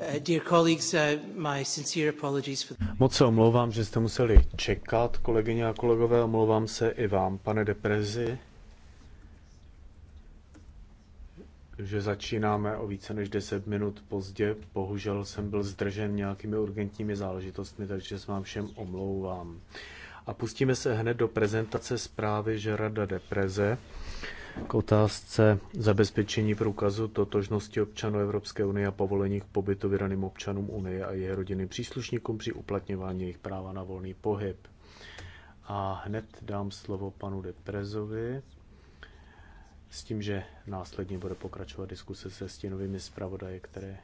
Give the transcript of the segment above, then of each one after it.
Eh, eh, Moc se omlouvám, že jste museli čekat, kolegyně a kolegové, omlouvám se i vám, pane Deprezi, že začínáme o více než 10 minut pozdě. Bohužel jsem byl zdržen nějakými urgentními záležitostmi, takže se vám všem omlouvám. A pustíme se hned do prezentace zprávy Žerada Depreze k otázce zabezpečení průkazu totožnosti občanů Evropské unie a povolení k pobytu vydaným občanům Unie a jejich rodiny příslušníkům při uplatňování jejich práva na volný pohyb. A hned dám slovo panu Deprezovi s tím, že následně bude pokračovat diskuse se stěnovými zpravodaje, které,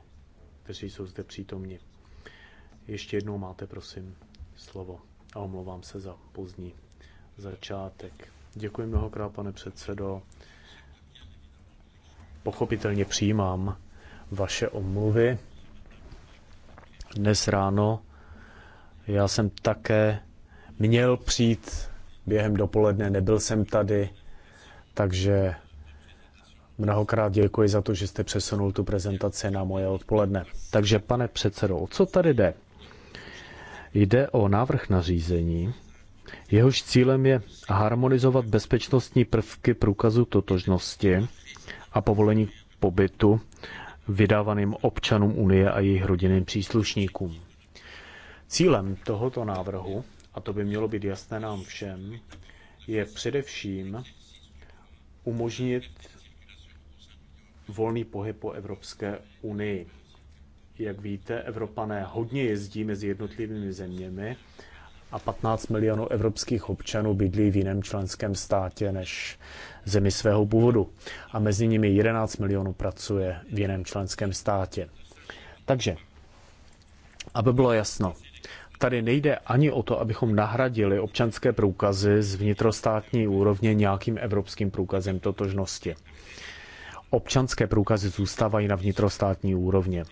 kteří jsou zde přítomni. Ještě jednou máte, prosím, slovo. A omlouvám se za pozdní začátek. Děkuji mnohokrát, pane předsedo. Pochopitelně přijímám vaše omluvy. Dnes ráno já jsem také měl přijít během dopoledne, nebyl jsem tady, takže mnohokrát děkuji za to, že jste přesunul tu prezentaci na moje odpoledne. Takže pane předsedo, o co tady jde? Jde o návrh nařízení, Jehož cílem je harmonizovat bezpečnostní prvky průkazu totožnosti a povolení pobytu vydávaným občanům Unie a jejich rodinným příslušníkům. Cílem tohoto návrhu, a to by mělo být jasné nám všem, je především umožnit volný pohyb po Evropské unii. Jak víte, Evropané hodně jezdí mezi jednotlivými zeměmi a 15 milionů evropských občanů bydlí v jiném členském státě než zemi svého původu. A mezi nimi 11 milionů pracuje v jiném členském státě. Takže, aby bylo jasno, tady nejde ani o to, abychom nahradili občanské průkazy z vnitrostátní úrovně nějakým evropským průkazem totožnosti. Občanské průkazy zůstávají na vnitrostátní úrovně.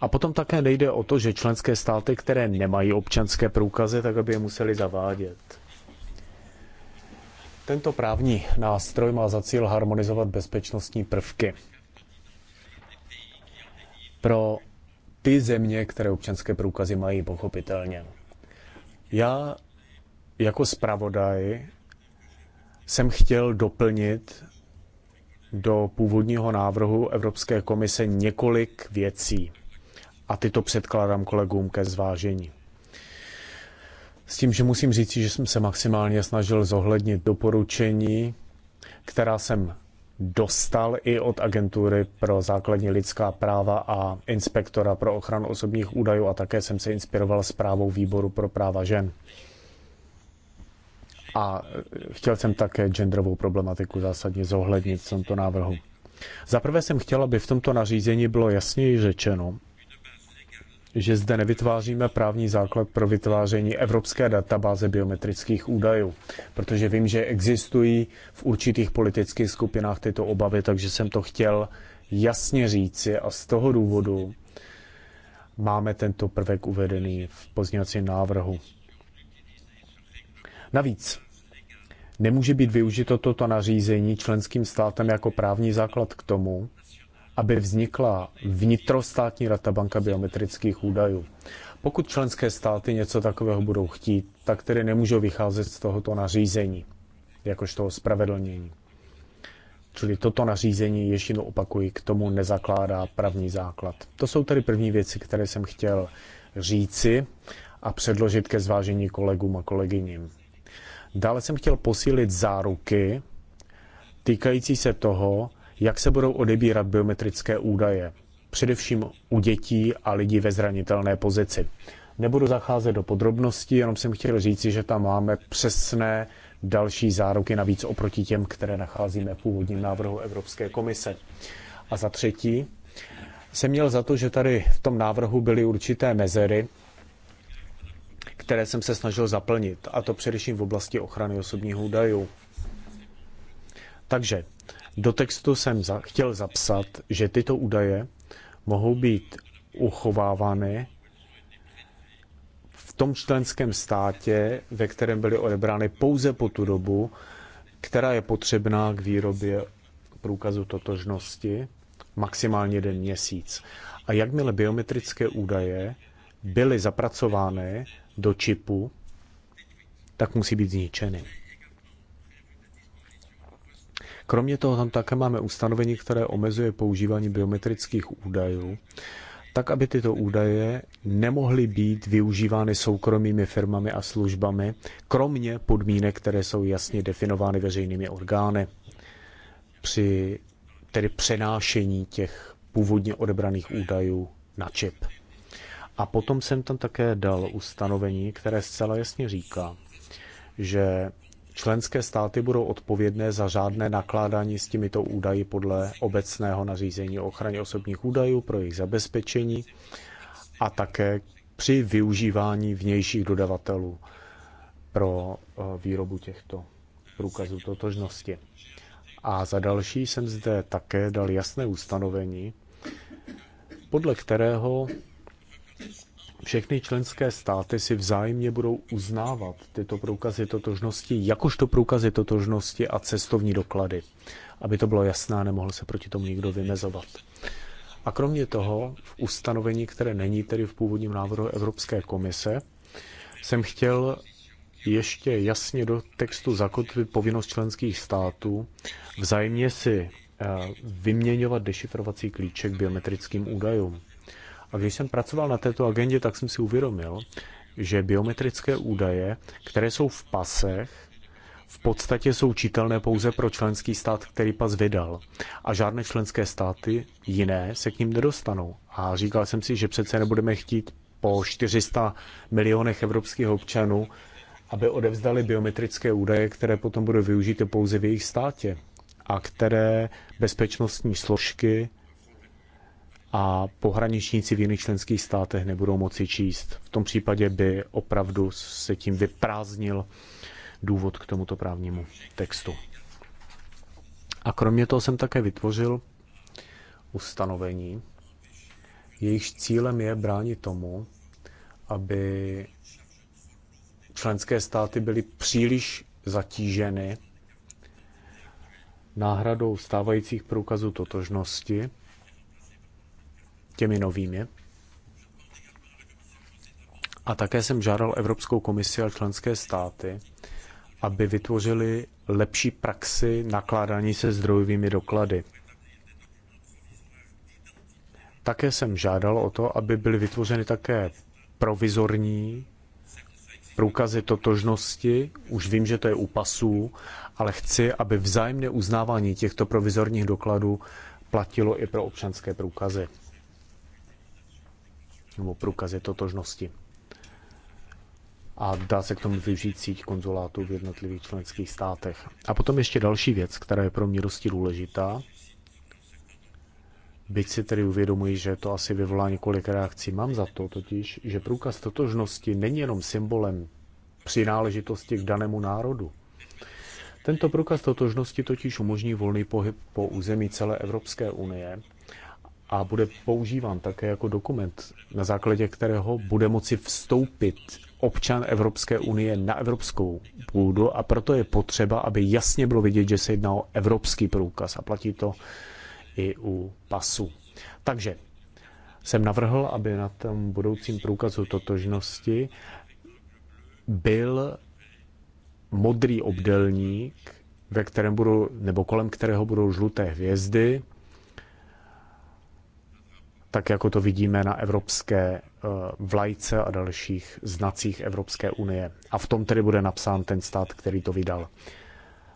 A potom také nejde o to, že členské státy, které nemají občanské průkazy, tak aby je museli zavádět. Tento právní nástroj má za cíl harmonizovat bezpečnostní prvky pro ty země, které občanské průkazy mají, pochopitelně. Já jako zpravodaj jsem chtěl doplnit do původního návrhu Evropské komise několik věcí a tyto předkládám kolegům ke zvážení. S tím, že musím říct, že jsem se maximálně snažil zohlednit doporučení, která jsem dostal i od agentury pro základní lidská práva a inspektora pro ochranu osobních údajů a také jsem se inspiroval zprávou výboru pro práva žen. A chtěl jsem také genderovou problematiku zásadně zohlednit v tomto návrhu. Zaprvé jsem chtěl, aby v tomto nařízení bylo jasněji řečeno, že zde nevytváříme právní základ pro vytváření evropské databáze biometrických údajů, protože vím, že existují v určitých politických skupinách tyto obavy, takže jsem to chtěl jasně říci a z toho důvodu máme tento prvek uvedený v pozněvacím návrhu. Navíc nemůže být využito toto nařízení členským státem jako právní základ k tomu, aby vznikla vnitrostátní databanka biometrických údajů. Pokud členské státy něco takového budou chtít, tak tedy nemůžou vycházet z tohoto nařízení, jakož toho spravedlnění. Čili toto nařízení, ještě jednou opakuji, k tomu nezakládá právní základ. To jsou tedy první věci, které jsem chtěl říci a předložit ke zvážení kolegům a kolegyním. Dále jsem chtěl posílit záruky týkající se toho, jak se budou odebírat biometrické údaje, především u dětí a lidí ve zranitelné pozici. Nebudu zacházet do podrobností, jenom jsem chtěl říci, že tam máme přesné další záruky navíc oproti těm, které nacházíme v původním návrhu Evropské komise. A za třetí, jsem měl za to, že tady v tom návrhu byly určité mezery, které jsem se snažil zaplnit, a to především v oblasti ochrany osobních údajů. Takže do textu jsem za, chtěl zapsat, že tyto údaje mohou být uchovávány v tom členském státě, ve kterém byly odebrány pouze po tu dobu, která je potřebná k výrobě průkazu totožnosti, maximálně jeden měsíc. A jakmile biometrické údaje byly zapracovány do čipu, tak musí být zničeny. Kromě toho tam také máme ustanovení, které omezuje používání biometrických údajů, tak aby tyto údaje nemohly být využívány soukromými firmami a službami, kromě podmínek, které jsou jasně definovány veřejnými orgány při tedy přenášení těch původně odebraných údajů na čip. A potom jsem tam také dal ustanovení, které zcela jasně říká, že Členské státy budou odpovědné za řádné nakládání s těmito údaji podle obecného nařízení o ochraně osobních údajů pro jejich zabezpečení a také při využívání vnějších dodavatelů pro eh, výrobu těchto průkazů totožnosti. A za další jsem zde také dal jasné ustanovení, podle kterého všechny členské státy si vzájemně budou uznávat tyto průkazy totožnosti, jakožto průkazy totožnosti a cestovní doklady, aby to bylo jasné a nemohl se proti tomu nikdo vymezovat. A kromě toho, v ustanovení, které není tedy v původním návrhu Evropské komise, jsem chtěl ještě jasně do textu zakotvit povinnost členských států vzájemně si eh, vyměňovat dešifrovací klíček biometrickým údajům. A když jsem pracoval na této agendě, tak jsem si uvědomil, že biometrické údaje, které jsou v pasech, v podstatě jsou čitelné pouze pro členský stát, který pas vydal. A žádné členské státy jiné se k ním nedostanou. A říkal jsem si, že přece nebudeme chtít po 400 milionech evropských občanů, aby odevzdali biometrické údaje, které potom budou využity pouze v jejich státě a které bezpečnostní složky a pohraničníci v jiných členských státech nebudou moci číst. V tom případě by opravdu se tím vyprázdnil důvod k tomuto právnímu textu. A kromě toho jsem také vytvořil ustanovení, jejichž cílem je bránit tomu, aby členské státy byly příliš zatíženy náhradou stávajících průkazů totožnosti těmi novými. A také jsem žádal Evropskou komisi a členské státy, aby vytvořili lepší praxi nakládání se zdrojovými doklady. Také jsem žádal o to, aby byly vytvořeny také provizorní průkazy totožnosti. Už vím, že to je u pasů, ale chci, aby vzájemné uznávání těchto provizorních dokladů platilo i pro občanské průkazy nebo průkazy totožnosti. A dá se k tomu využít síť konzulátů v jednotlivých členských státech. A potom ještě další věc, která je pro mě dosti důležitá. Byť si tedy uvědomuji, že to asi vyvolá několik reakcí. Mám za to totiž, že průkaz totožnosti není jenom symbolem přináležitosti k danému národu. Tento průkaz totožnosti totiž umožní volný pohyb po území celé Evropské unie a bude používán také jako dokument, na základě kterého bude moci vstoupit občan Evropské unie na evropskou půdu a proto je potřeba, aby jasně bylo vidět, že se jedná o evropský průkaz a platí to i u pasu. Takže jsem navrhl, aby na tom budoucím průkazu totožnosti byl modrý obdelník, ve kterém budou, nebo kolem kterého budou žluté hvězdy, tak jako to vidíme na evropské eh, vlajce a dalších znacích Evropské unie. A v tom tedy bude napsán ten stát, který to vydal.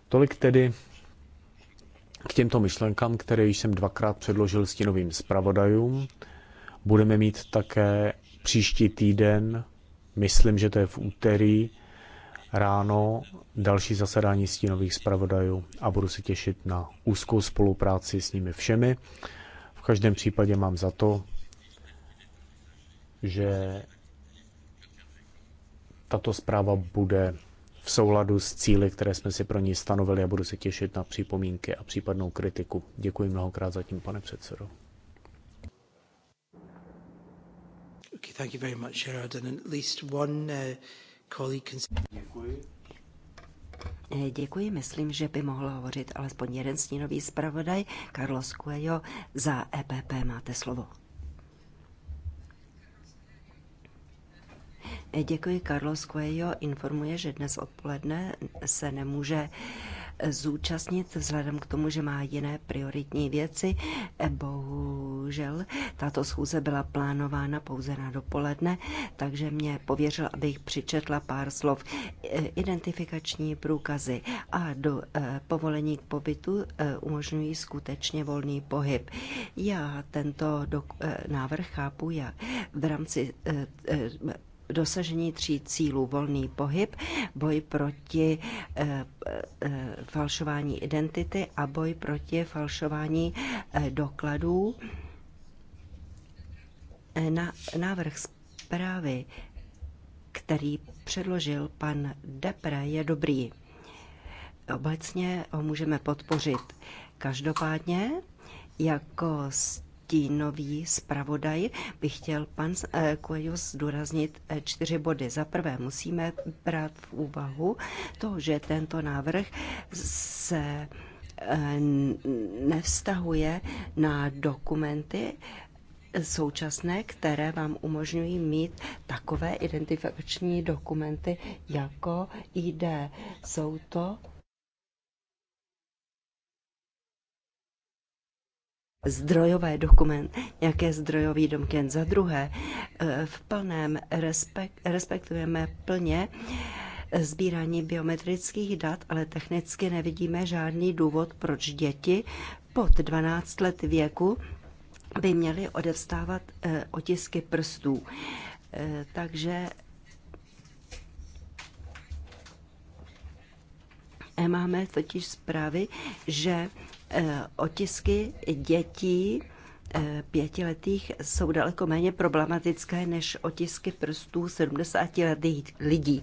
Tolik tedy k těmto myšlenkám, které jsem dvakrát předložil stinovým zpravodajům. Budeme mít také příští týden, myslím, že to je v úterý, ráno další zasedání stínových zpravodajů a budu se těšit na úzkou spolupráci s nimi všemi každém případě mám za to, že tato zpráva bude v souladu s cíly, které jsme si pro ní stanovili a budu se těšit na připomínky a případnou kritiku. Děkuji mnohokrát zatím, pane předsedo. Děkuji. Eh, děkuji, myslím, že by mohl hovořit alespoň jeden stínový zpravodaj. Carlos Cuello, za EPP máte slovo. Eh, děkuji, Carlos Cuello informuje, že dnes odpoledne se nemůže zúčastnit vzhledem k tomu, že má jiné prioritní věci. Bohužel tato schůze byla plánována pouze na dopoledne, takže mě pověřil, abych přičetla pár slov. Identifikační průkazy a do eh, povolení k pobytu eh, umožňují skutečně volný pohyb. Já tento eh, návrh chápu jak v rámci dosažení tří cílů. Volný pohyb, boj proti e, e, falšování identity a boj proti falšování e, dokladů. Na, návrh zprávy, který předložil pan Depre, je dobrý. Obecně ho můžeme podpořit. Každopádně, jako s stínový zpravodaj bych chtěl pan Kojo eh, zdůraznit eh, čtyři body. Za prvé musíme brát v úvahu to, že tento návrh se eh, nevztahuje na dokumenty, současné, které vám umožňují mít takové identifikační dokumenty jako ID. Jsou to zdrojové dokument, nějaké zdrojový domkent. Za druhé, eh, v plném respekt, respektujeme plně eh, sbírání biometrických dat, ale technicky nevidíme žádný důvod, proč děti pod 12 let věku by měly odevstávat eh, otisky prstů. Takže máme totiž zprávy, že Eh, otisky dětí eh, pětiletých jsou daleko méně problematické než otisky prstů 70-letých lidí.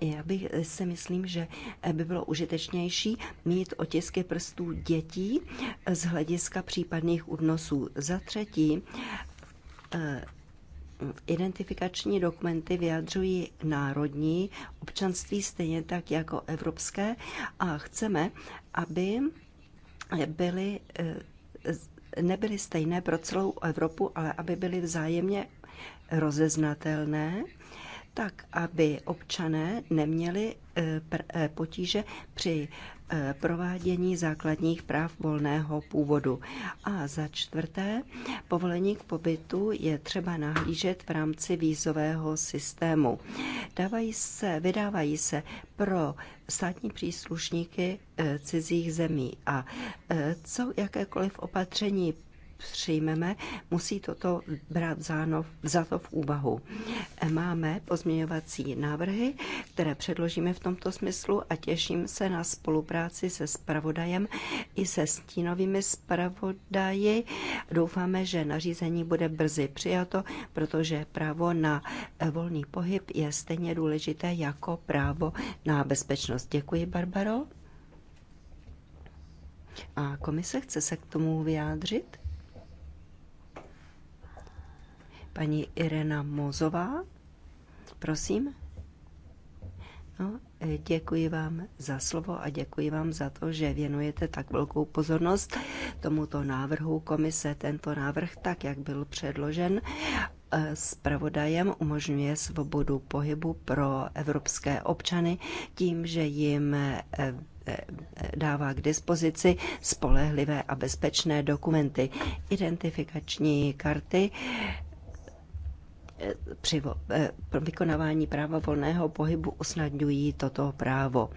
Já bych eh, si myslím, že by bylo užitečnější mít otisky prstů dětí z hlediska případných udnosů Za třetí, identifikační dokumenty vyjadřují národní občanství stejně tak jako evropské a chceme, aby byly, eh, nebyly stejné pro celou Evropu, ale aby byly vzájemně rozeznatelné, tak aby občané neměli eh, eh, potíže při Eh, provádění základních práv volného původu. A za čtvrté, povolení k pobytu je třeba nahlížet v rámci vízového systému. Dávají se, vydávají se pro státní příslušníky eh, cizích zemí a eh, co jakékoliv opatření přijmeme, musí toto brát záno, to v úvahu. Máme pozměňovací návrhy, které předložíme v tomto smyslu a těším se na spolupráci se spravodajem i se stínovými spravodaji. Doufáme, že nařízení bude brzy přijato, protože právo na volný pohyb je stejně důležité jako právo na bezpečnost. Děkuji, Barbaro. A komise chce se k tomu vyjádřit? Paní Irena Mozová, prosím. No, eh, děkuji vám za slovo a děkuji vám za to, že věnujete tak velkou pozornost tomuto návrhu komise. Tento návrh, tak jak byl předložen eh, pravodajem, umožňuje svobodu pohybu pro evropské občany tím, že jim eh, dává k dispozici spolehlivé a bezpečné dokumenty, identifikační karty, při eh, vykonávání práva volného pohybu usnadňují toto právo.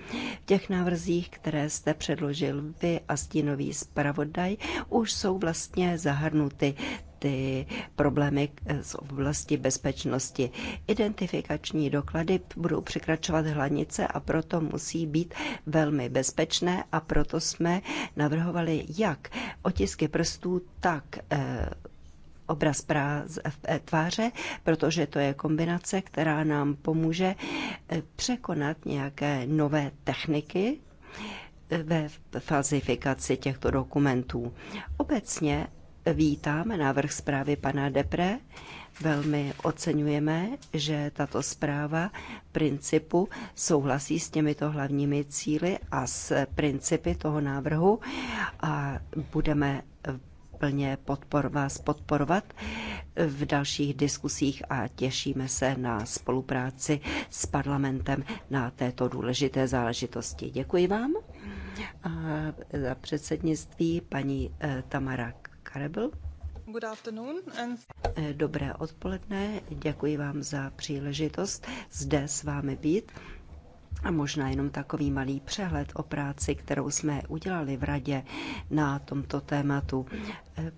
V těch návrzích, které jste předložil vy a stínový zpravodaj, už jsou vlastně zahrnuty ty problémy eh, z oblasti bezpečnosti. Identifikační doklady budou překračovat hranice a proto musí být velmi bezpečné a proto jsme navrhovali jak otisky prstů, tak eh, obraz práz, e, tváře, protože to je kombinace, která nám pomůže e, překonat nějaké nové techniky e, ve falzifikaci těchto dokumentů. Obecně vítáme návrh zprávy pana Depre. Velmi oceňujeme, že tato zpráva principu souhlasí s těmito hlavními cíly a s principy toho návrhu a budeme plně podpor, vás podporovat v dalších diskusích a těšíme se na spolupráci s parlamentem na této důležité záležitosti. Děkuji vám a za předsednictví paní eh, Tamara Karebl. Eh, dobré odpoledne, děkuji vám za příležitost zde s vámi být. A možná jenom takový malý přehled o práci, kterou jsme udělali v Radě na tomto tématu.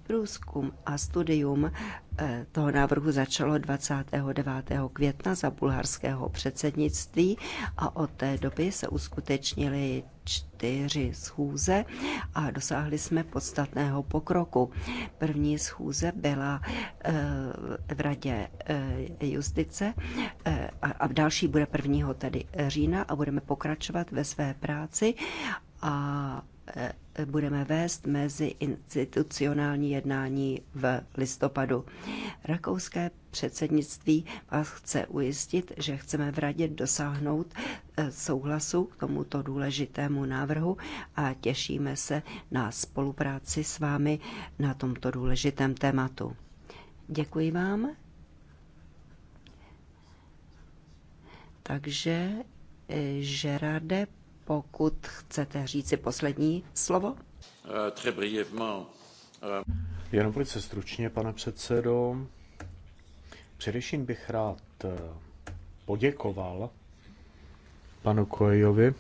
Průzkum a studium eh, toho návrhu začalo 29. května za bulharského předsednictví a od té doby se uskutečnily čtyři schůze a dosáhli jsme podstatného pokroku. První schůze byla eh, v Radě eh, justice a další bude 1. tedy října a budeme pokračovat ve své práci a Eh, budeme vést mezi institucionální jednání v listopadu. Rakouské předsednictví vás chce ujistit, že chceme v radě dosáhnout eh, souhlasu k tomuto důležitému návrhu a těšíme se na spolupráci s vámi na tomto důležitém tématu. Děkuji vám. Takže Žerade eh, pokud chcete říci poslední slovo. Euh, Jenom velice stručně, pane předsedo. Především bych rád eh, poděkoval panu Kojovi,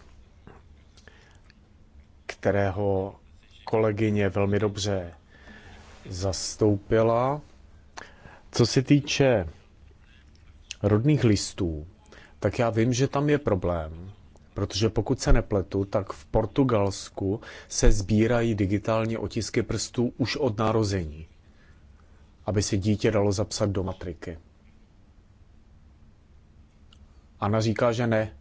kterého kolegyně velmi dobře zastoupila. Co se týče rodných listů, tak já vím, že tam je problém. Protože pokud se nepletu, tak v Portugalsku se sbírají digitální otisky prstů už od narození, aby se dítě dalo zapsat do matriky. Ana říká, že ne.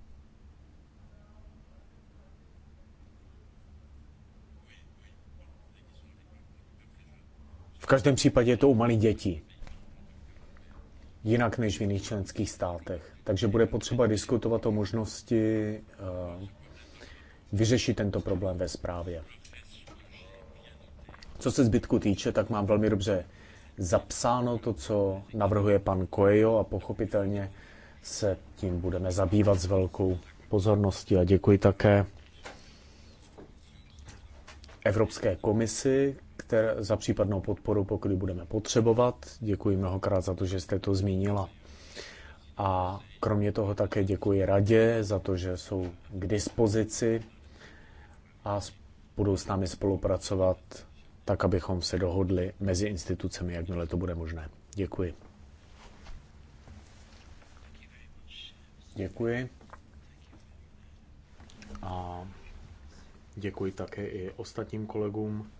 V každém případě je to u malých dětí. Jinak než v jiných členských státech. Takže bude potřeba diskutovat o možnosti eh, vyřešit tento problém ve zprávě. Co se zbytku týče, tak mám velmi dobře zapsáno to, co navrhuje pan Coelho a pochopitelně se tím budeme zabývat s velkou pozorností a děkuji také Evropské komisi které, za případnou podporu, pokud budeme potřebovat. Děkuji mnohokrát za to, že jste to zmínila. A Kromě toho také děkuji radě za to, že jsou k dispozici a budou s námi spolupracovat tak, abychom se dohodli mezi institucemi, jakmile to bude možné. Děkuji. Děkuji. A děkuji také i ostatním kolegům,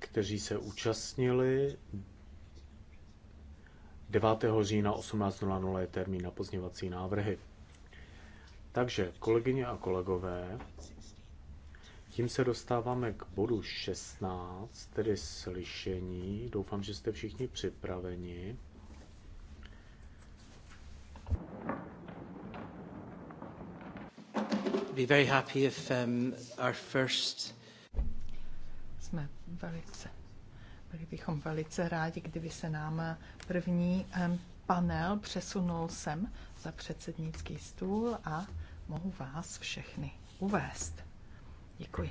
kteří se účastnili. 9. října 18.00 je termín na pozněvací návrhy. Takže, kolegyně a kolegové, tím se dostáváme k bodu 16, tedy slyšení. Doufám, že jste všichni připraveni. Be very happy if, um, our first... Jsme velice byli bychom velice rádi, kdyby se nám první panel přesunul sem za předsednický stůl a mohu vás všechny uvést. Děkuji.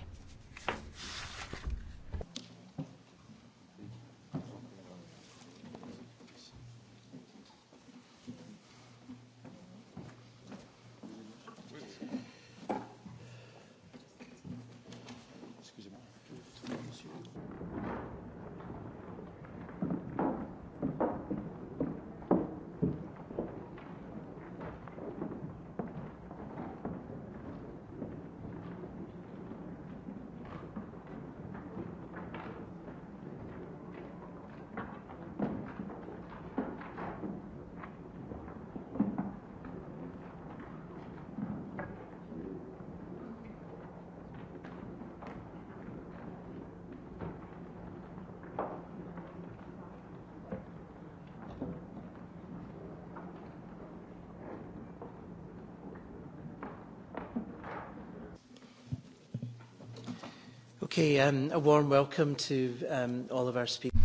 Okay, um, a warm welcome to um, all of our speakers.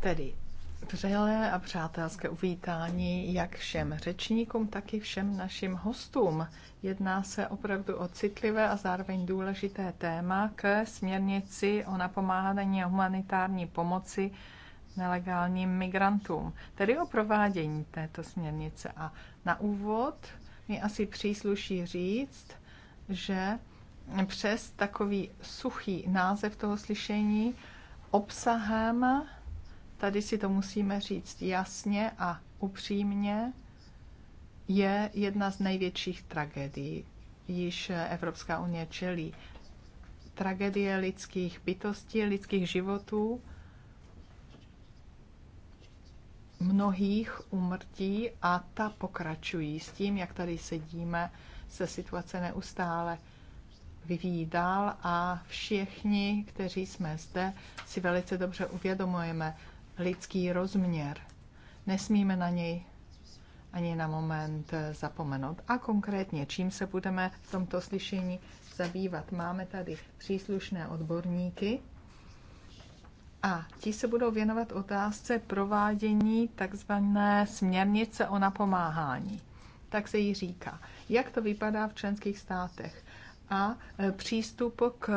Tedy vřelé a přátelské uvítání jak všem řečníkům, tak i všem našim hostům. Jedná se opravdu o citlivé a zároveň důležité téma k směrnici o napomáhání a humanitární pomoci nelegálním migrantům, tedy o provádění této směrnice. A na úvod mi asi přísluší říct, že přes takový suchý název toho slyšení obsahem, tady si to musíme říct jasně a upřímně, je jedna z největších tragédií, již Evropská unie čelí. Tragédie lidských bytostí, lidských životů, mnohých umrtí a ta pokračují s tím, jak tady sedíme, se situace neustále vyvíjí dál a všichni, kteří jsme zde, si velice dobře uvědomujeme lidský rozměr. Nesmíme na něj ani na moment zapomenout. A konkrétně, čím se budeme v tomto slyšení zabývat? Máme tady příslušné odborníky a ti se budou věnovat otázce provádění takzvané směrnice o napomáhání. Tak se jí říká. Jak to vypadá v členských státech? a e, přístupu k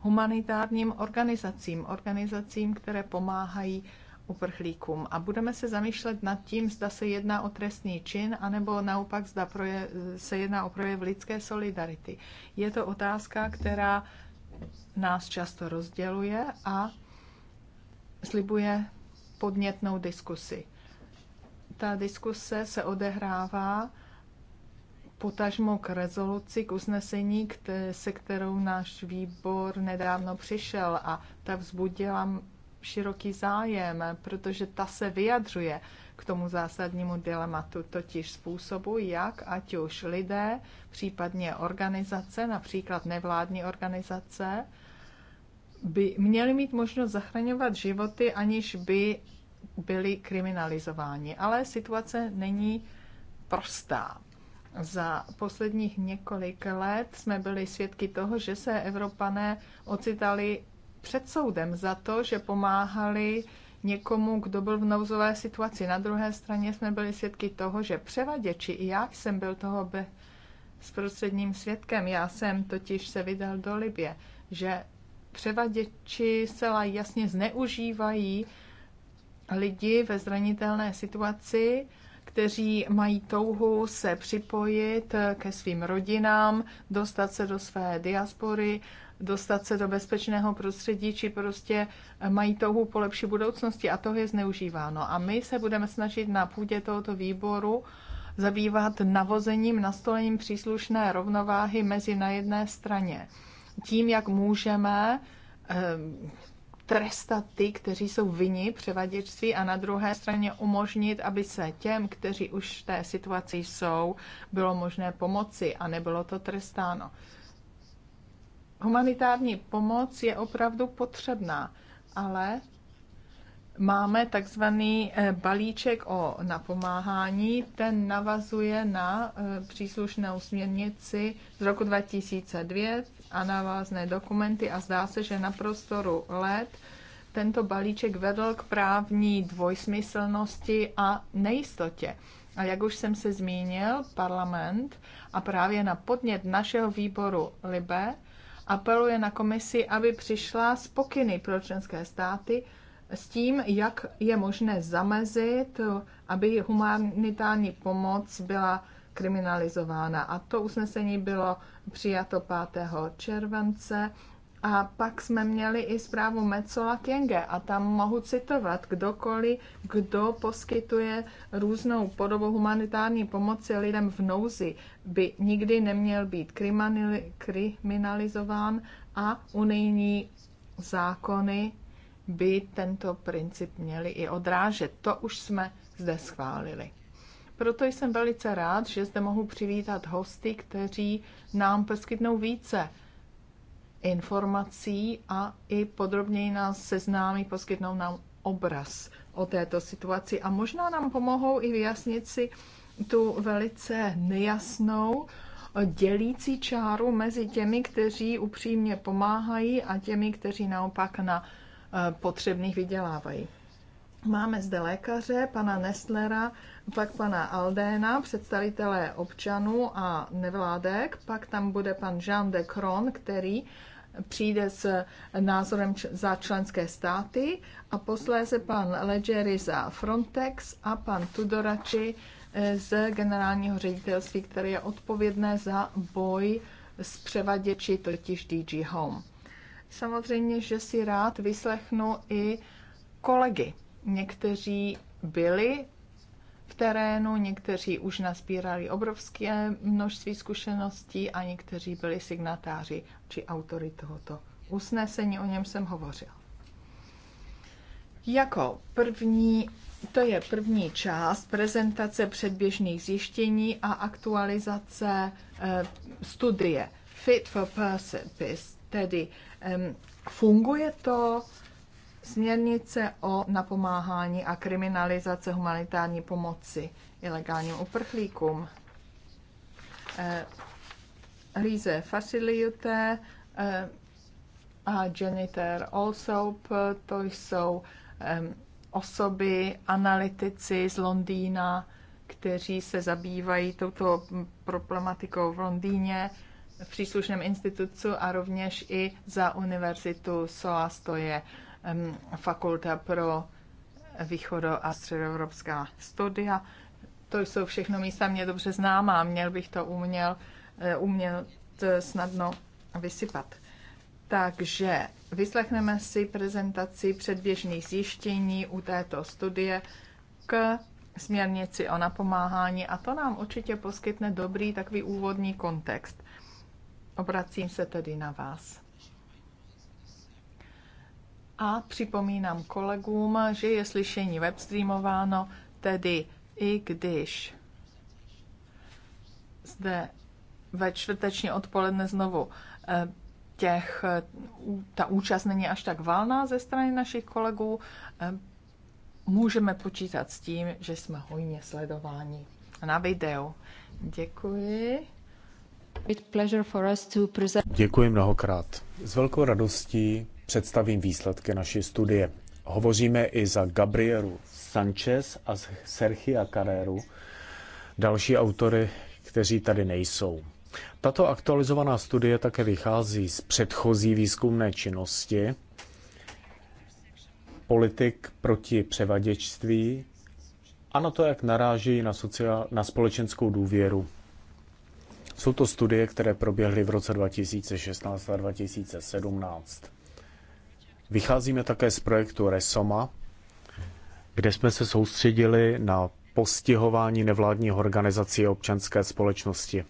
humanitárním organizacím, organizacím, které pomáhají uprchlíkům. A budeme se zamýšlet nad tím, zda se jedná o trestný čin, anebo naopak zda projev, se jedná o projev lidské solidarity. Je to otázka, která nás často rozděluje a slibuje podnětnou diskusi. Ta diskuse se odehrává potažmo k rezoluci, k usnesení, které, se kterou náš výbor nedávno přišel a ta vzbudila široký zájem, protože ta se vyjadřuje k tomu zásadnímu dilematu, totiž způsobu, jak ať už lidé, případně organizace, například nevládní organizace, by měli mít možnost zachraňovat životy, aniž by byli kriminalizováni. Ale situace není prostá. Za posledních několik let jsme byli svědky toho, že se Evropané ocitali před soudem za to, že pomáhali někomu, kdo byl v nouzové situaci. Na druhé straně jsme byli svědky toho, že převaděči, i já jsem byl toho by s prostředním svědkem, já jsem totiž se vydal do Libě, že převaděči zcela jasně zneužívají lidi ve zranitelné situaci, kteří mají touhu se připojit ke svým rodinám, dostat se do své diaspory, dostat se do bezpečného prostředí, či prostě mají touhu po lepší budoucnosti a to je zneužíváno. A my se budeme snažit na půdě tohoto výboru zabývat navozením, nastolením příslušné rovnováhy mezi na jedné straně tím, jak můžeme eh, trestat ty, kteří jsou vinni převaděčství a na druhé straně umožnit, aby se těm, kteří už v té situaci jsou, bylo možné pomoci a nebylo to trestáno. Humanitární pomoc je opravdu potřebná, ale máme takzvaný eh, balíček o napomáhání, ten navazuje na eh, příslušnou směrnici z roku 2002, a návazné dokumenty a zdá se, že na prostoru let tento balíček vedl k právní dvojsmyslnosti a nejistotě. A jak už jsem se zmínil, parlament a právě na podnět našeho výboru LIBE apeluje na komisi, aby přišla s pokyny pro členské státy s tím, jak je možné zamezit, aby humanitární pomoc byla kriminalizována. A to usnesení bylo přijato 5. července. A pak jsme měli i zprávu Mecola Kienge a tam mohu citovat kdokoliv, kdo poskytuje různou podobu humanitární pomoci lidem v nouzi, by nikdy neměl být kriminalizován a unijní zákony by tento princip měly i odrážet. To už jsme zde schválili. Proto jsem velice rád, že zde mohu přivítat hosty, kteří nám poskytnou více informací a i podrobněji nás seznámí, poskytnou nám obraz o této situaci a možná nám pomohou i vyjasnit si tu velice nejasnou dělící čáru mezi těmi, kteří upřímně pomáhají a těmi, kteří naopak na eh, potřebných vydělávají. Máme zde lékaře, pana Nestlera, pak pana Aldéna, představitelé občanů a nevládek, pak tam bude pan Jean de Cron, který přijde s názorem za členské státy a posléze pan Leggeri za Frontex a pan Tudorači eh, z generálního ředitelství, které je odpovědné za boj s převaděči, totiž DG Home. Samozřejmě, že si rád vyslechnu i kolegy Někteří byli v terénu, někteří už naspírali obrovské množství zkušeností a někteří byli signatáři či autory tohoto usnesení, o něm jsem hovořil. Jako první, to je první část prezentace předběžných zjištění a aktualizace eh, studie Fit for Purpose, tedy eh, funguje to, Směrnice o napomáhání a kriminalizace humanitární pomoci ilegálním uprchlíkům. Líze eh, Fasiliuté eh, a Janitor Allsoup, eh, to jsou osoby, analytici z Londýna, kteří se zabývají touto problematikou v Londýně v příslušném institutu a rovněž i za univerzitu SOAS, to je uh, Fakulta pro východo- a středoevropská studia. To jsou všechno místa mě dobře známá, měl bych to uměl, eh, uměl eh, snadno vysypat. Takže vyslechneme si prezentaci předběžných zjištění u této studie k směrnici o napomáhání a to nám určitě poskytne dobrý takový úvodní kontext. Obracím se tedy na vás. A připomínám kolegům, že je slyšení webstreamováno, tedy i když zde ve čtvrteční odpoledne znovu eh, těch, eh, ta účast není až tak valná ze strany našich kolegů, eh, můžeme počítat s tím, že jsme hojně sledováni na videu. Děkuji. Děkuji mnohokrát. S velkou radostí představím výsledky naší studie. Hovoříme i za Gabrielu Sanchez a Sergio Carreru, další autory, kteří tady nejsou. Tato aktualizovaná studie také vychází z předchozí výzkumné činnosti politik proti převaděčství a na to, jak naráží na, sociál, na společenskou důvěru. Jsou to studie, které proběhly v roce 2016 a 2017. Vycházíme také z projektu Resoma, kde jsme se soustředili na postihování nevládních organizací a občanské společnosti.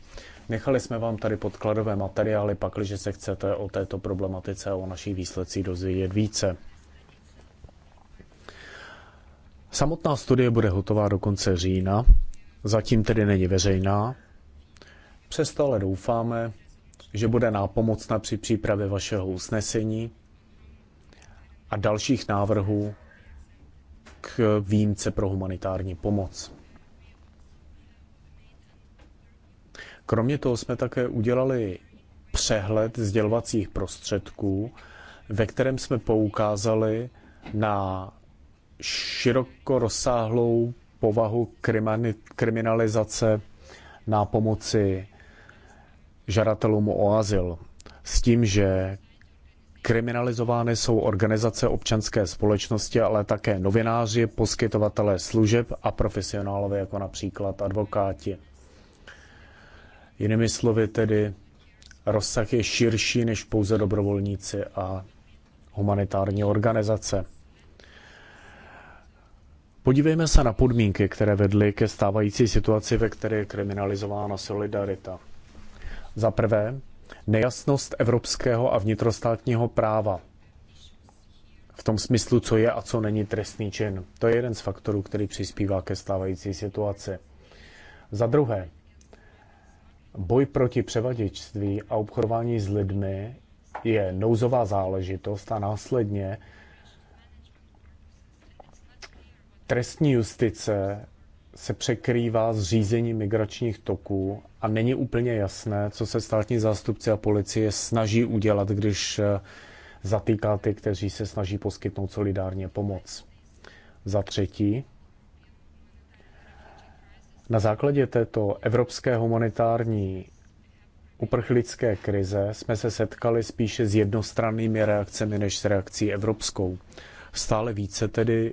Nechali jsme vám tady podkladové materiály, pakliže se chcete o této problematice a o našich výsledcích dozvědět více. Samotná studie bude hotová do konce října, zatím tedy není veřejná. Přesto ale doufáme, že bude nápomocná při přípravě vašeho usnesení a dalších návrhů k výjimce pro humanitární pomoc. Kromě toho jsme také udělali přehled sdělovacích prostředků, ve kterém jsme poukázali na široko rozsáhlou povahu kriminalizace na pomoci žadatelům o azyl. S tím, že Kriminalizovány jsou organizace občanské společnosti, ale také novináři, poskytovatelé služeb a profesionálové, jako například advokáti. Jinými slovy tedy, rozsah je širší než pouze dobrovolníci a humanitární organizace. Podívejme se na podmínky, které vedly ke stávající situaci, ve které je kriminalizována solidarita. Za prvé, nejasnost evropského a vnitrostátního práva v tom smyslu, co je a co není trestný čin. To je jeden z faktorů, který přispívá ke stávající situaci. Za druhé, boj proti převaděčství a obchodování s lidmi je nouzová záležitost a následně trestní justice se překrývá s řízením migračních toků a není úplně jasné, co se státní zástupci a policie snaží udělat, když eh, zatýká ty, kteří se snaží poskytnout solidárně pomoc. Za třetí, na základě této evropské humanitární uprchlické krize jsme se setkali spíše s jednostrannými reakcemi než s reakcí evropskou. Stále více tedy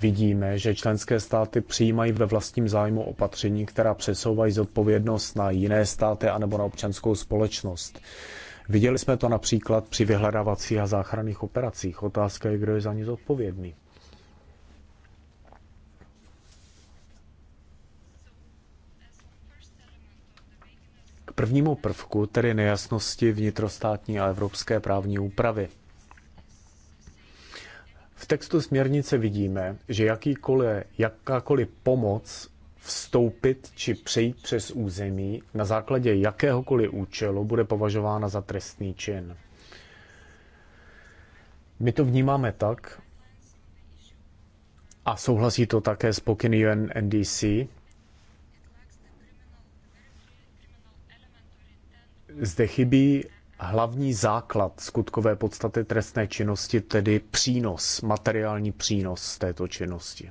Vidíme, že členské státy přijímají ve vlastním zájmu opatření, která přesouvají zodpovědnost na jiné státy anebo na občanskou společnost. Viděli jsme to například při vyhledávacích a záchranných operacích. Otázka je, kdo je za ně zodpovědný. K prvnímu prvku, tedy nejasnosti vnitrostátní a evropské právní úpravy. V textu směrnice vidíme, že jakýkoliv, jakákoliv pomoc vstoupit či přejít přes území na základě jakéhokoliv účelu bude považována za trestný čin. My to vnímáme tak, a souhlasí to také s pokyny UNNDC, zde chybí hlavní základ skutkové podstaty trestné činnosti, tedy přínos, materiální přínos této činnosti.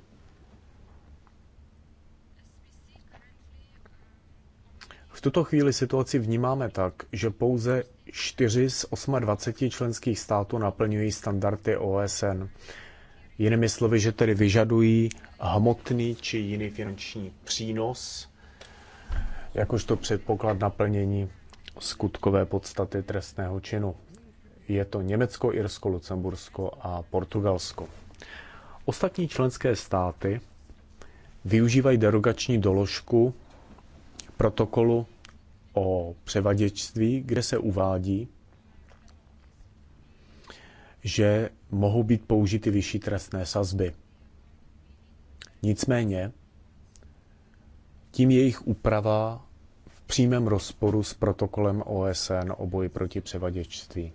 V tuto chvíli situaci vnímáme tak, že pouze 4 z 28 členských států naplňují standardy OSN. Jinými slovy, že tedy vyžadují hmotný či jiný finanční přínos, jakožto předpoklad naplnění skutkové podstaty trestného činu. Je to Německo, Irsko, Lucembursko a Portugalsko. Ostatní členské státy využívají derogační doložku protokolu o převaděčství, kde se uvádí, že mohou být použity vyšší trestné sazby. Nicméně, tím jejich úprava přímém rozporu s protokolem OSN o boji proti převaděčství.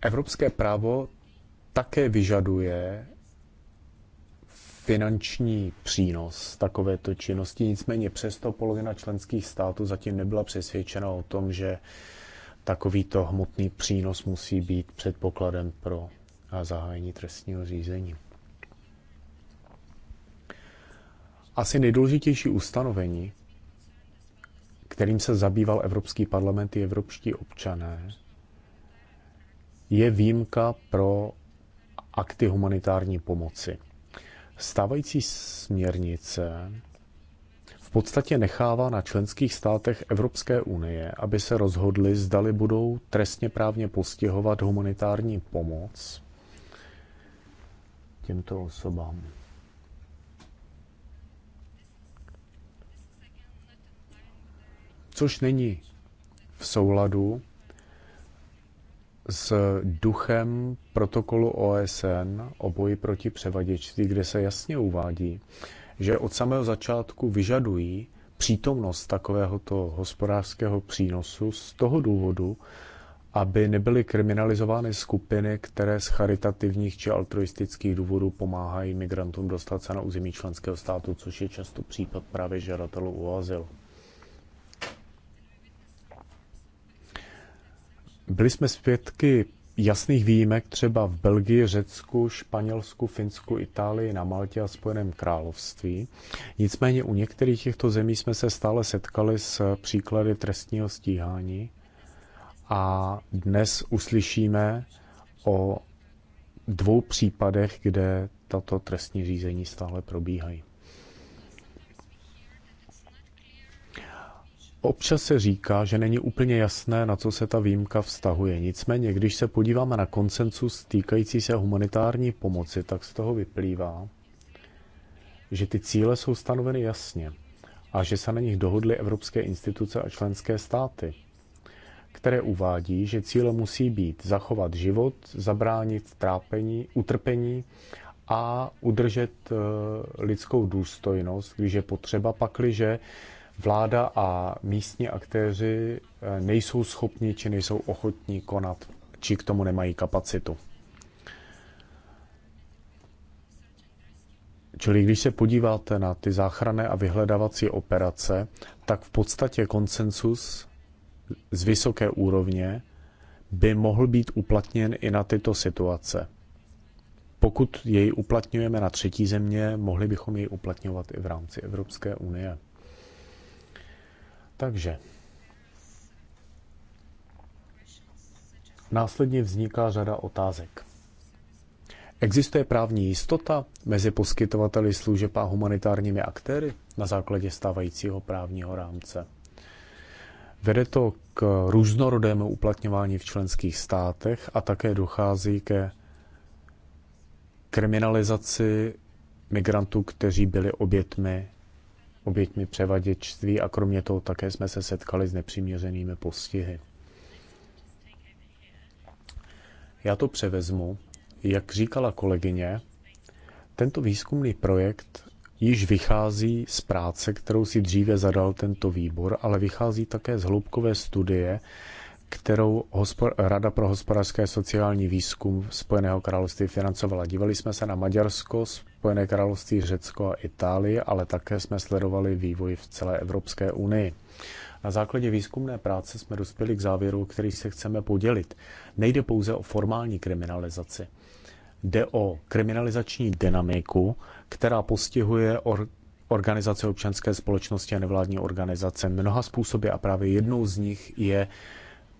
Evropské právo také vyžaduje finanční přínos takovéto činnosti, nicméně přesto polovina členských států zatím nebyla přesvědčena o tom, že takovýto hmotný přínos musí být předpokladem pro zahájení trestního řízení. Asi nejdůležitější ustanovení, kterým se zabýval Evropský parlament i evropští občané, je výjimka pro akty humanitární pomoci. Stávající směrnice v podstatě nechává na členských státech Evropské unie, aby se rozhodli, zdali budou trestně právně postihovat humanitární pomoc těmto osobám. což není v souladu s duchem protokolu OSN o boji proti převaděčství, kde se jasně uvádí, že od samého začátku vyžadují přítomnost takovéhoto hospodářského přínosu z toho důvodu, aby nebyly kriminalizovány skupiny, které z charitativních či altruistických důvodů pomáhají migrantům dostat se na území členského státu, což je často případ právě žadatelů o azyl. Byli jsme svědky jasných výjimek třeba v Belgii, Řecku, Španělsku, Finsku, Itálii, na Maltě a Spojeném království. Nicméně u některých těchto zemí jsme se stále setkali s příklady trestního stíhání a dnes uslyšíme o dvou případech, kde tato trestní řízení stále probíhají. Občas se říká, že není úplně jasné, na co se ta výjimka vztahuje. Nicméně, když se podíváme na konsensus týkající se humanitární pomoci, tak z toho vyplývá, že ty cíle jsou stanoveny jasně a že se na nich dohodly evropské instituce a členské státy, které uvádí, že cíle musí být zachovat život, zabránit trápení, utrpení a udržet eh, lidskou důstojnost, když je potřeba, pakliže vláda a místní aktéři eh, nejsou schopni či nejsou ochotní konat, či k tomu nemají kapacitu. Čili když se podíváte na ty záchranné a vyhledávací operace, tak v podstatě konsensus z vysoké úrovně by mohl být uplatněn i na tyto situace. Pokud jej uplatňujeme na třetí země, mohli bychom jej uplatňovat i v rámci Evropské unie. Takže následně vzniká řada otázek. Existuje právní jistota mezi poskytovateli služeb a humanitárními aktéry na základě stávajícího právního rámce? Vede to k různorodému uplatňování v členských státech a také dochází ke kriminalizaci migrantů, kteří byli obětmi oběťmi převaděčství a kromě toho také jsme se setkali s nepřiměřenými postihy. Já to převezmu. Jak říkala kolegyně, tento výzkumný projekt již vychází z práce, kterou si dříve zadal tento výbor, ale vychází také z hloubkové studie, kterou Rada pro hospodářské a sociální výzkum Spojeného království financovala. Dívali jsme se na Maďarsko, Spojené království, Řecko a Itálii, ale také jsme sledovali vývoj v celé Evropské unii. Na základě výzkumné práce jsme dospěli k závěru, který se chceme podělit. Nejde pouze o formální kriminalizaci. Jde o kriminalizační dynamiku, která postihuje or- organizace občanské společnosti a nevládní organizace mnoha způsoby a právě jednou z nich je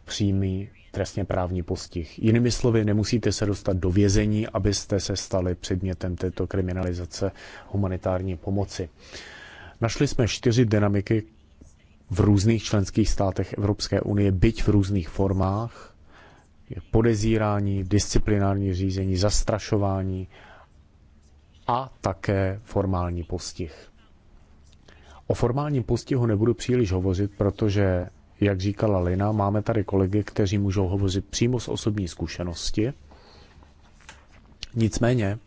přímý trestně právní postih. Jinými slovy, nemusíte se dostat do vězení, abyste se stali předmětem této kriminalizace humanitární pomoci. Našli jsme čtyři dynamiky v různých členských státech Evropské unie, byť v různých formách. Je podezírání, disciplinární řízení, zastrašování a také formální postih. O formálním postihu nebudu příliš hovořit, protože jak říkala Lina, máme tady kolegy, kteří můžou hovořit přímo z osobní zkušenosti. Nicméně,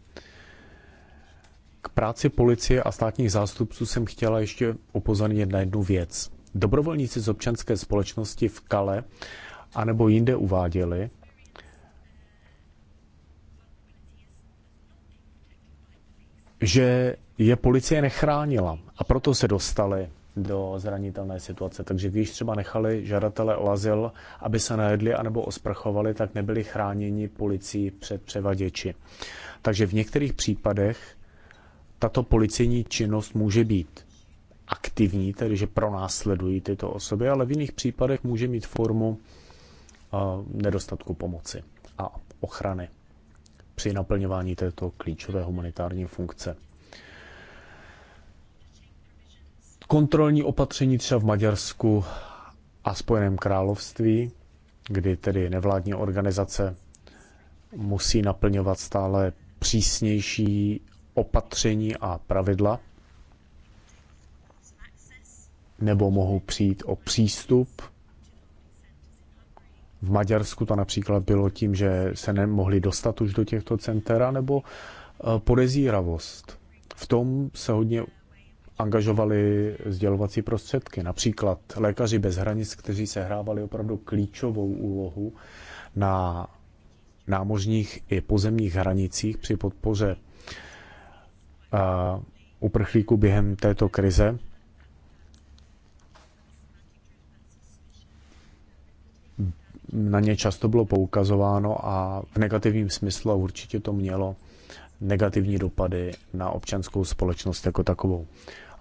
k práci policie a státních zástupců jsem chtěla ještě upozornit na jednu věc. Dobrovolníci z občanské společnosti v Kale anebo jinde uváděli, že je policie nechránila a proto se dostali do zranitelné situace. Takže když třeba nechali žadatele o azyl, aby se najedli anebo osprchovali, tak nebyli chráněni policií před převaděči. Takže v některých případech tato policejní činnost může být aktivní, tedy že pronásledují tyto osoby, ale v jiných případech může mít formu eh, nedostatku pomoci a ochrany při naplňování této klíčové humanitární funkce. kontrolní opatření třeba v Maďarsku a Spojeném království, kdy tedy nevládní organizace musí naplňovat stále přísnější opatření a pravidla, nebo mohou přijít o přístup. V Maďarsku to například bylo tím, že se nemohli dostat už do těchto centra, nebo eh, podezíravost. V tom se hodně angažovali sdělovací prostředky, například lékaři bez hranic, kteří sehrávali opravdu klíčovou úlohu na námořních i pozemních hranicích při podpoře eh, uprchlíků během této krize. Na ně často bylo poukazováno a v negativním smyslu určitě to mělo negativní dopady na občanskou společnost jako takovou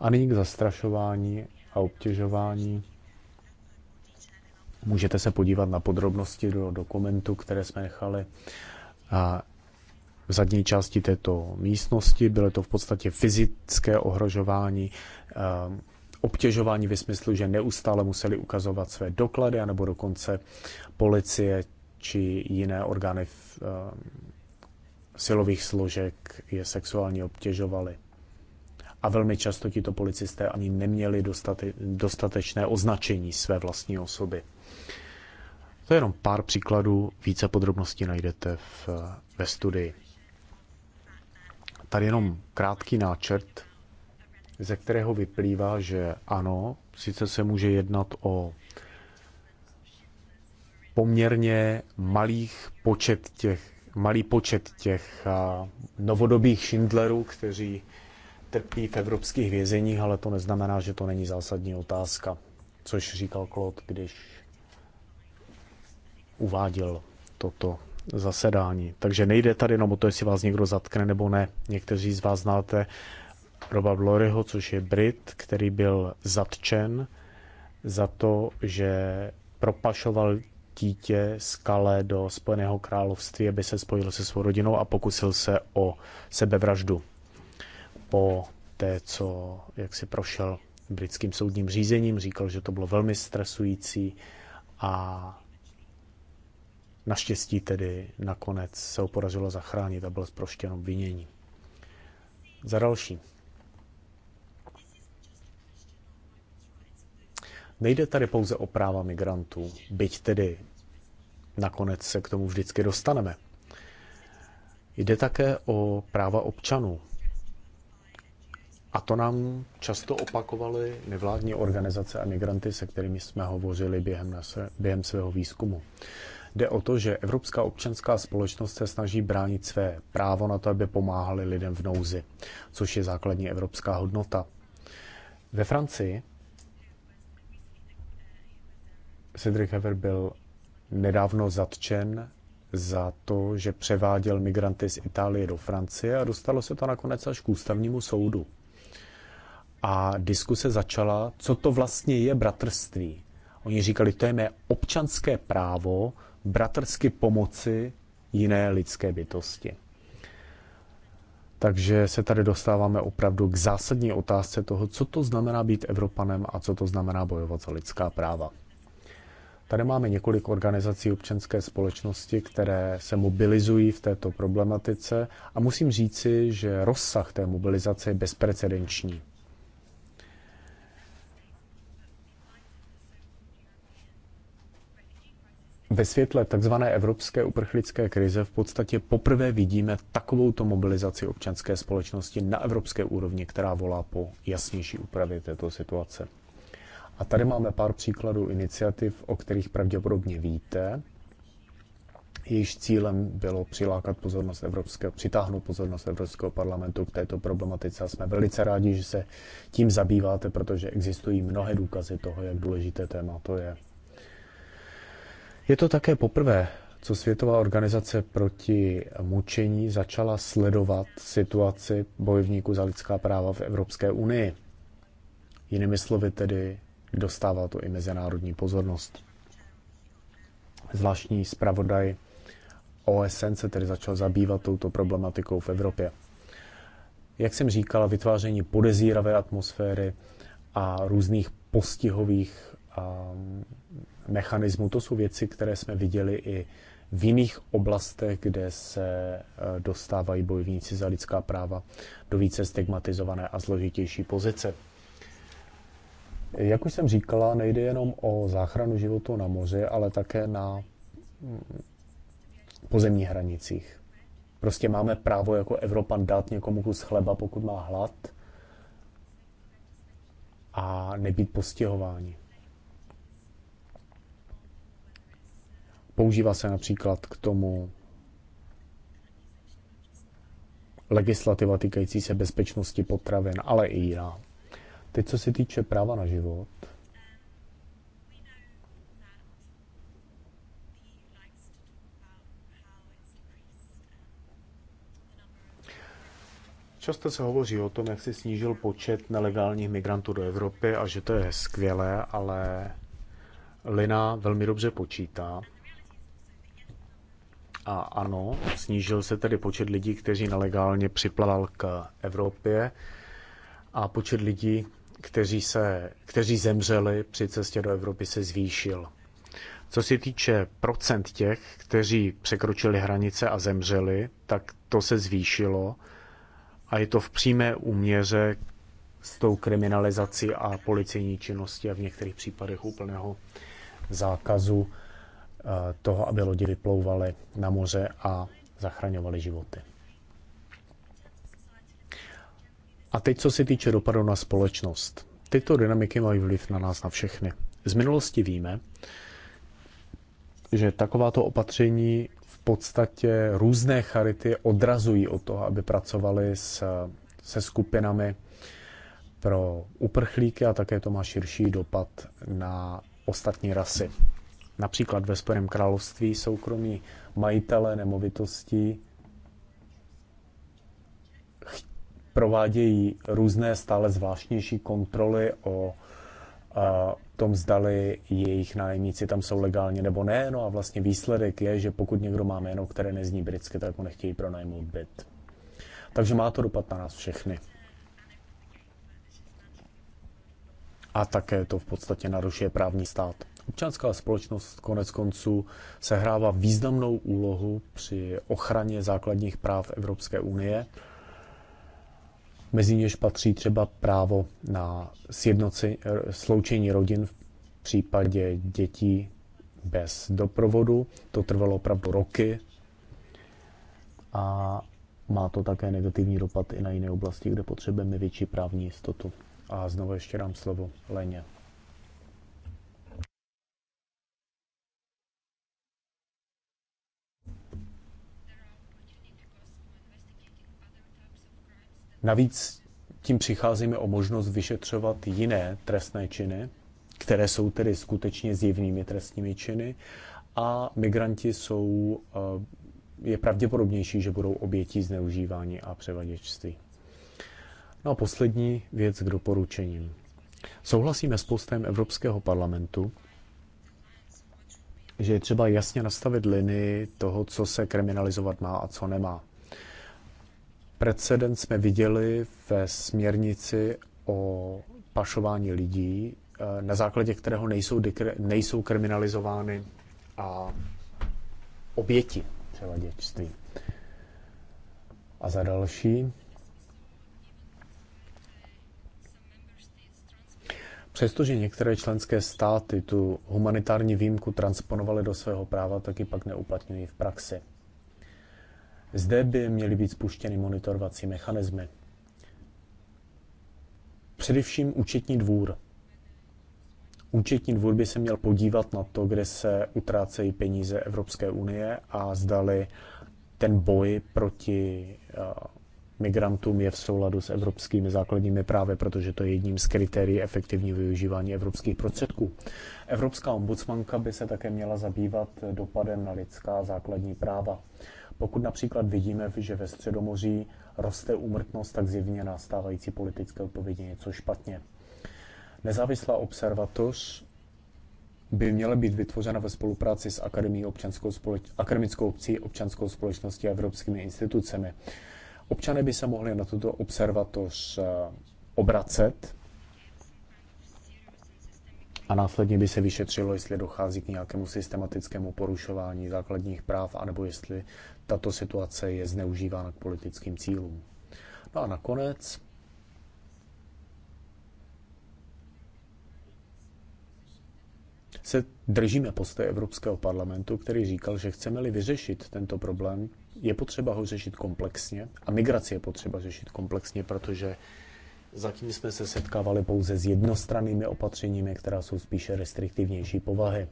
a nyní k zastrašování a obtěžování. Můžete se podívat na podrobnosti do dokumentu, které jsme nechali a v zadní části této místnosti. Bylo to v podstatě fyzické ohrožování, ehm, obtěžování ve smyslu, že neustále museli ukazovat své doklady, anebo dokonce policie či jiné orgány ehm, silových složek je sexuálně obtěžovaly a velmi často tito policisté ani neměli dostate, dostatečné označení své vlastní osoby. To je jenom pár příkladů, více podrobností najdete v, ve studii. Tady jenom krátký náčrt, ze kterého vyplývá, že ano, sice se může jednat o poměrně malých počet těch, malý počet těch novodobých Schindlerů, kteří trpí v evropských vězeních, ale to neznamená, že to není zásadní otázka, což říkal Klod, když uváděl toto zasedání. Takže nejde tady jenom o to, jestli vás někdo zatkne nebo ne. Někteří z vás znáte Roba Bloryho, což je Brit, který byl zatčen za to, že propašoval dítě z Kale do Spojeného království, aby se spojil se svou rodinou a pokusil se o sebevraždu po té, co jak si prošel britským soudním řízením, říkal, že to bylo velmi stresující a naštěstí tedy nakonec se ho podařilo zachránit a byl zproštěn obvinění. Za další. Nejde tady pouze o práva migrantů, byť tedy nakonec se k tomu vždycky dostaneme. Jde také o práva občanů, a to nám často opakovaly nevládní organizace a migranty, se kterými jsme hovořili během, nase, během svého výzkumu. Jde o to, že Evropská občanská společnost se snaží bránit své právo na to, aby pomáhali lidem v nouzi, což je základní evropská hodnota. Ve Francii Cedric Hever byl nedávno zatčen za to, že převáděl migranty z Itálie do Francie a dostalo se to nakonec až k ústavnímu soudu a diskuse začala, co to vlastně je bratrství. Oni říkali, to je mé občanské právo bratrsky pomoci jiné lidské bytosti. Takže se tady dostáváme opravdu k zásadní otázce toho, co to znamená být Evropanem a co to znamená bojovat za lidská práva. Tady máme několik organizací občanské společnosti, které se mobilizují v této problematice a musím říci, že rozsah té mobilizace je bezprecedenční. ve světle takzvané evropské uprchlické krize v podstatě poprvé vidíme takovouto mobilizaci občanské společnosti na evropské úrovni, která volá po jasnější úpravě této situace. A tady máme pár příkladů iniciativ, o kterých pravděpodobně víte. Jejich cílem bylo přilákat pozornost evropského, přitáhnout pozornost Evropského parlamentu k této problematice. A jsme velice rádi, že se tím zabýváte, protože existují mnohé důkazy toho, jak důležité téma to je. Je to také poprvé, co Světová organizace proti mučení začala sledovat situaci bojovníků za lidská práva v Evropské unii. Jinými slovy tedy dostává to i mezinárodní pozornost. Zvláštní zpravodaj OSN se tedy začal zabývat touto problematikou v Evropě. Jak jsem říkala, vytváření podezíravé atmosféry a různých postihových mechanismu. To jsou věci, které jsme viděli i v jiných oblastech, kde se eh, dostávají bojovníci za lidská práva do více stigmatizované a složitější pozice. Jak už jsem říkala, nejde jenom o záchranu životu na moři, ale také na mm, pozemních hranicích. Prostě máme právo jako Evropan dát někomu kus chleba, pokud má hlad, a nebýt postihováni. Používá se například k tomu legislativa týkající se bezpečnosti potravin, ale i jiná. Teď, co se týče práva na život, Často se hovoří o tom, jak se snížil počet nelegálních migrantů do Evropy a že to je skvělé, ale Lina velmi dobře počítá. A ano, snížil se tedy počet lidí, kteří nelegálně připlaval k Evropě a počet lidí, kteří, se, kteří zemřeli při cestě do Evropy, se zvýšil. Co se týče procent těch, kteří překročili hranice a zemřeli, tak to se zvýšilo a je to v přímé úměře s tou kriminalizací a policejní činností a v některých případech úplného zákazu Eh, toho, aby lodi vyplouvaly na moře a zachraňovaly životy. A teď, co se týče dopadu na společnost. Tyto dynamiky mají vliv na nás na všechny. Z minulosti víme, že takováto opatření v podstatě různé charity odrazují od toho, aby pracovali s, se skupinami pro uprchlíky a také to má širší dopad na ostatní rasy. Například ve Spojeném království soukromí majitele nemovitostí provádějí různé stále zvláštnější kontroly o a, tom, zdali jejich nájemníci tam jsou legálně nebo ne. No a vlastně výsledek je, že pokud někdo má jméno, které nezní britsky, tak mu nechtějí pronajmout byt. Takže má to dopad na nás všechny. A také to v podstatě narušuje právní stát. Občanská společnost konec konců sehrává významnou úlohu při ochraně základních práv Evropské unie. Mezi něž patří třeba právo na sjednoci, sloučení rodin v případě dětí bez doprovodu. To trvalo opravdu roky a má to také negativní dopad i na jiné oblasti, kde potřebujeme větší právní jistotu. A znovu ještě dám slovo Leně. Navíc tím přicházíme o možnost vyšetřovat jiné trestné činy, které jsou tedy skutečně zjevnými trestními činy a migranti jsou, eh, je pravděpodobnější, že budou obětí zneužívání a převaděčství. No a poslední věc k doporučením. Souhlasíme s postem Evropského parlamentu, že je třeba jasně nastavit linii toho, co se kriminalizovat má a co nemá. Precedent jsme viděli ve směrnici o pašování lidí, eh, na základě kterého nejsou, nejsou kriminalizovány a oběti převaděčství. A za další, Přestože některé členské státy tu humanitární výjimku transponovaly do svého práva, tak ji pak neuplatňují v praxi. Zde by měly být spuštěny monitorovací mechanismy. Především účetní dvůr. Účetní dvůr by se měl podívat na to, kde se utrácejí peníze Evropské unie a zdali ten boj proti eh, migrantům je v souladu s evropskými základními právy, protože to je jedním z kritérií efektivního využívání evropských prostředků. Evropská ombudsmanka by se také měla zabývat dopadem na lidská základní práva. Pokud například vidíme, že ve Středomoří roste úmrtnost, tak zjevně nastávající politické odpovědi něco špatně. Nezávislá observatoř by měla být vytvořena ve spolupráci s Akademií občanskou společ- akademickou obcí, občanskou společností a evropskými institucemi. Občané by se mohli na tuto observatoř eh, obracet a následně by se vyšetřilo, jestli dochází k nějakému systematickému porušování základních práv, anebo jestli tato situace je zneužívána k politickým cílům. No a nakonec se držíme postoje Evropského parlamentu, který říkal, že chceme-li vyřešit tento problém, je potřeba ho řešit komplexně a migraci je potřeba řešit komplexně, protože zatím jsme se setkávali pouze s jednostrannými opatřeními, která jsou spíše restriktivnější povahy.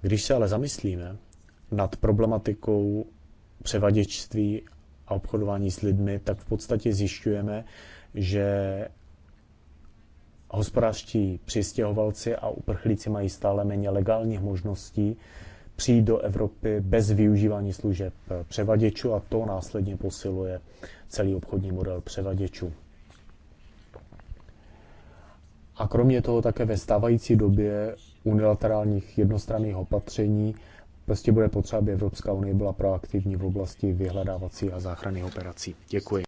Když se ale zamyslíme nad problematikou převaděčství a obchodování s lidmi, tak v podstatě zjišťujeme, že hospodářští přistěhovalci a uprchlíci mají stále méně legálních možností přijít do Evropy bez využívání služeb převaděčů a to následně posiluje celý obchodní model převaděčů. A kromě toho také ve stávající době unilaterálních jednostranných opatření Prostě bude potřeba, aby Evropská unie byla proaktivní v oblasti vyhledávací a záchrany operací. Děkuji.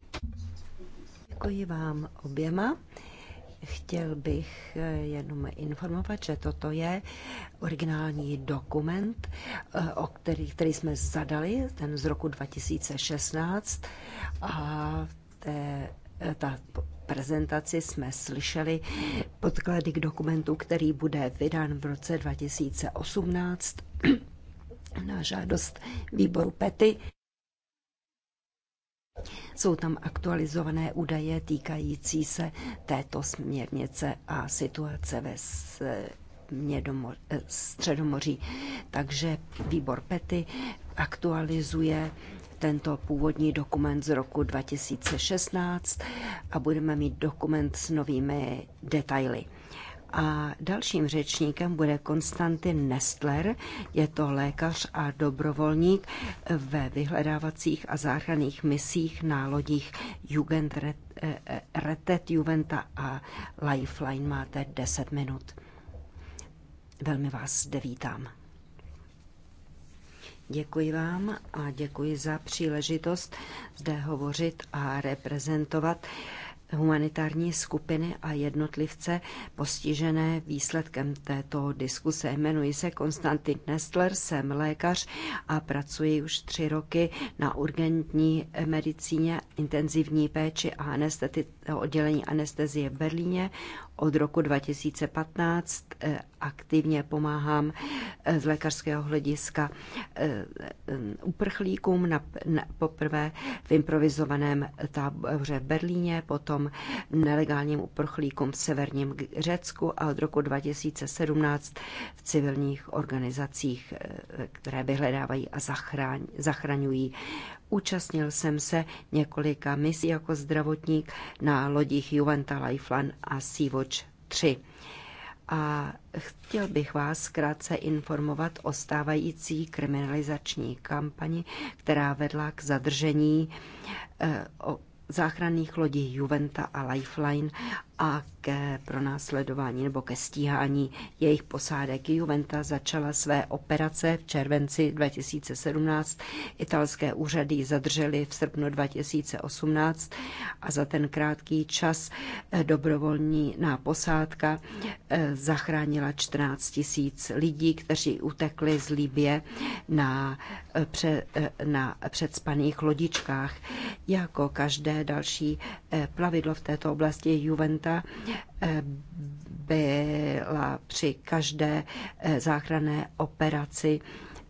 Děkuji vám oběma. Chtěl bych eh, jenom informovat, že toto je originální dokument, eh, o který, který jsme zadali, ten z roku 2016. A eh, ta prezentaci jsme slyšeli podklady k dokumentu, který bude vydán v roce 2018 na žádost výboru PETY. Jsou tam aktualizované údaje týkající se této směrnice a situace ve eh, Středomoří. Takže výbor PETY aktualizuje tento původní dokument z roku 2016 a budeme mít dokument s novými detaily. A dalším řečníkem bude Konstantin Nestler, je to lékař a dobrovolník ve vyhledávacích a záchranných misích na lodích Jugend eh, eh, Retet Juventa a Lifeline. Máte 10 minut. Velmi vás zde vítám. Děkuji vám a děkuji za příležitost zde hovořit a reprezentovat uh, humanitární skupiny a jednotlivce postižené výsledkem této diskuse. Jmenuji se Konstantin Nestler, jsem lékař a pracuji už tři roky na urgentní medicíně, intenzivní péči a anesteti- oddělení anestezie v Berlíně od roku 2015 eh, aktivně pomáhám eh, z lékařského hlediska eh, uprchlíkům na, na, poprvé v improvizovaném táboře v Berlíně, potom nelegálním uprchlíkům v severním Řecku a od roku 2017 v civilních organizacích, které vyhledávají a zachraň, zachraňují Účastnil jsem se několika misí jako zdravotník na lodích Juventa Lifeline a Sea Watch 3 a chtěl bych vás krátce informovat o stávající kriminalizační kampani, která vedla k zadržení eh, záchranných lodí Juventa a Lifeline a ke pronásledování nebo ke stíhání jejich posádek. Juventa začala své operace v červenci 2017, italské úřady zadrželi v srpnu 2018 a za ten krátký čas eh, dobrovolní na posádka eh, zachránila 14 tisíc lidí, kteří utekli z Libie na, eh, pře, na předspaných lodičkách. Jako každé další plavidlo v této oblasti Juventa kapacita eh, byla při každé eh, záchranné operaci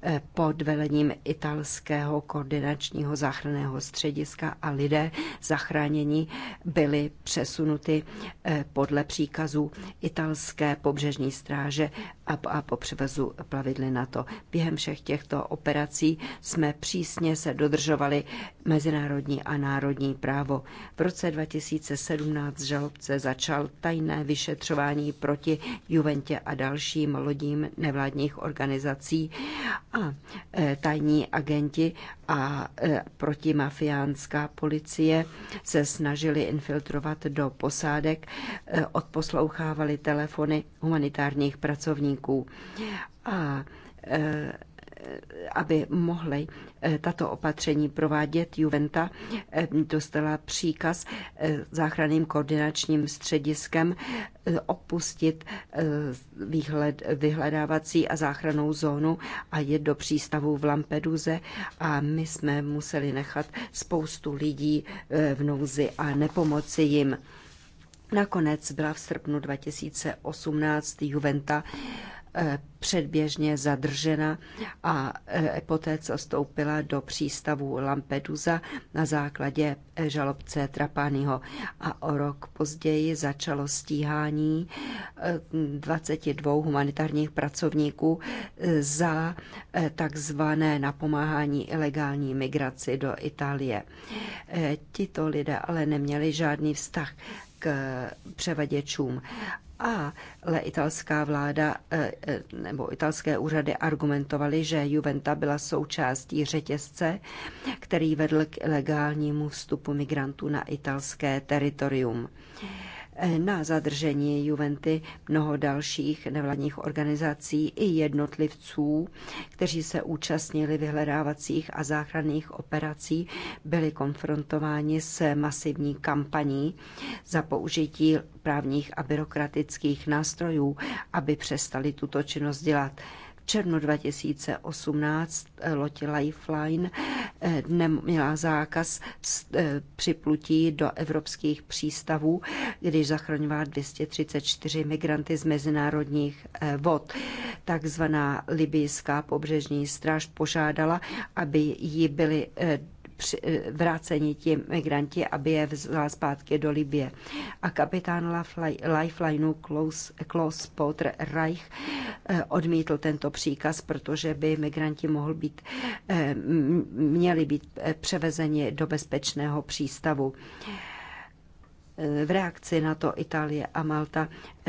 eh, pod velením italského koordinačního záchranného střediska a lidé zachránění byli přesunuty podle příkazu italské pobřežní stráže a, po a po převozu plavidly to. Během všech těchto operací jsme přísně se dodržovali mezinárodní a národní právo. V roce 2017 žalobce začal tajné vyšetřování proti Juventě a dalším lodím nevládních organizací a e, tajní agenti a e, protimafiánská policie se snažili infiltrovat do posádek, e, odposlouchávali telefony humanitárních pracovníků. A e, aby mohly eh, tato opatření provádět. Juventa eh, dostala příkaz eh, záchranným koordinačním střediskem opustit výhled, vyhledávací a záchranou zónu a jet do přístavu v Lampeduze a my jsme museli nechat spoustu lidí v nouzi a nepomoci jim. Nakonec byla v srpnu 2018 Juventa Eh, předběžně zadržena a eh, poté, co stoupila do přístavu Lampedusa na základě eh, žalobce Trapányho. A o rok později začalo stíhání 22 humanitárních pracovníků za takzvané napomáhání ilegální migraci do Itálie. Tito lidé ale neměli žádný vztah k převaděčům a ale italská vláda e, e, nebo italské úřady argumentovaly, že Juventa byla součástí řetězce, který vedl k legálnímu vstupu migrantů na italské teritorium. Eh, na zadržení Juventy mnoho dalších nevládních organizací i jednotlivců, kteří se účastnili vyhledávacích a záchranných operací, byli konfrontováni s masivní kampaní za použití právních a byrokratických nástrojů, aby přestali tuto činnost dělat červnu 2018 eh, loď Lifeline eh, měla zákaz eh, připlutí do evropských přístavů, když zachraňovala 234 migranty z mezinárodních vod. Takzvaná libijská pobřežní stráž požádala, aby jí byly Eh, vráceni ti migranti, aby je vzala zpátky do Libie. A kapitán Lifelineu Klaus, Klaus Potter Reich eh, odmítl tento příkaz, protože by migranti mohl být, eh, měli být převezeni do bezpečného přístavu. V reakci na to Itálie a Malta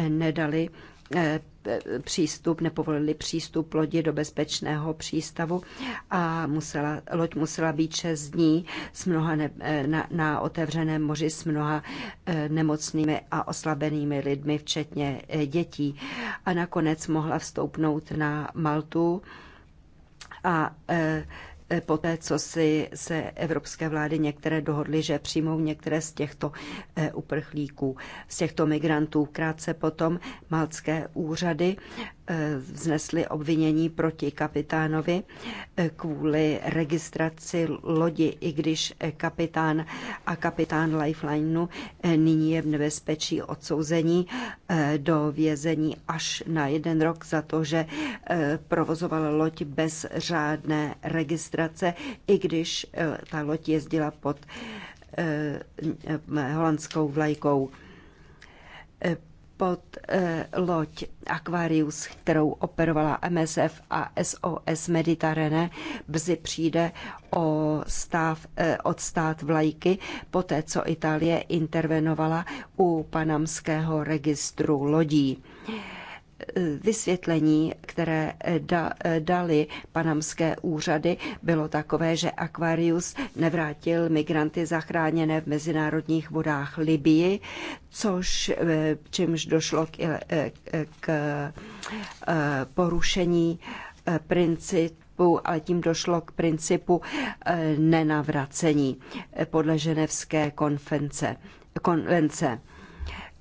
nedali přístup, nepovolili přístup lodi do bezpečného přístavu a musela, loď musela být 6 dní s mnoha ne, eh, na, na otevřeném moři s mnoha eh, nemocnými a oslabenými lidmi, včetně eh, dětí. A nakonec mohla vstoupnout na Maltu a Eh, poté, co si se evropské vlády některé dohodly, že přijmou některé z těchto eh, uprchlíků, z těchto migrantů. Krátce potom malcké úřady Eh, vznesli obvinění proti kapitánovi eh, kvůli registraci lodi, i když eh, kapitán a kapitán Lifelineu nyní je v nebezpečí odsouzení do vězení až na jeden rok za to, že provozoval loď bez řádné registrace, i když ta loď jezdila pod holandskou vlajkou pod eh, loď Aquarius, kterou operovala MSF a SOS Mediterrane, brzy přijde o stav, eh, od stát vlajky, poté co Itálie intervenovala u panamského registru lodí. Eh, vysvětlení, které eh, da, eh, dali panamské úřady, bylo takové, že Aquarius nevrátil migranty zachráněné v mezinárodních vodách Libii, což eh, čímž došlo k, k porušení principu, ale tím došlo k principu nenavracení podle ženevské konvence. konvence.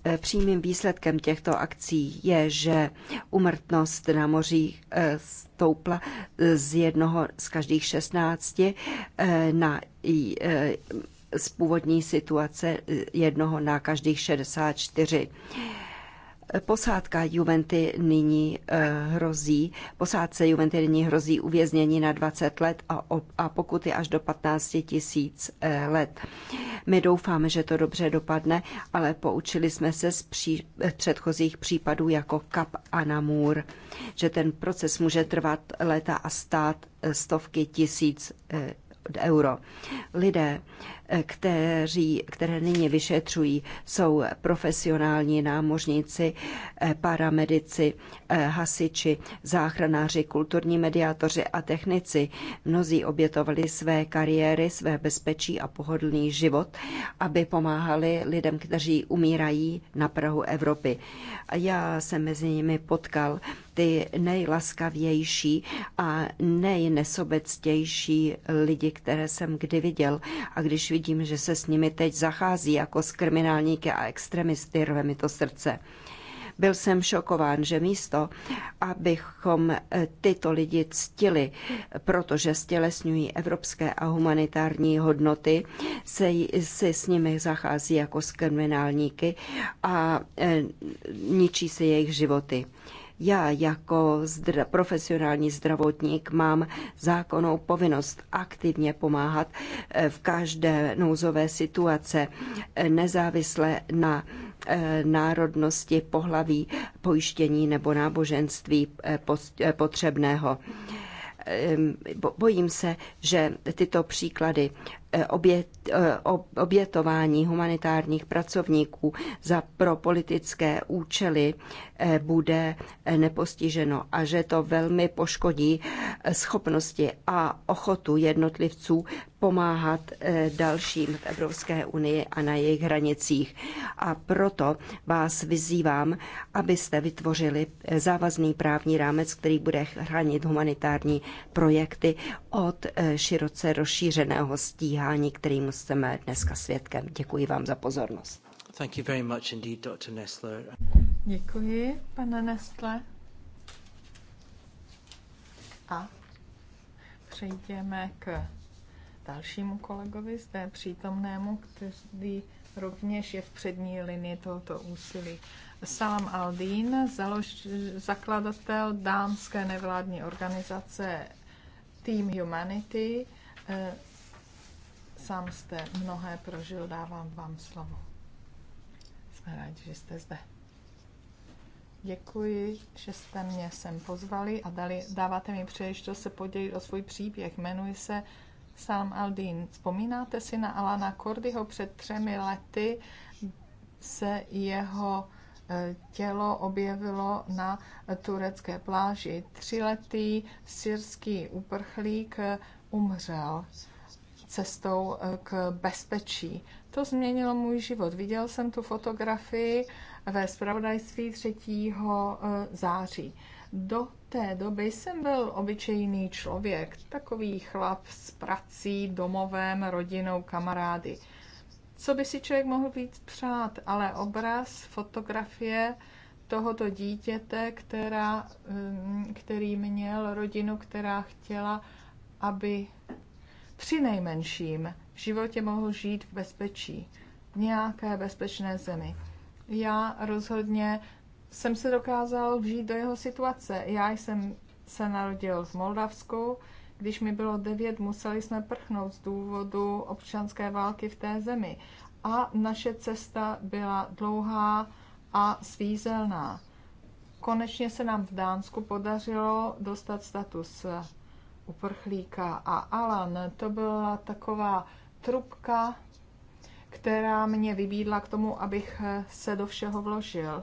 Eh, přímým výsledkem těchto akcí je, že umrtnost na mořích eh, stoupla eh, z jednoho z každých 16 na z původní situace jednoho na každých 64. Posádka Juventy nyní eh, hrozí, posádce Juventy nyní hrozí uvěznění na 20 let a, a pokuty až do 15 tisíc eh, let. My doufáme, že to dobře dopadne, ale poučili jsme se z pří, eh, předchozích případů jako Kap a Namur, že ten proces může trvat léta a stát stovky tisíc euro. Lidé kteří, které nyní vyšetřují, jsou profesionální námořníci, eh, paramedici, eh, hasiči, záchranáři, kulturní mediátoři a technici. Mnozí obětovali své kariéry, své bezpečí a pohodlný život, aby pomáhali lidem, kteří umírají na Prahu Evropy. já jsem mezi nimi potkal ty nejlaskavější a nejnesobectější lidi, které jsem kdy viděl. A když vidím, že se s nimi teď zachází jako s kriminálníky a extremisty, rve mi to srdce. Byl jsem šokován, že místo, abychom eh, tyto lidi ctili, protože stělesňují evropské a humanitární hodnoty, se, se s nimi zachází jako s kriminálníky a eh, ničí se jejich životy. Já jako zdra, profesionální zdravotník mám zákonnou povinnost aktivně pomáhat eh, v každé nouzové situace, eh, nezávisle na eh, národnosti, pohlaví, pojištění nebo náboženství potřebného ehm, bojím se, že tyto příklady Eh, obět, eh, obětování humanitárních pracovníků za pro politické účely eh, bude nepostiženo a že to velmi poškodí schopnosti a ochotu jednotlivců pomáhat dalším v Evropské unii a na jejich hranicích. A proto vás vyzývám, abyste vytvořili závazný právní rámec, který bude chránit humanitární projekty od eh, široce rozšířeného stíhání, kterým jsme dneska svědkem. Děkuji vám za pozornost. Thank you very much indeed, Dr. Nestler. Děkuji, pane Nestle. A přejdeme k dalšímu kolegovi zde přítomnému, který rovněž je v přední linii tohoto úsilí. Salam Aldin, založ, zakladatel dámské nevládní organizace Team Humanity. Eh, sám jste mnohé prožil, dávám vám slovo. Jsme rádi, že jste zde. Děkuji, že jste mě sem pozvali a dali, dáváte mi příležitost se podělit o svůj příběh. Jmenuji se Salm Aldin. Vzpomínáte si na Alana Kordyho před třemi lety se jeho tělo objevilo na turecké pláži. Třiletý syrský uprchlík umřel cestou eh, k bezpečí. To změnilo můj život. Viděl jsem tu fotografii ve spravodajství 3. Eh, září. Do té doby jsem byl obyčejný člověk, takový chlap s prací, domovem, rodinou, kamarády co by si člověk mohl víc přát, ale obraz, fotografie tohoto dítěte, která, mm, který měl rodinu, která chtěla, aby při nejmenším v životě mohl žít v bezpečí, v nějaké bezpečné zemi. Já rozhodně jsem se dokázal vžít do jeho situace. Já jsem se narodil v Moldavsku, když mi bylo devět, museli jsme prchnout z důvodu občanské války v té zemi. A naše cesta byla dlouhá a svízelná. Konečně se nám v Dánsku podařilo dostat status uprchlíka. A Alan, to byla taková trubka, která mě vybídla k tomu, abych se do všeho vložil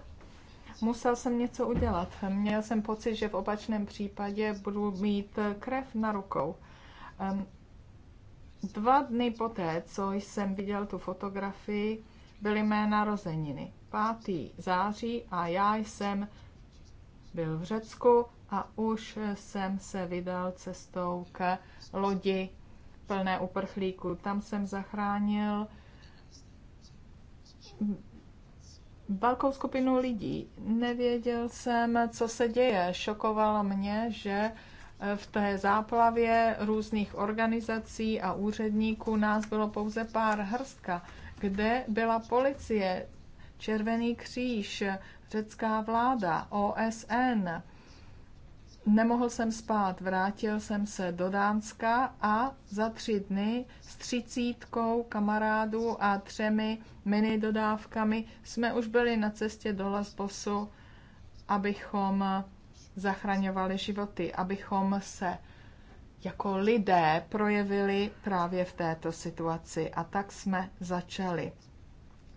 musel jsem něco udělat. Měl jsem pocit, že v opačném případě budu mít krev na rukou. Dva dny poté, co jsem viděl tu fotografii, byly mé narozeniny. 5. září a já jsem byl v Řecku a už jsem se vydal cestou k lodi plné uprchlíků. Tam jsem zachránil velkou skupinu lidí. Nevěděl jsem, co se děje. Šokovalo mě, že eh, v té záplavě různých organizací a úředníků nás bylo pouze pár hrstka, kde byla policie, Červený kříž, řecká vláda, OSN, nemohl jsem spát, vrátil jsem se do Dánska a za tři dny s třicítkou kamarádů a třemi mini dodávkami jsme už byli na cestě do Lesbosu, abychom zachraňovali životy, abychom se jako lidé projevili právě v této situaci. A tak jsme začali.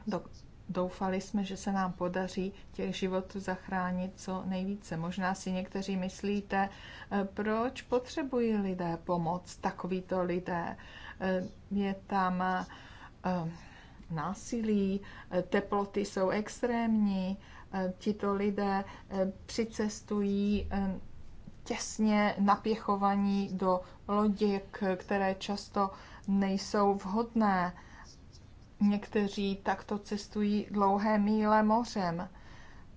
Do doufali jsme, že se nám podaří těch životů zachránit co nejvíce. Možná si někteří myslíte, eh, proč potřebují lidé pomoc, takovýto lidé. Eh, je tam eh, násilí, teploty jsou extrémní, tito lidé přicestují těsně napěchovaní do loděk, které často nejsou vhodné Někteří takto cestují dlouhé míle mořem.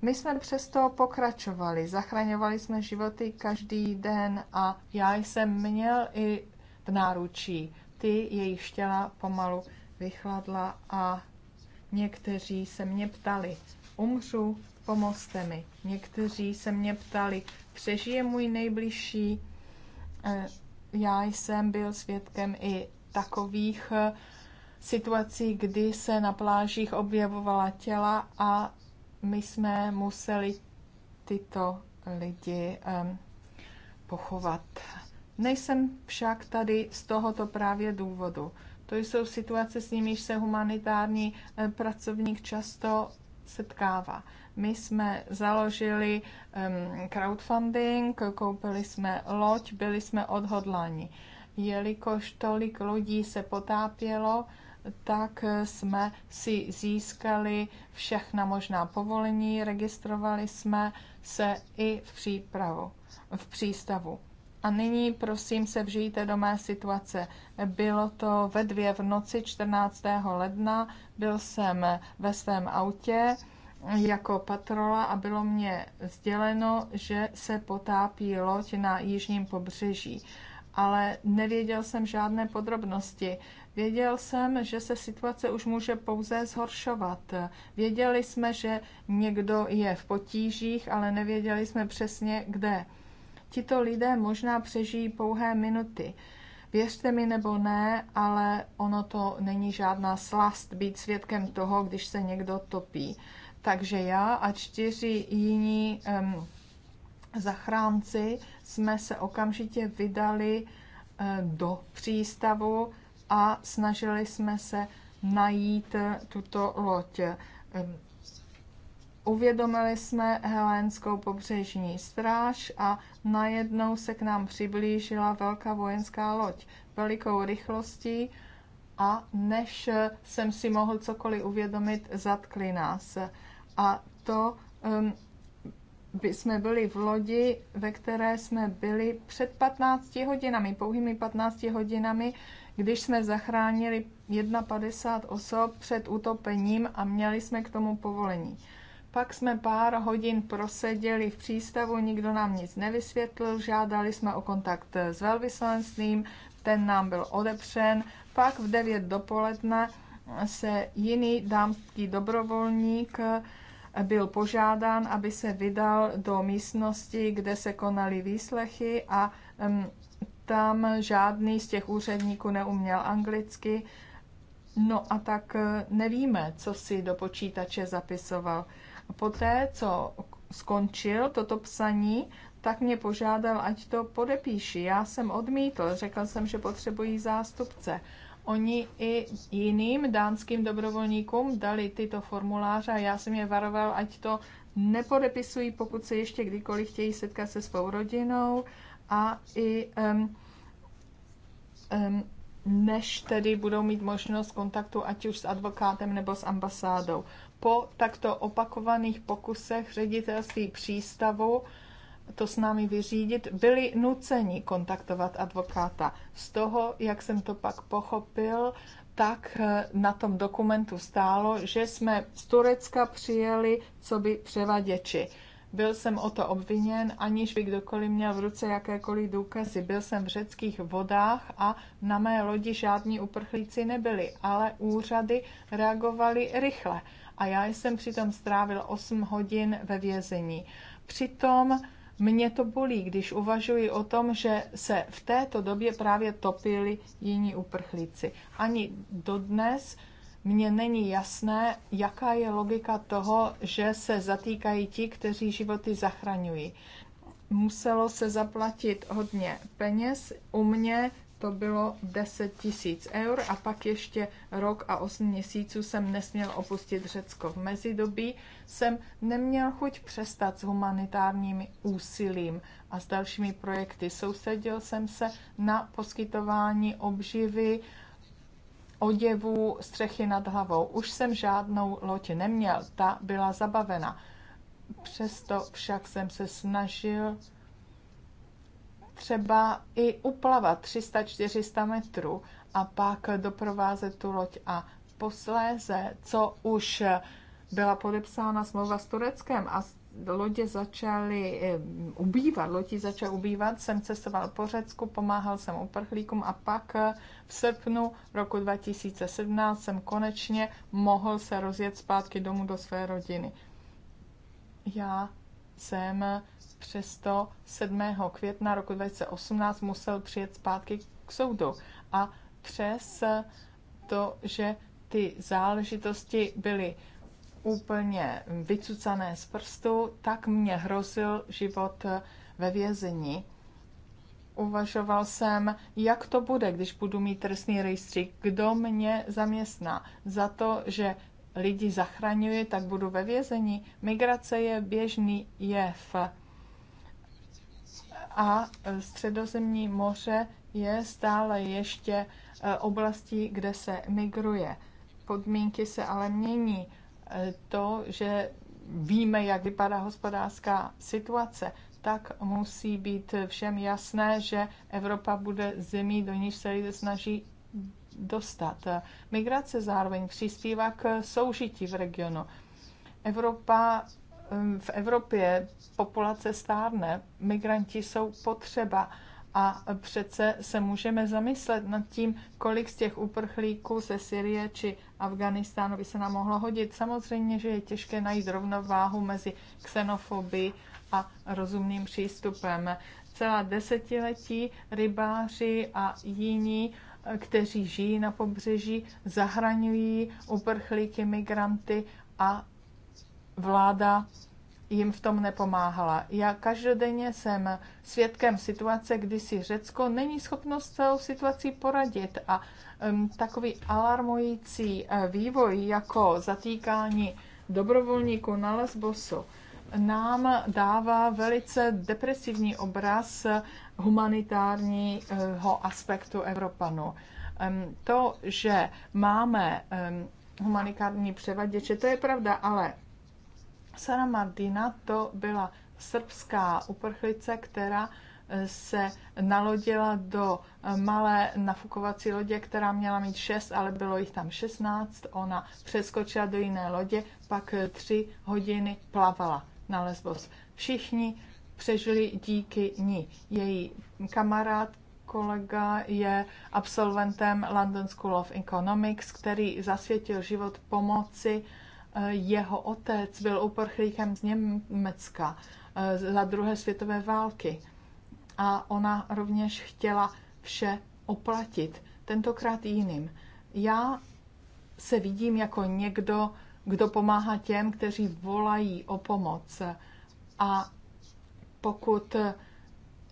My jsme přesto pokračovali, zachraňovali jsme životy každý den a já jsem měl i v náručí ty, její štěla pomalu vychladla a někteří se mě ptali, umřu, pomozte mi. Někteří se mě ptali, přežije můj nejbližší. Eh, já jsem byl svědkem i takových eh, situací, kdy se na plážích objevovala těla a my jsme museli tyto lidi um, pochovat. Nejsem však tady z tohoto právě důvodu. To jsou situace, s nimiž se humanitární pracovník často setkává. My jsme založili um, crowdfunding, koupili jsme loď, byli jsme odhodláni. Jelikož tolik lidí se potápělo, tak eh, jsme si získali všechna možná povolení, registrovali jsme se i v přípravu, v přístavu. A nyní prosím se vžijte do mé situace. Bylo to ve dvě v noci 14. ledna, byl jsem ve svém autě jako patrola a bylo mě sděleno, že se potápí loď na jižním pobřeží. Ale nevěděl jsem žádné podrobnosti. Věděl jsem, že se situace už může pouze zhoršovat. Věděli jsme, že někdo je v potížích, ale nevěděli jsme přesně kde. Tito lidé možná přežijí pouhé minuty. Věřte mi nebo ne, ale ono to není žádná slast být svědkem toho, když se někdo topí. Takže já a čtyři jiní um, zachránci jsme se okamžitě vydali um, do přístavu a snažili jsme se najít tuto loď. Uvědomili jsme helénskou pobřežní stráž a najednou se k nám přiblížila velká vojenská loď velikou rychlostí a než jsem si mohl cokoliv uvědomit, zatkli nás. A to um, by jsme byli v lodi, ve které jsme byli před 15 hodinami, pouhými 15 hodinami, když jsme zachránili 51 osob před utopením a měli jsme k tomu povolení. Pak jsme pár hodin proseděli v přístavu, nikdo nám nic nevysvětlil, žádali jsme o kontakt s velvyslanstvím, ten nám byl odepřen. Pak v 9 dopoledne se jiný dámský dobrovolník byl požádán, aby se vydal do místnosti, kde se konaly výslechy a mm, tam žádný z těch úředníků neuměl anglicky, no a tak eh, nevíme, co si do počítače zapisoval. Poté, co skončil toto psaní, tak mě požádal, ať to podepíši. Já jsem odmítl, řekl jsem, že potřebují zástupce. Oni i jiným dánským dobrovolníkům dali tyto formuláře a já jsem je varoval, ať to nepodepisují, pokud se ještě kdykoliv chtějí setkat se svou rodinou, a i um, um, než tedy budou mít možnost kontaktu ať už s advokátem nebo s ambasádou. Po takto opakovaných pokusech ředitelství přístavu to s námi vyřídit, byli nuceni kontaktovat advokáta. Z toho, jak jsem to pak pochopil, tak eh, na tom dokumentu stálo, že jsme z Turecka přijeli co by převaděči. Byl jsem o to obviněn, aniž by kdokoliv měl v ruce jakékoliv důkazy. Byl jsem v řeckých vodách a na mé lodi žádní uprchlíci nebyli, ale úřady reagovaly rychle. A já jsem přitom strávil 8 hodin ve vězení. Přitom mě to bolí, když uvažuji o tom, že se v této době právě topili jiní uprchlíci. Ani dodnes mně není jasné, jaká je logika toho, že se zatýkají ti, kteří životy zachraňují. Muselo se zaplatit hodně peněz. U mě to bylo 10 tisíc eur a pak ještě rok a 8 měsíců jsem nesměl opustit Řecko. V mezidobí jsem neměl chuť přestat s humanitárním úsilím a s dalšími projekty. Soustředil jsem se na poskytování obživy, oděvu střechy nad hlavou. Už jsem žádnou loď neměl, ta byla zabavena. Přesto však jsem se snažil třeba i uplavat 300-400 metrů a pak doprovázet tu loď a posléze, co už byla podepsána smlouva s Tureckem a lodě začaly eh, ubývat, lodi začaly ubývat, jsem cestoval po Řecku, pomáhal jsem uprchlíkům a pak eh, v srpnu roku 2017 jsem konečně mohl se rozjet zpátky domů do své rodiny. Já jsem eh, přesto 7. května roku 2018 musel přijet zpátky k soudu a přes to, že ty záležitosti byly úplně vycucané z prstu, tak mě hrozil život ve vězení. Uvažoval jsem, jak to bude, když budu mít trestný rejstřík, kdo mě zaměstná za to, že lidi zachraňuje, tak budu ve vězení. Migrace je běžný jev. A středozemní moře je stále ještě eh, oblastí, kde se migruje. Podmínky se ale mění to, že víme, jak vypadá hospodářská situace, tak musí být všem jasné, že Evropa bude zemí, do níž se lidé snaží dostat. Migrace zároveň přispívá k soužití v regionu. Evropa, v Evropě populace stárne, migranti jsou potřeba a přece se můžeme zamyslet nad tím, kolik z těch uprchlíků ze Syrie či Afganistánu by se nám mohlo hodit. Samozřejmě, že je těžké najít rovnováhu mezi xenofobií a rozumným přístupem. Celá desetiletí rybáři a jiní, kteří žijí na pobřeží, zahraňují uprchlíky, migranty a vláda jim v tom nepomáhala. Já každodenně jsem svědkem situace, kdy si Řecko není schopno s celou situací poradit a um, takový alarmující eh, vývoj jako zatýkání dobrovolníků na Lesbosu nám dává velice depresivní obraz humanitárního eh, aspektu Evropanu. To, že máme humanitární převaděče, to je pravda, ale Sara Martina to byla srbská uprchlice, která eh, se nalodila do eh, malé nafukovací lodě, která měla mít šest, ale bylo jich tam šestnáct. Ona přeskočila do jiné lodě, pak eh, tři hodiny plavala na Lesbos. Všichni přežili díky ní. Její kamarád, kolega je absolventem London School of Economics, který zasvětil život pomoci uh, Eh, jeho otec byl uprchlíkem z Německa eh, za druhé světové války a ona rovněž chtěla vše oplatit, tentokrát jiným. Já se vidím jako někdo, kdo pomáhá těm, kteří volají o pomoc. A pokud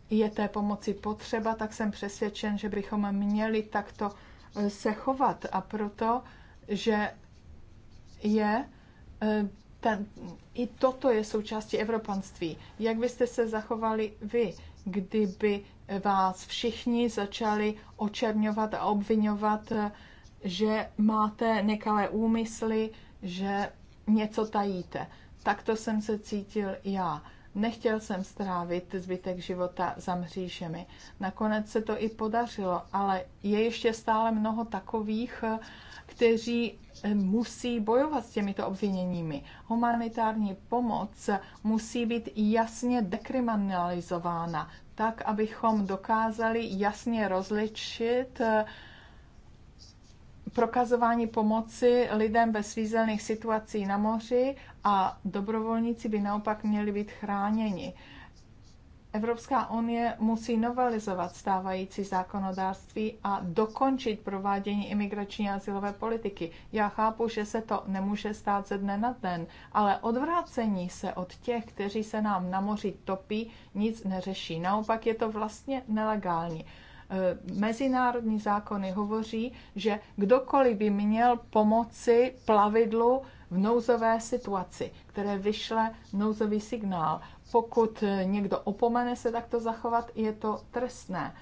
je té pomoci potřeba, tak jsem přesvědčen, že bychom měli takto eh, se chovat. A proto, že je eh, ten, i toto je součástí evropanství. Jak byste se zachovali vy, kdyby vás všichni začali očerňovat a obvinovat, eh, že máte nekalé úmysly, že něco tajíte? Takto jsem se cítil já. Nechtěl jsem strávit zbytek života za mřížemi. Nakonec se to i podařilo, ale je ještě stále mnoho takových, eh, kteří eh, musí bojovat s těmito obviněními. Humanitární pomoc musí být jasně dekriminalizována, tak, abychom dokázali jasně rozličit eh, prokazování pomoci lidem ve svízelných situacích na moři a dobrovolníci by naopak měli být chráněni Evropská unie musí novelizovat stávající zákonodárství a dokončit provádění imigrační a asilové politiky. Já chápu, že se to nemůže stát ze dne na den, ale odvrácení se od těch, kteří se nám na moři topí, nic neřeší. Naopak je to vlastně nelegální. E, mezinárodní zákony hovoří, že kdokoliv by měl pomoci plavidlu, v nouzové situaci, které vyšle nouzový signál. Pokud někdo opomene se takto zachovat, je to trestné.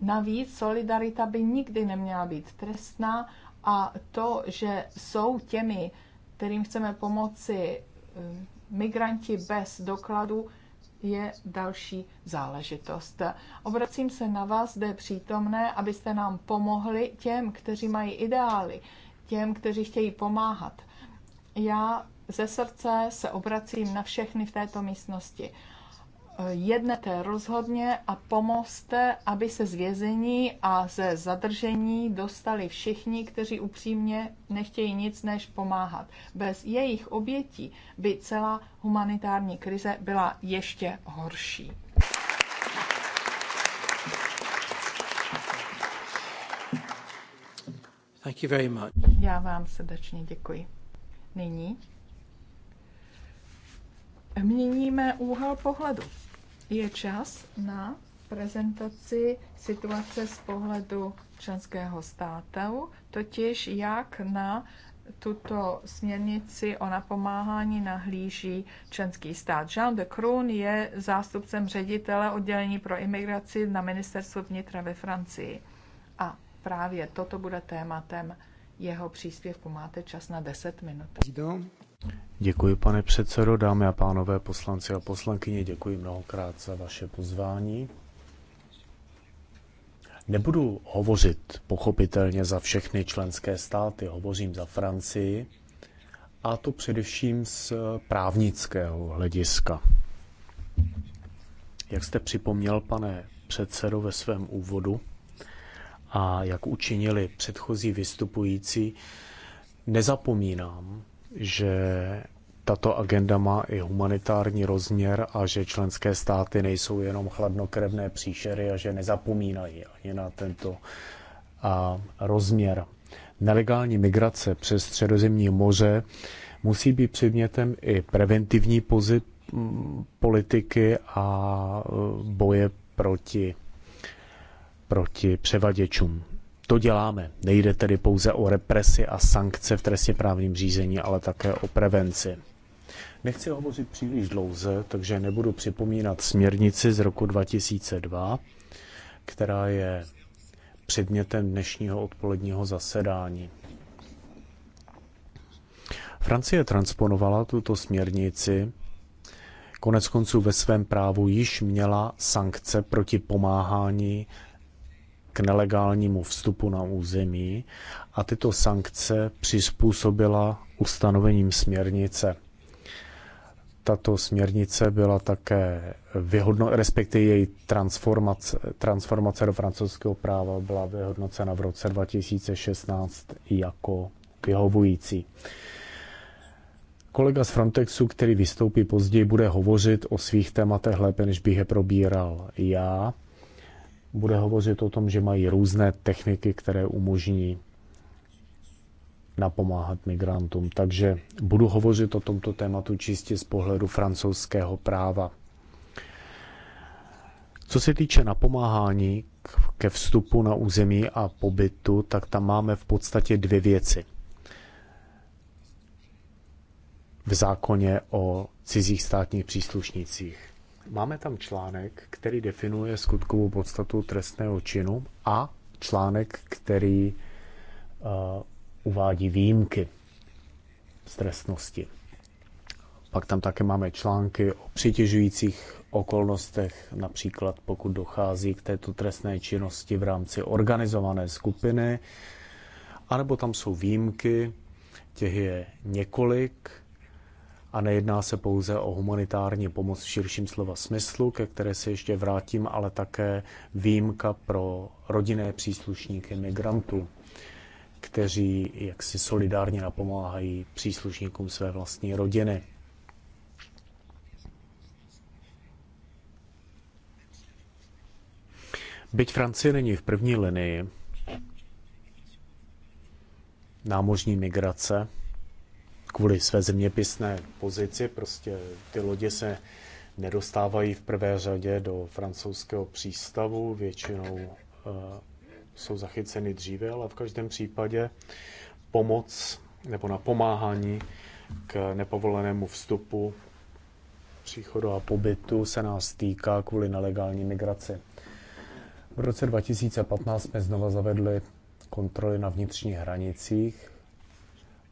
Navíc solidarita by nikdy neměla být trestná a to, že jsou těmi, kterým chceme pomoci, eh, migranti bez dokladu, je další záležitost. Obracím se na vás, zde přítomné, abyste nám pomohli těm, kteří mají ideály, těm, kteří chtějí pomáhat. Já ze srdce se obracím na všechny v této místnosti. Jednete rozhodně a pomozte, aby se z vězení a ze zadržení dostali všichni, kteří upřímně nechtějí nic než pomáhat. Bez jejich obětí by celá humanitární krize byla ještě horší. Thank you very much. Já vám srdečně děkuji nyní měníme úhel pohledu. Je čas na prezentaci situace z pohledu členského státu, totiž jak na tuto směrnici o napomáhání nahlíží členský stát. Jean de Croon je zástupcem ředitele oddělení pro imigraci na ministerstvu vnitra ve Francii. A právě toto bude tématem jeho příspěvku. Máte čas na 10 minut. Děkuji, pane předsedo, dámy a pánové, poslanci a poslankyně, děkuji mnohokrát za vaše pozvání. Nebudu hovořit pochopitelně za všechny členské státy, hovořím za Francii, a to především z právnického hlediska. Jak jste připomněl, pane předsedo, ve svém úvodu, a jak učinili předchozí vystupující, nezapomínám, že tato agenda má i humanitární rozměr a že členské státy nejsou jenom chladnokrevné příšery a že nezapomínají ani na tento a, rozměr. Nelegální migrace přes středozemní moře musí být předmětem i preventivní pozit, politiky a e, boje proti proti převaděčům. To děláme. Nejde tedy pouze o represi a sankce v trestně právním řízení, ale také o prevenci. Nechci hovořit příliš dlouze, takže nebudu připomínat směrnici z roku 2002, která je předmětem dnešního odpoledního zasedání. Francie transponovala tuto směrnici, konec konců ve svém právu již měla sankce proti pomáhání k nelegálnímu vstupu na území a tyto sankce přizpůsobila ustanovením směrnice. Tato směrnice byla také vyhodno, respektive její transformace, transformace do francouzského práva byla vyhodnocena v roce 2016 jako vyhovující. Kolega z Frontexu, který vystoupí později, bude hovořit o svých tématech lépe, než bych je probíral já bude hovořit o tom, že mají různé techniky, které umožní napomáhat migrantům. Takže budu hovořit o tomto tématu čistě z pohledu francouzského práva. Co se týče napomáhání ke vstupu na území a pobytu, tak tam máme v podstatě dvě věci. V zákoně o cizích státních příslušnících. Máme tam článek, který definuje skutkovou podstatu trestného činu a článek, který uh, uvádí výjimky z trestnosti. Pak tam také máme články o přitěžujících okolnostech, například pokud dochází k této trestné činnosti v rámci organizované skupiny, anebo tam jsou výjimky, těch je několik, a nejedná se pouze o humanitární pomoc v širším slova smyslu, ke které se ještě vrátím, ale také výjimka pro rodinné příslušníky migrantů, kteří jaksi solidárně napomáhají příslušníkům své vlastní rodiny. Byť Francie není v první linii námořní migrace, kvůli své zeměpisné pozici prostě ty lodě se nedostávají v prvé řadě do francouzského přístavu, většinou eh, jsou zachyceny dříve, ale v každém případě pomoc nebo napomáhání k nepovolenému vstupu, příchodu a pobytu se nás týká kvůli nelegální migraci. V roce 2015 jsme znova zavedli kontroly na vnitřních hranicích,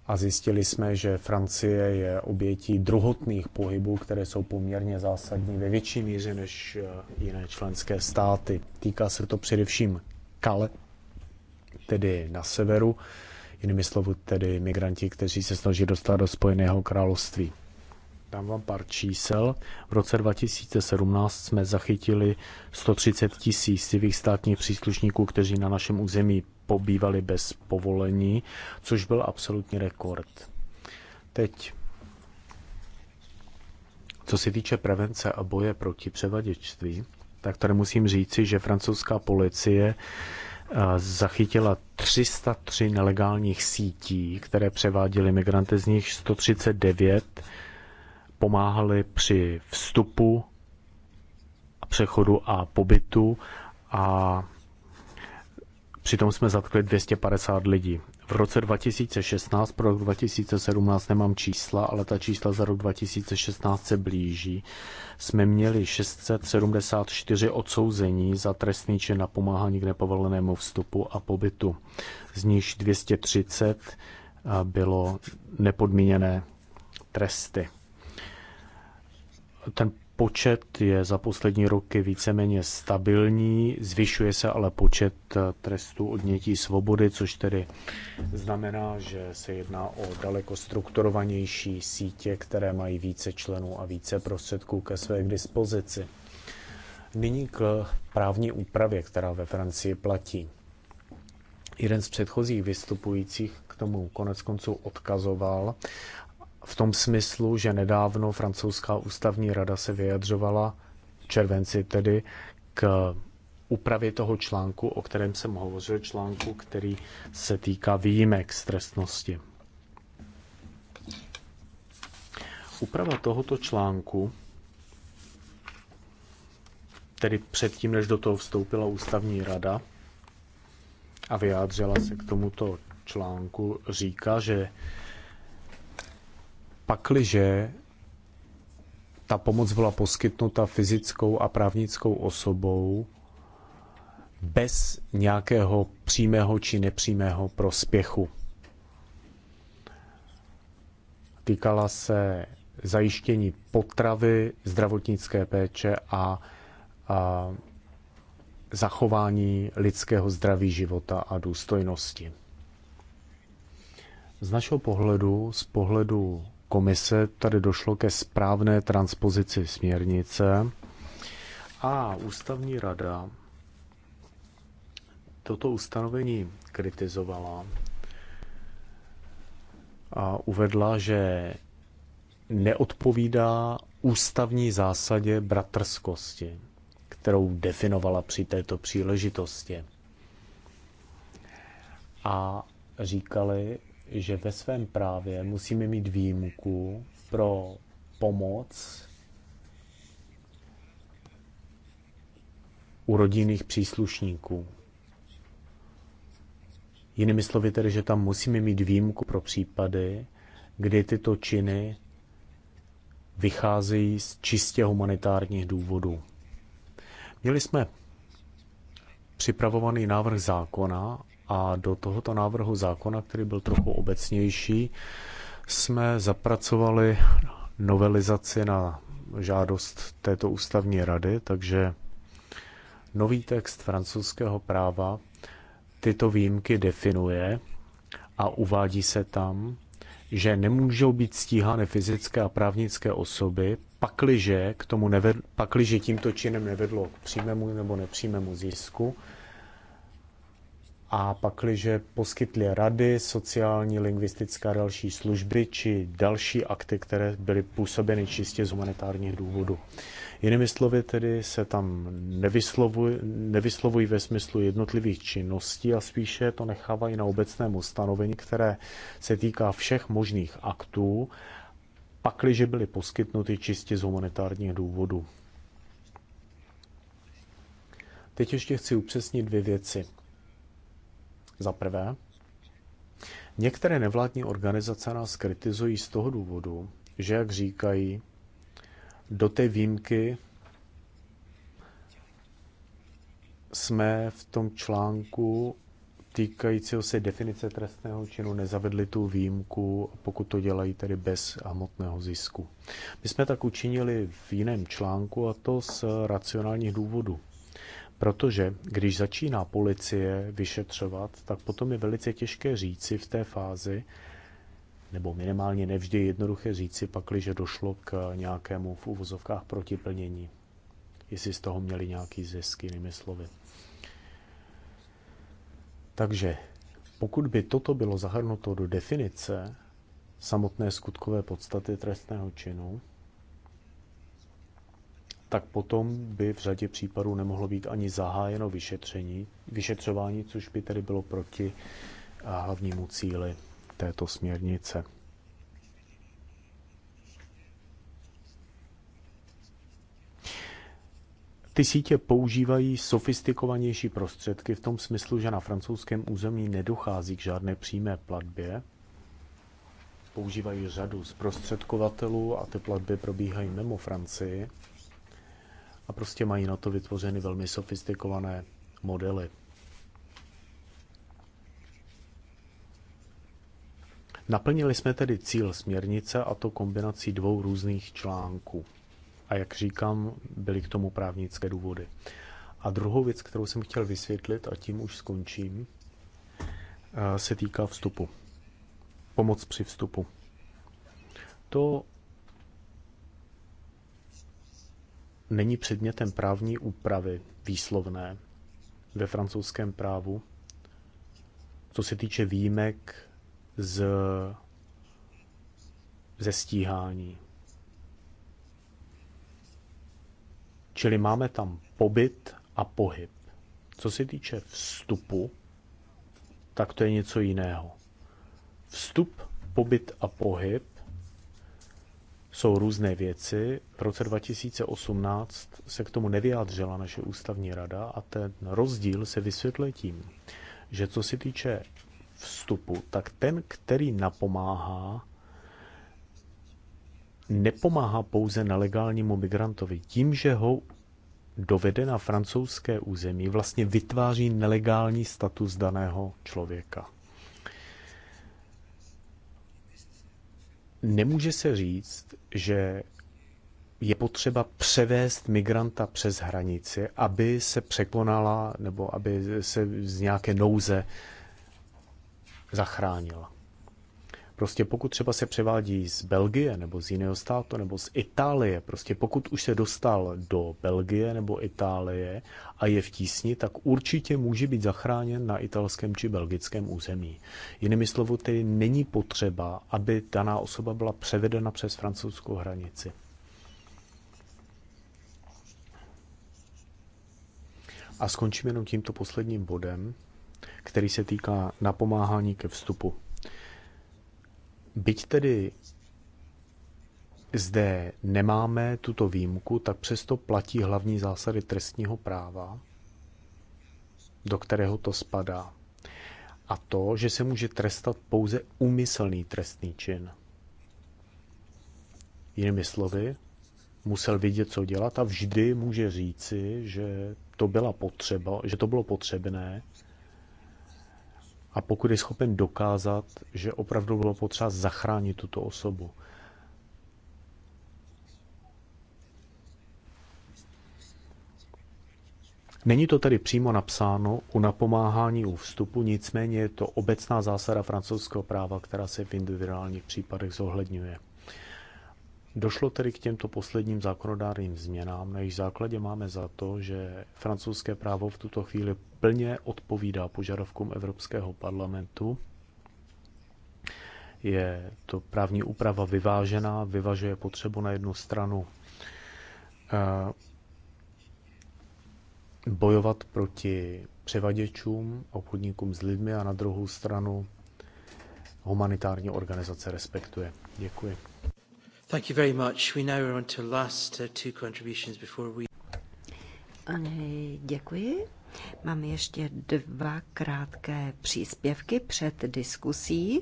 a zjistili jsme, že Francie je obětí druhotných pohybů, které jsou poměrně zásadní ve větší míře než eh, jiné členské státy. Týká se to především Kale, tedy na severu, jinými slovy tedy migranti, kteří se snaží dostat do Spojeného království. Dám vám pár čísel. V roce 2017 jsme zachytili 130 tisíc civých státních příslušníků, kteří na našem území pobývali bez povolení, což byl absolutní rekord. Teď, co se týče prevence a boje proti převaděčství, tak tady musím říci, že francouzská policie eh, zachytila 303 nelegálních sítí, které převáděly migranty, z nich 139 pomáhali při vstupu, přechodu a pobytu a přitom jsme zatkli 250 lidí. V roce 2016, pro rok 2017 nemám čísla, ale ta čísla za rok 2016 se blíží, jsme měli 674 odsouzení za trestný čin na pomáhání k nepovolenému vstupu a pobytu. Z nich 230 eh, bylo nepodmíněné tresty ten počet je za poslední roky víceméně stabilní, zvyšuje se ale počet eh, trestů odnětí svobody, což tedy znamená, že se jedná o daleko strukturovanější sítě, které mají více členů a více prostředků ke své k dispozici. Nyní k právní úpravě, která ve Francii platí. Jeden z předchozích vystupujících k tomu konec konců odkazoval v tom smyslu, že nedávno francouzská ústavní rada se vyjadřovala v červenci tedy k úpravě toho článku, o kterém jsem hovořil, článku, který se týká výjimek z trestnosti. Úprava tohoto článku, tedy předtím, než do toho vstoupila ústavní rada a vyjádřila se k tomuto článku, říká, že pakliže ta pomoc byla poskytnuta fyzickou a právnickou osobou bez nějakého přímého či nepřímého prospěchu. Týkala se zajištění potravy, zdravotnické péče a, a zachování lidského zdraví života a důstojnosti. Z našeho pohledu, z pohledu komise tady došlo ke správné transpozici směrnice a ústavní rada toto ustanovení kritizovala a uvedla, že neodpovídá ústavní zásadě bratrskosti, kterou definovala při této příležitosti. A říkali, že ve svém právě musíme mít výjimku pro pomoc u rodinných příslušníků. Jinými slovy tedy, že tam musíme mít výjimku pro případy, kdy tyto činy vycházejí z čistě humanitárních důvodů. Měli jsme připravovaný návrh zákona a do tohoto návrhu zákona, který byl trochu obecnější, jsme zapracovali novelizaci na žádost této ústavní rady, takže nový text francouzského práva tyto výjimky definuje a uvádí se tam, že nemůžou být stíhány fyzické a právnické osoby, pakliže, k tomu nevedl, pakliže tímto činem nevedlo k přímému nebo nepřímému zisku, a pakliže poskytli rady, sociální, lingvistické a další služby či další akty, které byly působeny čistě z humanitárních důvodů. Jinými slovy tedy se tam nevyslovují, nevyslovují ve smyslu jednotlivých činností a spíše to nechávají na obecném ustanovení, které se týká všech možných aktů, pakliže byly poskytnuty čistě z humanitárních důvodů. Teď ještě chci upřesnit dvě věci. Za prvé, některé nevládní organizace nás kritizují z toho důvodu, že, jak říkají, do té výjimky jsme v tom článku týkajícího se definice trestného činu nezavedli tu výjimku, pokud to dělají tedy bez hmotného zisku. My jsme tak učinili v jiném článku a to z racionálních důvodů. Protože když začíná policie vyšetřovat, tak potom je velice těžké říci v té fázi, nebo minimálně nevždy jednoduché říci, pakliže došlo k nějakému v uvozovkách protiplnění, jestli z toho měli nějaký zisk, jinými slovy. Takže pokud by toto bylo zahrnuto do definice samotné skutkové podstaty trestného činu, tak potom by v řadě případů nemohlo být ani zahájeno vyšetření, vyšetřování, což by tedy bylo proti eh, hlavnímu cíli této směrnice. Ty sítě používají sofistikovanější prostředky v tom smyslu, že na francouzském území nedochází k žádné přímé platbě. Používají řadu zprostředkovatelů a ty platby probíhají mimo Francii a prostě mají na to vytvořeny velmi sofistikované modely. Naplnili jsme tedy cíl směrnice a to kombinací dvou různých článků. A jak říkám, byly k tomu právnické důvody. A druhou věc, kterou jsem chtěl vysvětlit, a tím už skončím, eh, se týká vstupu. Pomoc při vstupu. To není předmětem právní úpravy výslovné ve francouzském právu, co se týče výjimek z, ze stíhání. Čili máme tam pobyt a pohyb. Co se týče vstupu, tak to je něco jiného. Vstup, pobyt a pohyb jsou různé věci. V roce 2018 se k tomu nevyjádřila naše ústavní rada a ten rozdíl se vysvětluje tím, že co se týče vstupu, tak ten, který napomáhá, nepomáhá pouze nelegálnímu migrantovi. Tím, že ho dovede na francouzské území, vlastně vytváří nelegální status daného člověka. Nemůže se říct, že je potřeba převést migranta přes hranici, aby se překonala nebo aby se z nějaké nouze zachránila. Prostě pokud třeba se převádí z Belgie nebo z jiného státu nebo z Itálie, prostě pokud už se dostal do Belgie nebo Itálie a je v tísni, tak určitě může být zachráněn na italském či belgickém území. Jinými slovy, tedy není potřeba, aby daná osoba byla převedena přes francouzskou hranici. A skončím jenom tímto posledním bodem, který se týká napomáhání ke vstupu. Byť tedy zde nemáme tuto výjimku, tak přesto platí hlavní zásady trestního práva, do kterého to spadá. A to, že se může trestat pouze úmyslný trestný čin. Jinými slovy, musel vidět, co dělat a vždy může říci, že to byla potřeba, že to bylo potřebné a pokud je schopen dokázat, že opravdu bylo potřeba zachránit tuto osobu. Není to tedy přímo napsáno u napomáhání u vstupu, nicméně je to obecná zásada francouzského práva, která se v individuálních případech zohledňuje. Došlo tedy k těmto posledním zákonodárným změnám, na jejich základě máme za to, že francouzské právo v tuto chvíli plně odpovídá požadavkům Evropského parlamentu. Je to právní úprava vyvážená, vyvažuje potřebu na jednu stranu eh, bojovat proti převaděčům, obchodníkům s lidmi a na druhou stranu humanitární organizace respektuje. Děkuji. Thank you very much. We now are on to last uh, two contributions before we... Děkuji. Mám ještě dva krátké příspěvky před diskusí.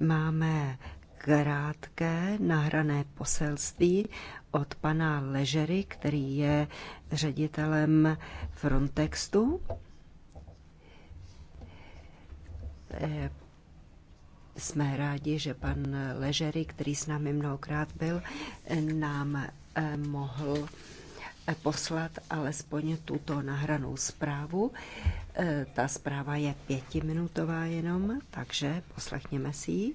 Máme krátké nahrané poselství od pana Ležery, který je ředitelem Frontextu eh, jsme rádi, že pan Ležery, který s námi mnohokrát byl, nám eh, mohl eh, poslat alespoň tuto nahranou zprávu. Eh, ta zpráva je pětiminutová jenom, takže poslechněme si ji.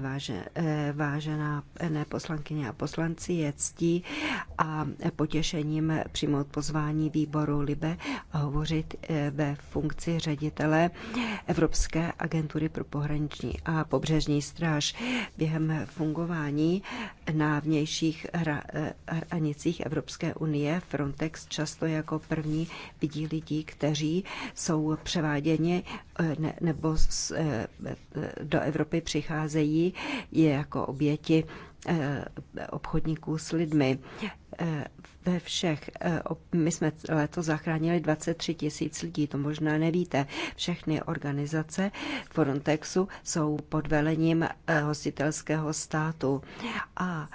Váže, eh, vážená eh, poslankyně a poslanci, je ctí a potěšením přijmout pozvání výboru LIBE a hovořit eh, ve funkci ředitele Evropské agentury pro pohraniční a pobřežní stráž. Během fungování na vnějších hranicích Evropské unie Frontex často jako první vidí lidí, kteří jsou převáděni ne, nebo z, eh, do Evropy přicházejí je jako oběti eh, obchodníků s lidmi. Eh, ve všech, my jsme leto zachránili 23 tisíc lidí, to možná nevíte. Všechny organizace Frontexu jsou pod velením hostitelského státu a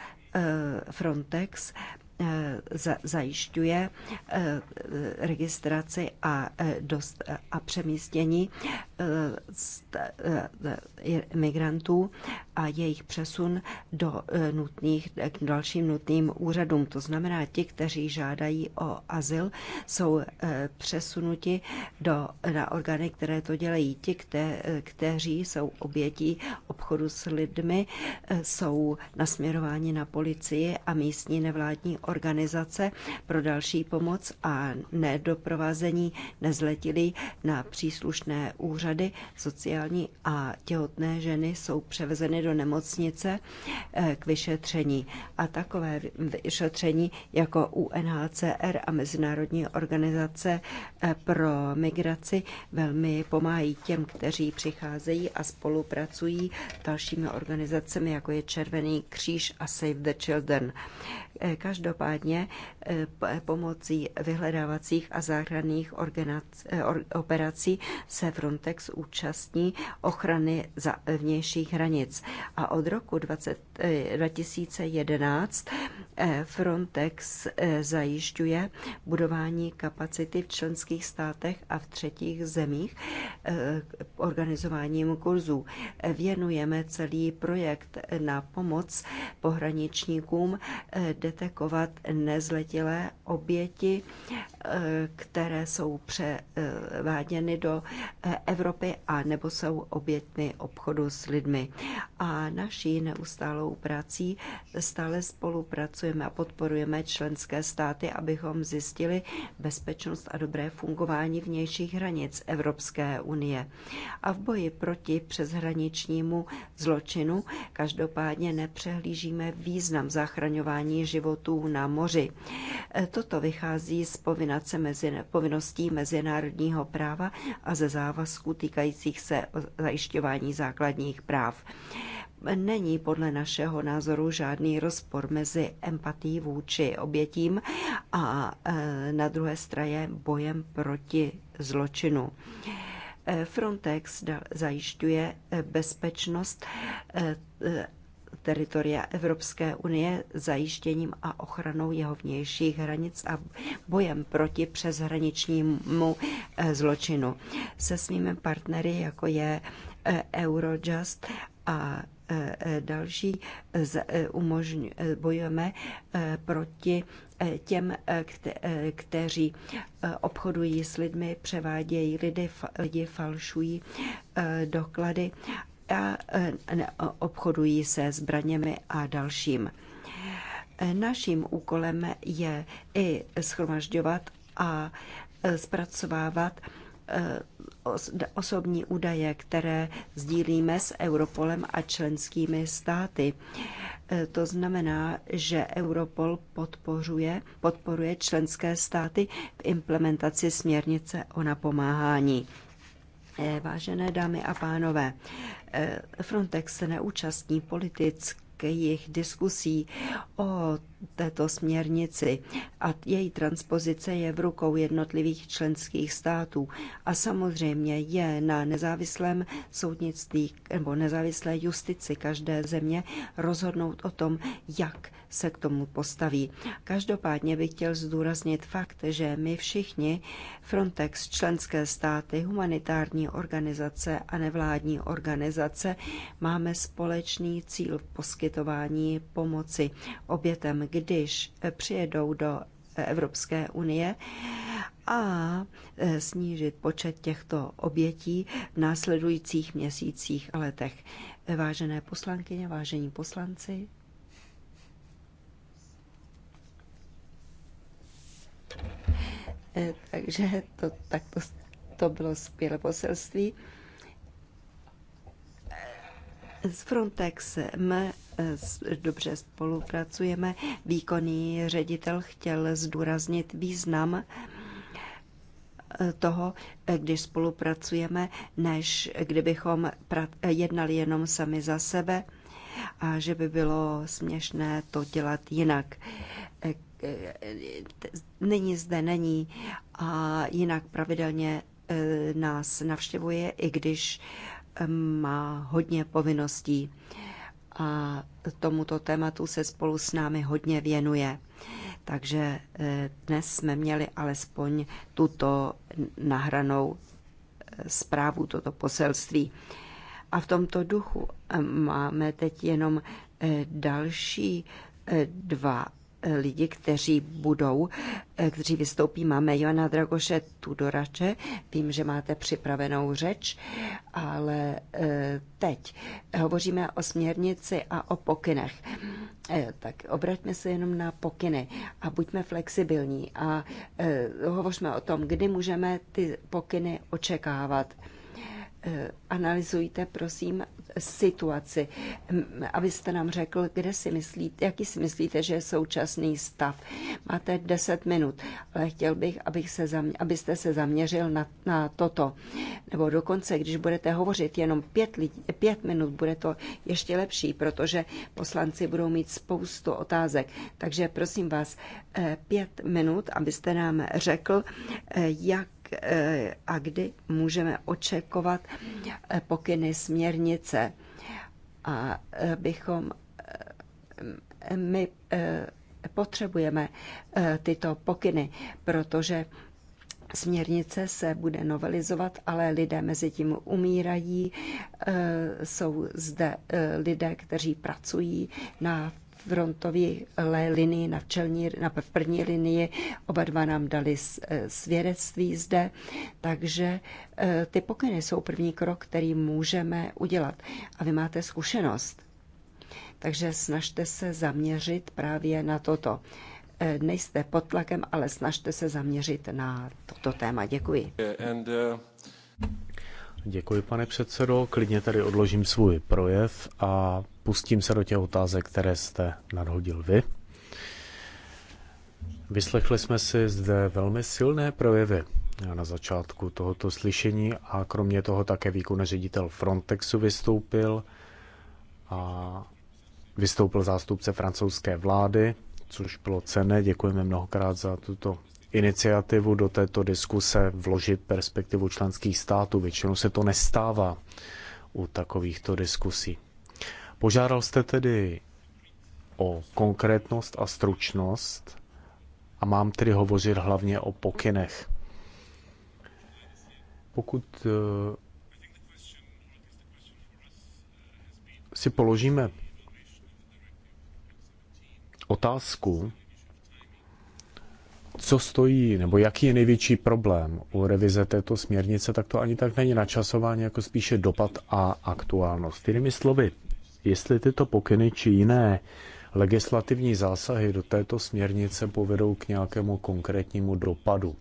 Frontex Eh, zajišťuje eh, registraci a, eh, dost, a přemístění migrantů a jejich přesun do e, nutných, k dalším nutným úřadům. To znamená, ti, kteří žádají o azyl, jsou e, přesunuti do, na orgány, které to dělají. Ti, kte, e, kteří jsou obětí obchodu s lidmi, jsou nasměrováni na policii a místní nevládní organizace pro další pomoc a nedoprovázení nezletilí na příslušné úřady. Sociální a těhotné ženy jsou převezeny do do nemocnice eh, k vyšetření. A takové vyšetření jako UNHCR a Mezinárodní organizace eh, pro migraci velmi pomáhají těm, kteří přicházejí a spolupracují s dalšími organizacemi, jako je Červený kříž a Save the Children. Eh, každopádně eh, pomocí vyhledávacích a záchranných eh, operací se Frontex účastní ochrany za vnějších hranic. A od roku 20, 2011 Frontex zajišťuje budování kapacity v členských státech a v třetích zemích organizováním kurzů. Věnujeme celý projekt na pomoc pohraničníkům detekovat nezletilé oběti které jsou převáděny do Evropy a nebo jsou obětmi obchodu s lidmi. A naší neustálou prací stále spolupracujeme a podporujeme členské státy, abychom zjistili bezpečnost a dobré fungování vnějších hranic Evropské unie. A v boji proti přeshraničnímu zločinu každopádně nepřehlížíme význam zachraňování životů na moři. Toto vychází z povinnosti kombinace mezi povinností mezinárodního práva a ze závazků týkajících se zajišťování základních práv. Není podle našeho názoru žádný rozpor mezi empatí vůči obětím a e, na druhé straně bojem proti zločinu. E, Frontex zajišťuje bezpečnost e, teritoria Evropské unie zajištěním a ochranou jeho vnějších hranic a bojem proti přeshraničnímu eh, zločinu. Se svými partnery, jako je eh, Eurojust a další bojujeme proti těm, kteří obchodují s lidmi, převádějí lidi, lidi falšují eh, doklady a obchodují se zbraněmi a dalším. Naším úkolem je i schromažďovat a e, zpracovávat e, osobní údaje, které sdílíme s Europolem a členskými státy. E, to znamená, že Europol podporuje, podporuje členské státy v implementaci směrnice o napomáhání. Vážené dámy a pánové, eh, Frontex se neúčastní politických diskusí o této směrnici a její transpozice je v rukou jednotlivých členských států a samozřejmě je na nezávislém soudnictví nebo nezávislé justici každé země rozhodnout o tom, jak se k tomu postaví. Každopádně bych chtěl zdůraznit fakt, že my všichni, Frontex, členské státy, humanitární organizace a nevládní organizace, máme společný cíl v poskytování pomoci obětem když přijedou do Evropské unie a snížit počet těchto obětí v následujících měsících a letech. Vážené poslankyně, vážení poslanci. Eh, takže to, tak to, to bylo skvělé poselství. S Frontexem eh, dobře spolupracujeme. Výkonný ředitel chtěl zdůraznit význam eh, toho, eh, když spolupracujeme, než kdybychom jednali jenom sami za sebe a že by bylo směšné to dělat jinak. Nyní zde není a jinak pravidelně nás navštěvuje, i když má hodně povinností a tomuto tématu se spolu s námi hodně věnuje. Takže eh, dnes jsme měli alespoň tuto nahranou eh, zprávu, toto poselství. A v tomto duchu eh, máme teď jenom další dva lidi, kteří budou, eh, kteří vystoupí. Máme Joana Dragoše Tudorače, vím, že máte připravenou řeč, ale eh, teď hovoříme o směrnici a o pokynech. Eh, tak obraťme se jenom na pokyny a buďme flexibilní a hovořme o tom, kdy můžeme ty pokyny očekávat. Eh, analyzujte, prosím, situaci, abyste nám řekl, kde si myslíte, jaký si myslíte, že je současný stav. Máte 10 minut, ale chtěl bych, abych se zaměřil, abyste se zaměřil na, na toto. Nebo dokonce, když budete hovořit jenom pět 5 minut, bude to ještě lepší, protože poslanci budou mít spoustu otázek. Takže prosím vás, 5 eh, minut, abyste nám řekl, eh, jak Eh, a kdy můžeme očekovat eh, pokyny směrnice. A eh, bychom my potřebujeme tyto pokyny, protože Směrnice se bude novelizovat, ale lidé mezi tím umírají. Jsou zde lidé, kteří pracují na frontový eh, linii, na, včelní, na první linii. Oba dva nám dali eh, svědectví zde, takže eh, ty pokyny jsou první krok, který můžeme udělat. A vy máte zkušenost. Takže snažte se zaměřit právě na toto. Nejste pod tlakem, ale snažte se zaměřit na toto téma. Děkuji. And, uh... Děkuji, pane předsedo. Klidně tady odložím svůj projev a pustím se do těch otázek, které jste nadhodil vy. Vyslechli jsme si zde velmi silné projevy na začátku tohoto slyšení a kromě toho také výkonný ředitel Frontexu vystoupil a vystoupil zástupce francouzské vlády, což bylo cené. Děkujeme mnohokrát za tuto iniciativu do této diskuse vložit perspektivu členských států. Většinou se to nestává u takovýchto diskusí. Požádal jste tedy o konkrétnost a stručnost a mám tedy hovořit hlavně o pokynech. Pokud eh, si položíme otázku, co stojí, nebo jaký je největší problém u revize této směrnice, tak to ani tak není načasování, jako spíše dopad a aktuálnost. Jinými slovy, jestli tyto pokyny či jiné legislativní zásahy do této směrnice povedou k nějakému konkrétnímu dopadu,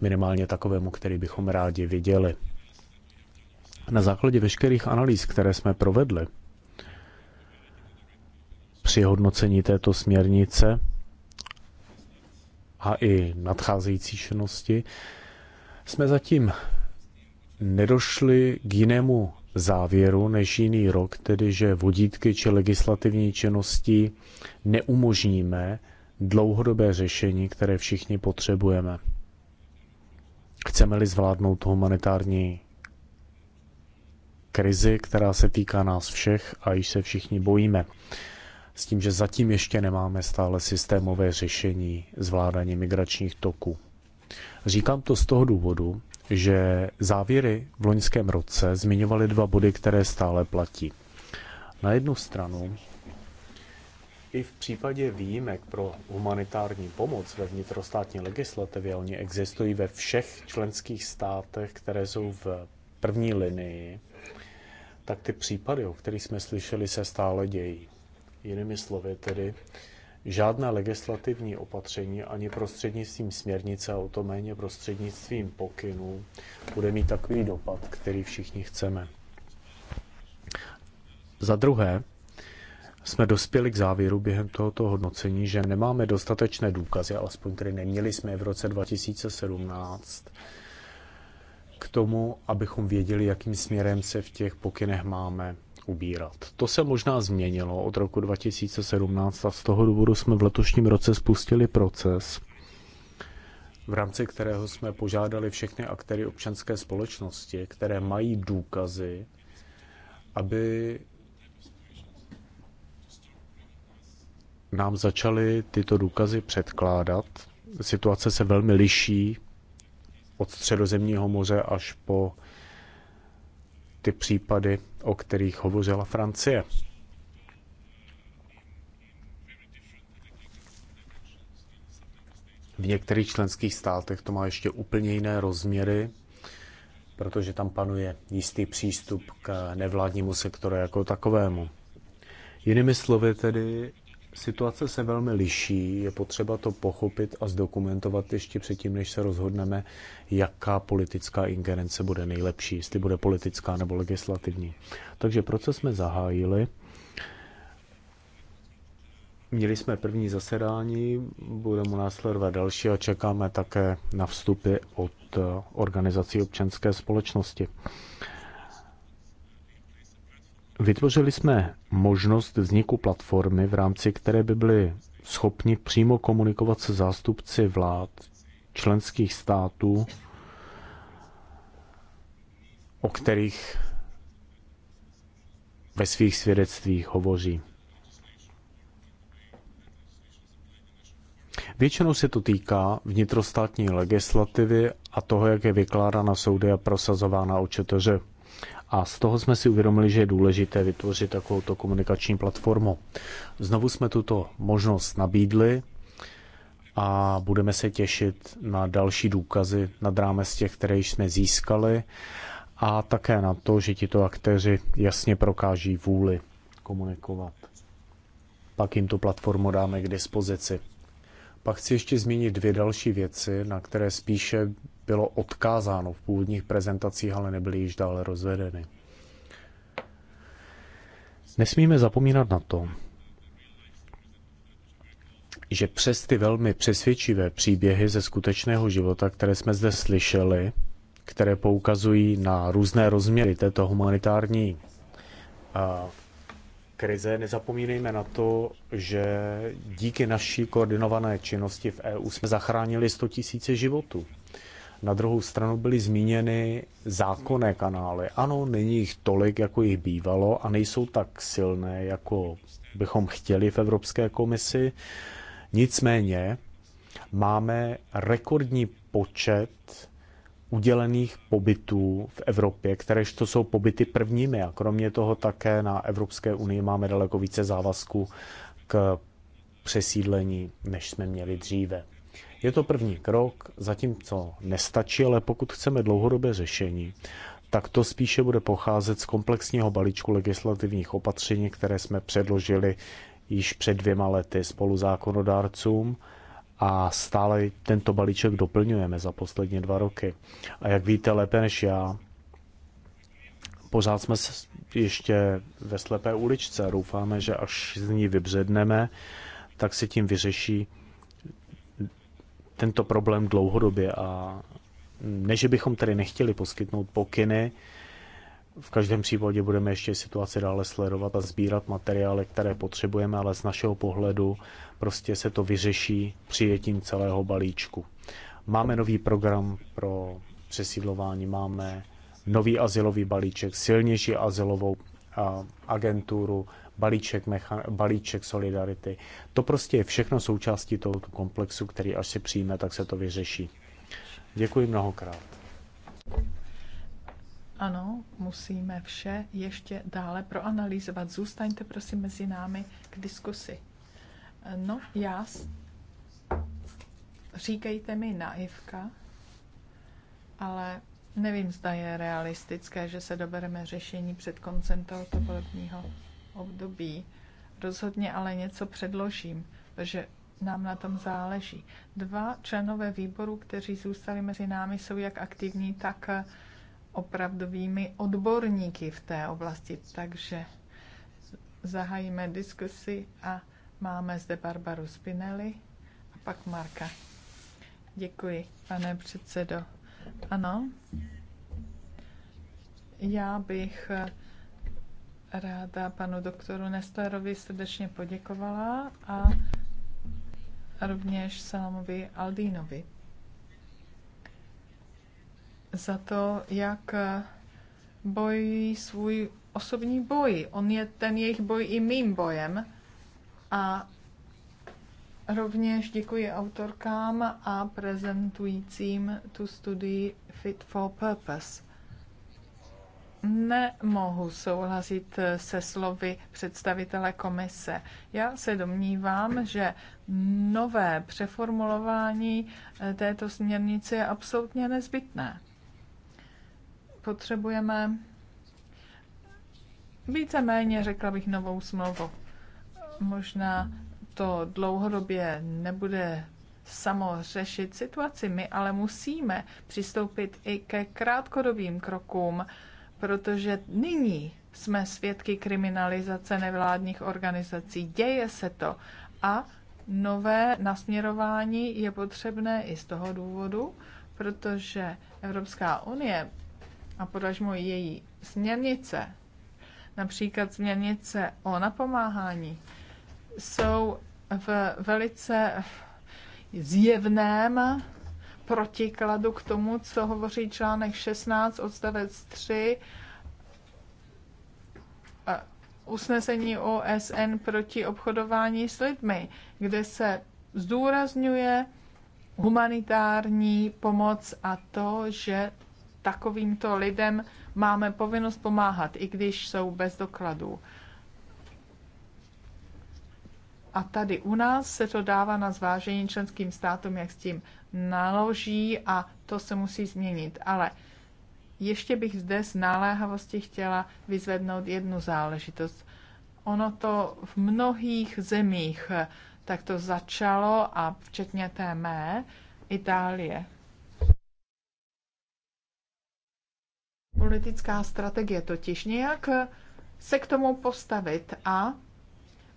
minimálně takovému, který bychom rádi viděli. Na základě veškerých analýz, které jsme provedli při hodnocení této směrnice, a i nadcházející činnosti, jsme zatím nedošli k jinému závěru než jiný rok, tedy že vodítky či legislativní činnosti neumožníme dlouhodobé řešení, které všichni potřebujeme. Chceme-li zvládnout humanitární krizi, která se týká nás všech a již se všichni bojíme s tím, že zatím ještě nemáme stále systémové řešení zvládání migračních toků. Říkám to z toho důvodu, že závěry v loňském roce zmiňovaly dva body, které stále platí. Na jednu stranu, i v případě výjimek pro humanitární pomoc ve vnitrostátní legislativě, oni existují ve všech členských státech, které jsou v první linii, tak ty případy, o kterých jsme slyšeli, se stále dějí. Jinými slovy tedy, žádná legislativní opatření ani prostřednictvím směrnice, a o to méně prostřednictvím pokynů, bude mít takový dopad, který všichni chceme. Za druhé, jsme dospěli k závěru během tohoto hodnocení, že nemáme dostatečné důkazy, alespoň tedy neměli jsme v roce 2017, k tomu, abychom věděli, jakým směrem se v těch pokynech máme ubírat. To se možná změnilo od roku 2017 a z toho důvodu jsme v letošním roce spustili proces, v rámci kterého jsme požádali všechny aktéry občanské společnosti, které mají důkazy, aby nám začaly tyto důkazy předkládat. Situace se velmi liší od Středozemního moře až po ty případy, o kterých hovořila Francie. V některých členských státech to má ještě úplně jiné rozměry, protože tam panuje jistý přístup k nevládnímu sektoru jako takovému. Jinými slovy tedy situace se velmi liší, je potřeba to pochopit a zdokumentovat ještě předtím, než se rozhodneme, jaká politická ingerence bude nejlepší, jestli bude politická nebo legislativní. Takže proces jsme zahájili. Měli jsme první zasedání, Budeme mu následovat další a čekáme také na vstupy od eh, organizací občanské společnosti. Vytvořili jsme možnost vzniku platformy, v rámci které by byli schopni přímo komunikovat se zástupci vlád členských států, o kterých ve svých svědectvích hovoří. Většinou se to týká vnitrostátní legislativy a toho, jak je vykládána soudy a prosazována očetoře. A z toho jsme si uvědomili, že je důležité vytvořit takovouto komunikační platformu. Znovu jsme tuto možnost nabídli a budeme se těšit na další důkazy nad z těch, které jsme získali a také na to, že tito aktéři jasně prokáží vůli komunikovat. Pak jim tu platformu dáme k dispozici. Pak chci ještě zmínit dvě další věci, na které spíše bylo odkázáno v původních prezentacích, ale nebyly již dále rozvedeny. Nesmíme zapomínat na to, že přes ty velmi přesvědčivé příběhy ze skutečného života, které jsme zde slyšeli, které poukazují na různé rozměry této humanitární krize, nezapomínejme na to, že díky naší koordinované činnosti v EU jsme zachránili 100 000 životů. Na druhou stranu byly zmíněny zákonné kanály. Ano, není jich tolik, jako jich bývalo a nejsou tak silné, jako bychom chtěli v Evropské komisi. Nicméně máme rekordní počet udělených pobytů v Evropě, kteréž to jsou pobyty prvními. A kromě toho také na Evropské unii máme daleko více závazků k přesídlení, než jsme měli dříve. Je to první krok, zatímco nestačí, ale pokud chceme dlouhodobé řešení, tak to spíše bude pocházet z komplexního balíčku legislativních opatření, které jsme předložili již před dvěma lety spoluzákonodárcům a stále tento balíček doplňujeme za poslední dva roky. A jak víte lépe než já, pořád jsme ještě ve slepé uličce a doufáme, že až z ní vybředneme, tak se tím vyřeší tento problém dlouhodobě a ne, že bychom tedy nechtěli poskytnout pokyny, v každém případě budeme ještě situaci dále sledovat a sbírat materiály, které potřebujeme, ale z našeho pohledu prostě se to vyřeší přijetím celého balíčku. Máme nový program pro přesídlování, máme nový asilový balíček, silnější asilovou agenturu, balíček, mechan- balíček solidarity. To prostě je všechno součástí tohoto komplexu, který až se přijme, tak se to vyřeší. Děkuji mnohokrát. Ano, musíme vše ještě dále proanalýzovat. Zůstaňte prosím mezi námi k diskusi. No, já říkejte mi naivka, ale nevím, zda je realistické, že se dobereme řešení před koncem tohoto volebního období. Rozhodně ale něco předložím, protože nám na tom záleží. Dva členové výboru, kteří zůstali mezi námi, jsou jak aktivní, tak opravdovými odborníky v té oblasti. Takže zahajíme diskusi a máme zde Barbaru Spinelli a pak Marka. Děkuji, pane předsedo. Ano, já bych ráda panu doktoru Nestorovi srdečně poděkovala a rovněž Salamovi Aldínovi za to, jak bojují svůj osobní boj. On je ten jejich boj i mým bojem. A rovněž děkuji autorkám a prezentujícím tu studii Fit for Purpose. Nemohu souhlasit se slovy představitele komise. Já se domnívám, že nové přeformulování eh, této směrnice je absolutně nezbytné. Potřebujeme víceméně, řekla bych, novou smlouvu. Možná to dlouhodobě nebude samo řešit situaci, my ale musíme přistoupit i ke krátkodobým krokům, protože nyní jsme svědky kriminalizace nevládních organizací. Děje se to a nové nasměrování je potřebné i z toho důvodu, protože Evropská unie a podažmo její směrnice, například směrnice o napomáhání, jsou v velice zjevném protikladu k tomu, co hovoří článek 16 odstavec 3 usnesení OSN proti obchodování s lidmi, kde se zdůrazňuje humanitární pomoc a to, že takovýmto lidem máme povinnost pomáhat, i když jsou bez dokladů. A tady u nás se to dává na zvážení členským státům, jak s tím naloží a to se musí změnit. Ale ještě bych zde z naléhavosti chtěla vyzvednout jednu záležitost. Ono to v mnohých zemích eh, tak to začalo a včetně té mé, Itálie. Politická strategie totiž nějak eh, se k tomu postavit a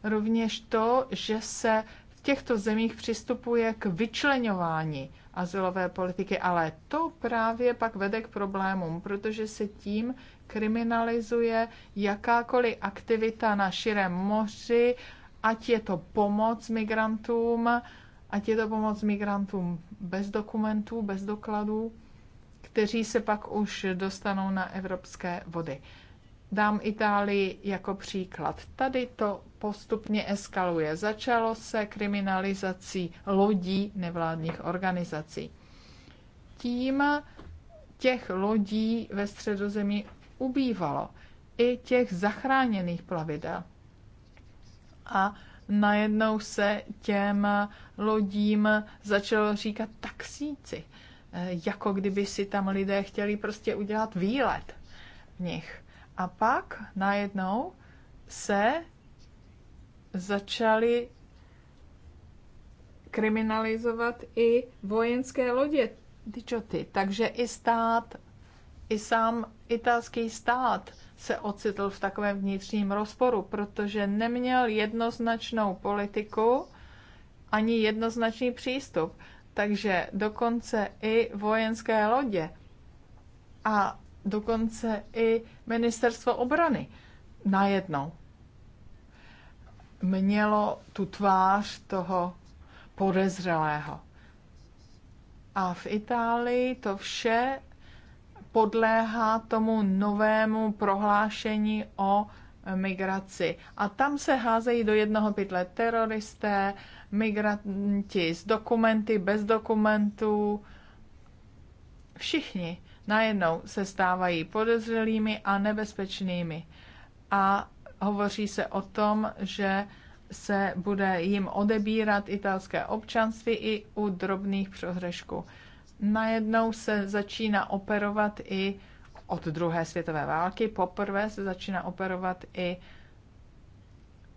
rovněž to, že se těchto zemích přistupuje k vyčlenování azylové politiky, ale to právě pak vede k problémům, protože se tím kriminalizuje jakákoliv aktivita na širém moři, ať je to pomoc migrantům, ať je to pomoc migrantům bez dokumentů, bez dokladů, kteří se pak už dostanou na evropské vody. Dám Itálii jako příklad. Tady to postupně eskaluje. Začalo se kriminalizací lodí nevládních organizací. Tím těch lodí ve středozemí ubývalo. I těch zachráněných plavidel. A najednou se těm lodím začalo říkat taxíci. Eh, jako kdyby si tam lidé chtěli prostě udělat výlet v nich. A pak najednou se začali kriminalizovat i vojenské lodě Dičoty. Takže i stát, i sám italský stát se ocitl v takovém vnitřním rozporu, protože neměl jednoznačnou politiku ani jednoznačný přístup. Takže dokonce i vojenské lodě a dokonce i ministerstvo obrany najednou mělo tu tvář toho podezřelého. A v Itálii to vše podléhá tomu novému prohlášení o migraci. A tam se házejí do jednoho pytle teroristé, migranti s dokumenty, bez dokumentů. Všichni najednou se stávají podezřelými a nebezpečnými. A Hovoří se o tom, že se bude jim odebírat italské občanství i u drobných přehřešků. Najednou se začíná operovat i od druhé světové války, poprvé se začíná operovat i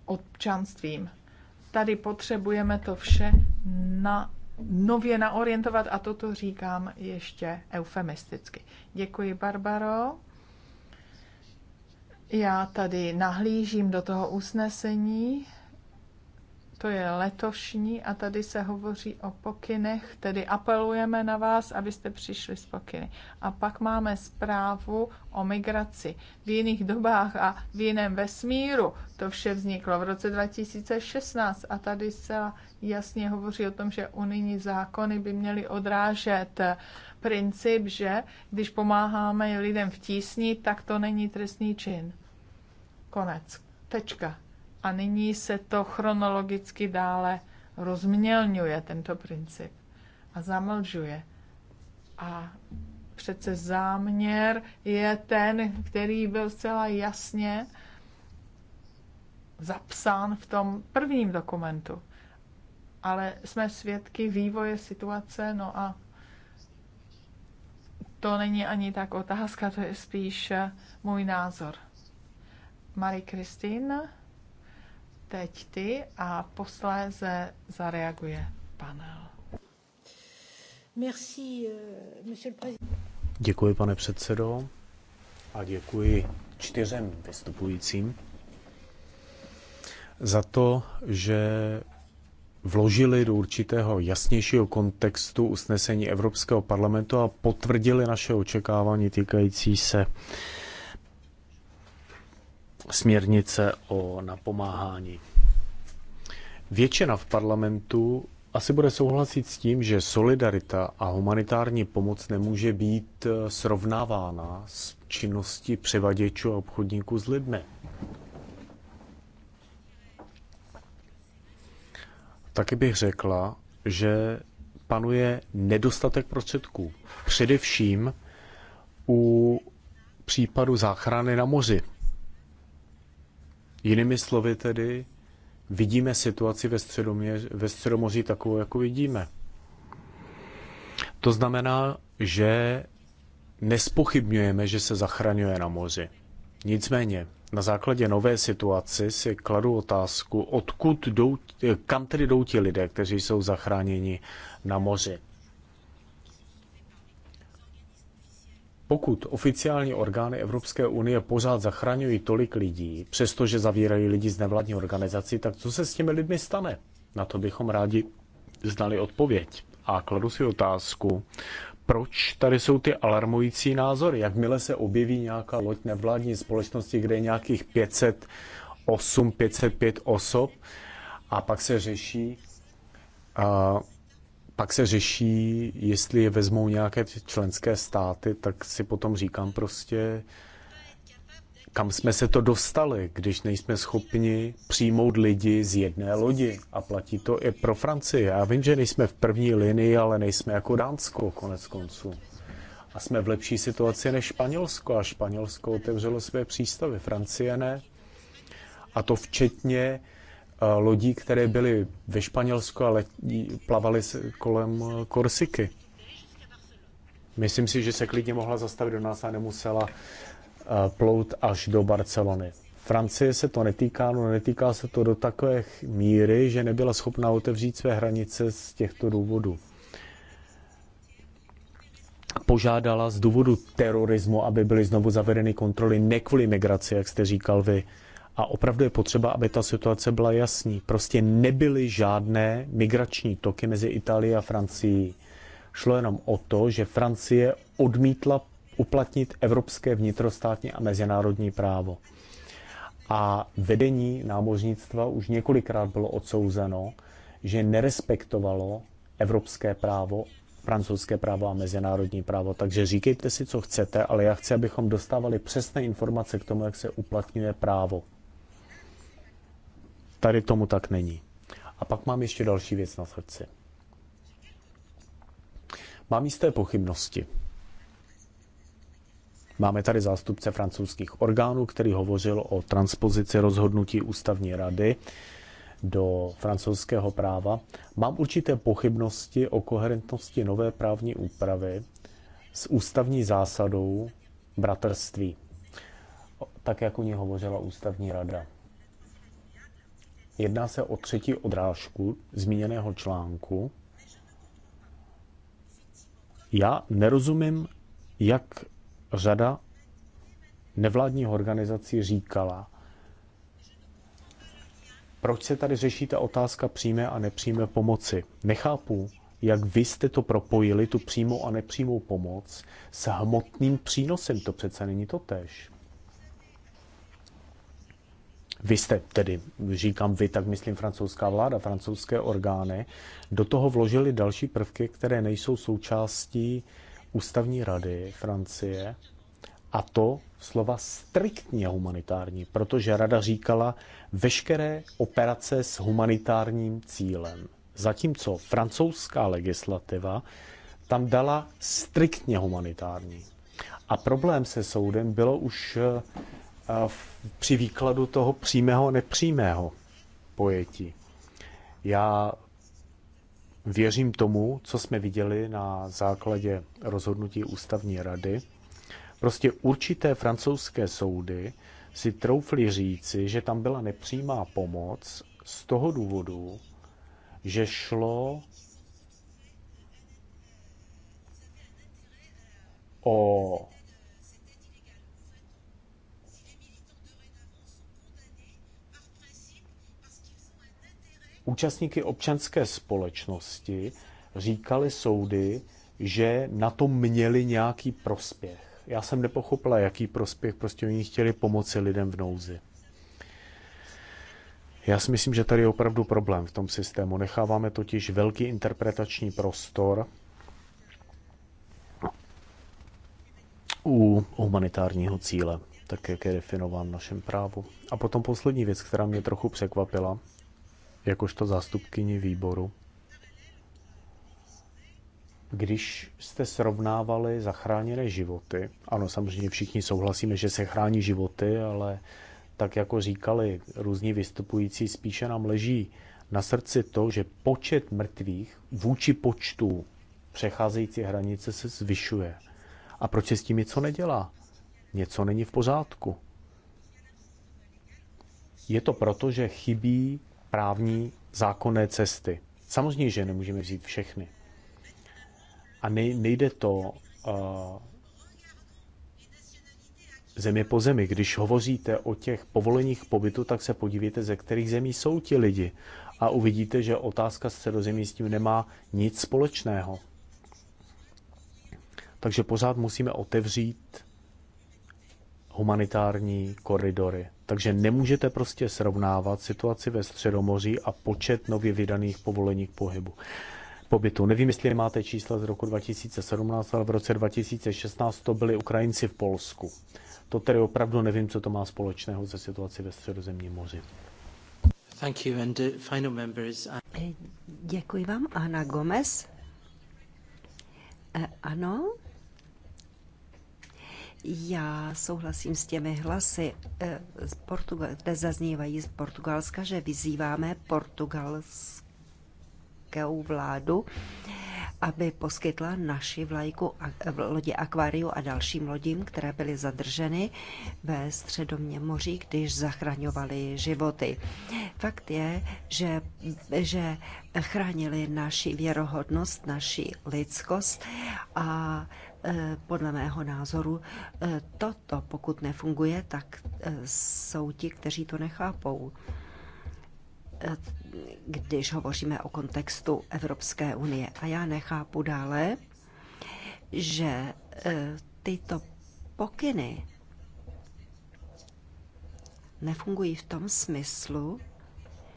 občanstvím. Tady potřebujeme to vše na, nově naorientovat a toto říkám ještě eufemisticky. Děkuji, Barbaro. Já tady nahlížím do toho usnesení, to je letošní a tady se hovoří o pokynech, tedy apelujeme na vás, abyste přišli s pokyny. A pak máme zprávu o migraci v jiných dobách a v jiném vesmíru. To vše vzniklo v roce 2016 a tady se jasně hovoří o tom, že unijní zákony by měly odrážet princip, že když pomáháme lidem v tísni, tak to není trestný čin. Konec. Tečka. A nyní se to chronologicky dále rozmělňuje, tento princip. A zamlžuje. A přece záměr je ten, který byl zcela jasně zapsán v tom prvním dokumentu. Ale jsme svědky vývoje situace, no a to není ani tak otázka, to je spíš můj názor. Marie Christine, teď ty a posléze zareaguje panel. Merci, euh, Děkuji, pane předsedo, a děkuji čtyřem vystupujícím za to, že vložili do určitého jasnějšího kontextu usnesení Evropského parlamentu a potvrdili naše očekávání týkající se uh, směrnice o napomáhání. Většina v parlamentu asi bude souhlasit s tím, že solidarita a humanitární pomoc nemůže být eh, srovnávána s činností převaděčů a obchodníků s lidmi. Taky bych řekla, že panuje nedostatek prostředků. Především u případu záchrany na moři, Jinými slovy tedy, vidíme situaci ve, středomě, ve Středomoří takovou, jako vidíme. To znamená, že nespochybňujeme, že se zachraňuje na moři. Nicméně, na základě nové situace si kladu otázku, odkud jdou, kam tedy jdou ti lidé, kteří jsou zachráněni na moři. Pokud oficiální orgány Evropské unie pořád zachraňují tolik lidí, přestože zavírají lidi z nevládní organizací, tak co se s těmi lidmi stane? Na to bychom rádi znali odpověď. A kladu si otázku, proč tady jsou ty alarmující názory? Jakmile se objeví nějaká loď nevládní společnosti, kde je nějakých 508, 505 osob a pak se řeší, pak se řeší, jestli je vezmou nějaké členské státy, tak si potom říkám prostě, kam jsme se to dostali, když nejsme schopni přijmout lidi z jedné lodi. A platí to i pro Francii. Já vím, že nejsme v první linii, ale nejsme jako Dánsko konec konců. A jsme v lepší situaci než Španělsko. A Španělsko otevřelo své přístavy, Francie ne. A to včetně lodí, které byly ve Španělsku, ale plavaly kolem e, Korsiky. Myslím si, že se klidně mohla zastavit do nás a nemusela e, plout až do Barcelony. Francie se to netýká, no netýká se to do takové míry, že nebyla schopná otevřít své hranice z těchto důvodů. Požádala z důvodu terorismu, aby byly znovu zavedeny kontroly, ne kvůli migraci, jak jste říkal vy a opravdu je potřeba, aby ta situace byla jasný. Prostě nebyly žádné migrační toky mezi Itálií a Francií. Šlo jenom o to, že Francie odmítla uplatnit evropské vnitrostátní a mezinárodní právo. A vedení námořnictva už několikrát bylo odsouzeno, že nerespektovalo evropské právo, francouzské právo a mezinárodní právo. Takže říkejte si, co chcete, ale já chci, abychom dostávali přesné informace k tomu, jak se uplatňuje právo. Tady tomu tak není. A pak mám ještě další věc na srdci. Mám jisté pochybnosti. Máme tady zástupce francouzských orgánů, který hovořil o transpozici rozhodnutí ústavní rady do francouzského práva. Mám určité pochybnosti o koherentnosti nové právní úpravy s ústavní zásadou bratrství, tak jak o ní hovořila ústavní rada. Jedná se o třetí odrážku zmíněného článku. Já nerozumím, jak řada nevládních organizací říkala, proč se tady řeší ta otázka přímé a nepřímé pomoci. Nechápu, jak vy jste to propojili, tu přímou a nepřímou pomoc, s hmotným přínosem. To přece není to tež vy jste tedy, říkám vy, tak myslím francouzská vláda, francouzské orgány, do toho vložili další prvky, které nejsou součástí ústavní rady Francie, a to slova striktně humanitární, protože rada říkala veškeré operace s humanitárním cílem. Zatímco francouzská legislativa tam dala striktně humanitární. A problém se soudem bylo už eh, při výkladu toho přímého a nepřímého pojetí. Já věřím tomu, co jsme viděli na základě rozhodnutí ústavní rady. Prostě určité francouzské soudy si troufli říci, že tam byla nepřímá pomoc z toho důvodu, že šlo o účastníky občanské společnosti říkali soudy, že na to měli nějaký prospěch. Já jsem nepochopila, jaký prospěch, prostě oni chtěli pomoci lidem v nouzi. Já si myslím, že tady je opravdu problém v tom systému. Necháváme totiž velký interpretační prostor u humanitárního cíle, tak jak je definován v našem právu. A potom poslední věc, která mě trochu překvapila, jakožto zástupkyni výboru. Když jste srovnávali zachráněné životy, ano, samozřejmě všichni souhlasíme, že se chrání životy, ale tak jako říkali různí vystupující, spíše nám leží na srdci to, že počet mrtvých vůči počtu přecházející hranice se zvyšuje. A proč se s tím něco nedělá? Něco není v pořádku. Je to proto, že chybí právní zákonné cesty. Samozřejmě, že nemůžeme vzít všechny. A nejde to uh, země po zemi. Když hovoříte o těch povoleních pobytu, tak se podívejte, ze kterých zemí jsou ti lidi. A uvidíte, že otázka středozemí s tím nemá nic společného. Takže pořád musíme otevřít humanitární koridory. Takže nemůžete prostě srovnávat situaci ve Středomoří a počet nově vydaných povolení k pohybu pobytu. Nevím, jestli máte čísla z roku 2017, ale v roce 2016 to byli Ukrajinci v Polsku. To tedy opravdu nevím, co to má společného se situací ve Středozemním moři. Thank you. And the final members. is... Eh, děkuji vám, Ana Gomez. Eh, ano, já souhlasím s těmi hlasy, eh, z Portugal, kde zaznívají z Portugalska, že vyzýváme portugalskou vládu, aby poskytla naši vlajku lodi Aquariu a dalším lodím, které byly zadrženy ve středomě moří, když zachraňovali životy. Fakt je, že, že chránili naši věrohodnost, naši lidskost a Eh, podle mého názoru eh, toto, pokud nefunguje, tak eh, jsou ti, kteří to nechápou. Když hovoříme o kontextu Evropské unie. A já nechápu dále, že tyto pokyny nefungují v tom smyslu,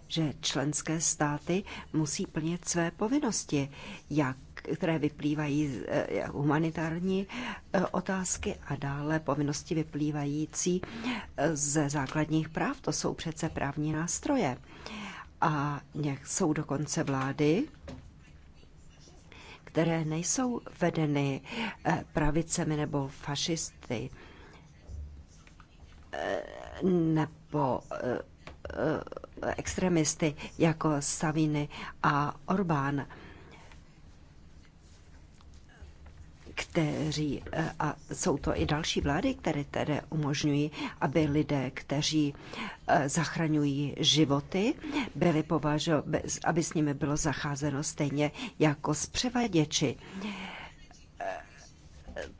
že členské státy musí plnit své povinnosti, jak které vyplývají z eh, humanitární eh, otázky a dále povinnosti vyplývající eh, ze základních práv. To jsou přece právní nástroje. A jsou dokonce vlády, které nejsou vedeny pravicemi nebo fašisty nebo Eh, extremisty jako Saviny a Orbán, kteří, eh, a jsou to i další vlády, které tedy umožňují, aby lidé, kteří eh, zachraňují životy, byli považo, aby s nimi bylo zacházeno stejně jako s převaděči.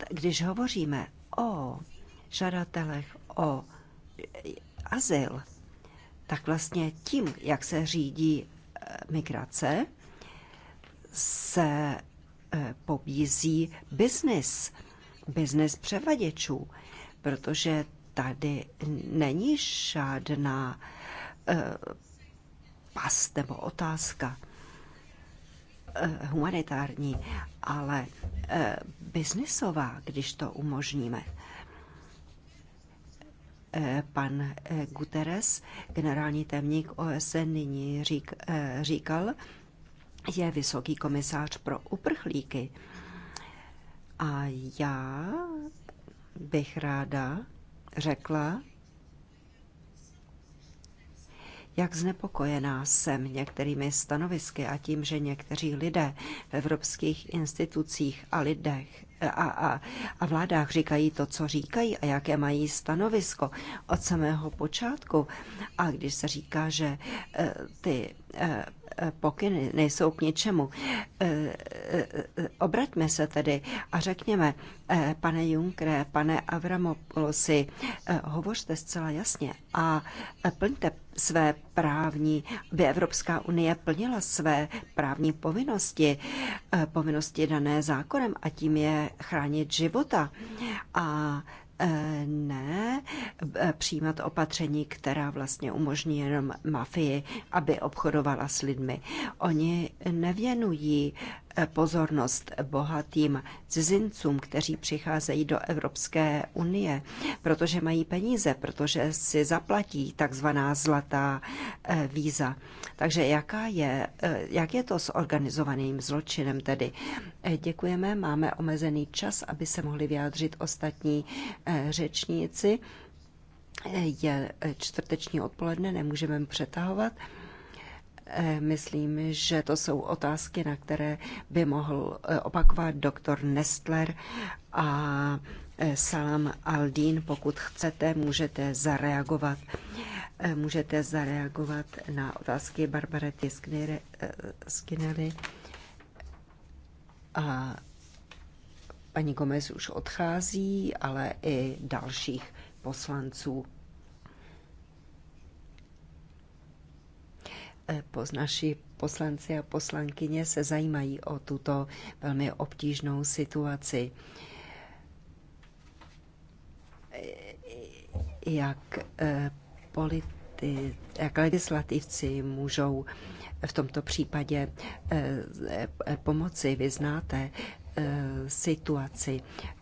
Když hovoříme o žadatelech o azyl, tak vlastně tím, jak se řídí eh, migrace, se eh, pobízí biznis, biznis převaděčů, protože tady není žádná eh, pas nebo otázka humanitární, ale biznisová, když to umožníme. Eh, pan eh, Guterres, generální témník OSN, nyní řík, eh, říkal, je vysoký komisář pro uprchlíky. A já bych ráda řekla, jak znepokojená jsem některými stanovisky a tím, že někteří lidé v evropských institucích a lidech a, a, a vládách říkají to, co říkají a jaké mají stanovisko od samého počátku. A když se říká, že eh, ty pokyny nejsou k ničemu. E, e, e, obraťme se tedy a řekněme, pane Junkre, pane Avramopoulosi, hovořte zcela jasně a plňte své právní, aby Evropská unie plnila své právní povinnosti, povinnosti dané zákonem a tím je chránit života. A Eh, ne eh, přijímat opatření, která vlastně umožní jenom mafii, aby obchodovala s lidmi. Oni nevěnují pozornost bohatým cizincům, kteří přicházejí do Evropské unie, protože mají peníze, protože si zaplatí takzvaná zlatá eh, víza. Takže jaká je, eh, jak je to s organizovaným zločinem tedy? Eh, děkujeme, máme omezený čas, aby se mohli vyjádřit ostatní řečníci. Je čtvrteční odpoledne, nemůžeme přetahovat. Eh, myslím, že to jsou otázky, na které by mohl eh, opakovat doktor Nestler a eh, Salam Aldin. Pokud chcete, můžete zareagovat. Můžete zareagovat na otázky Barbarety Skinnery. A paní Gomez už odchází, ale i dalších poslanců. Eh, naši poslanci a poslankyně se zajímají o tuto velmi obtížnou situaci. Eh, jak eh, politi, jak legislativci můžou v tomto případě pomoci. Vy znáte Eh, situaci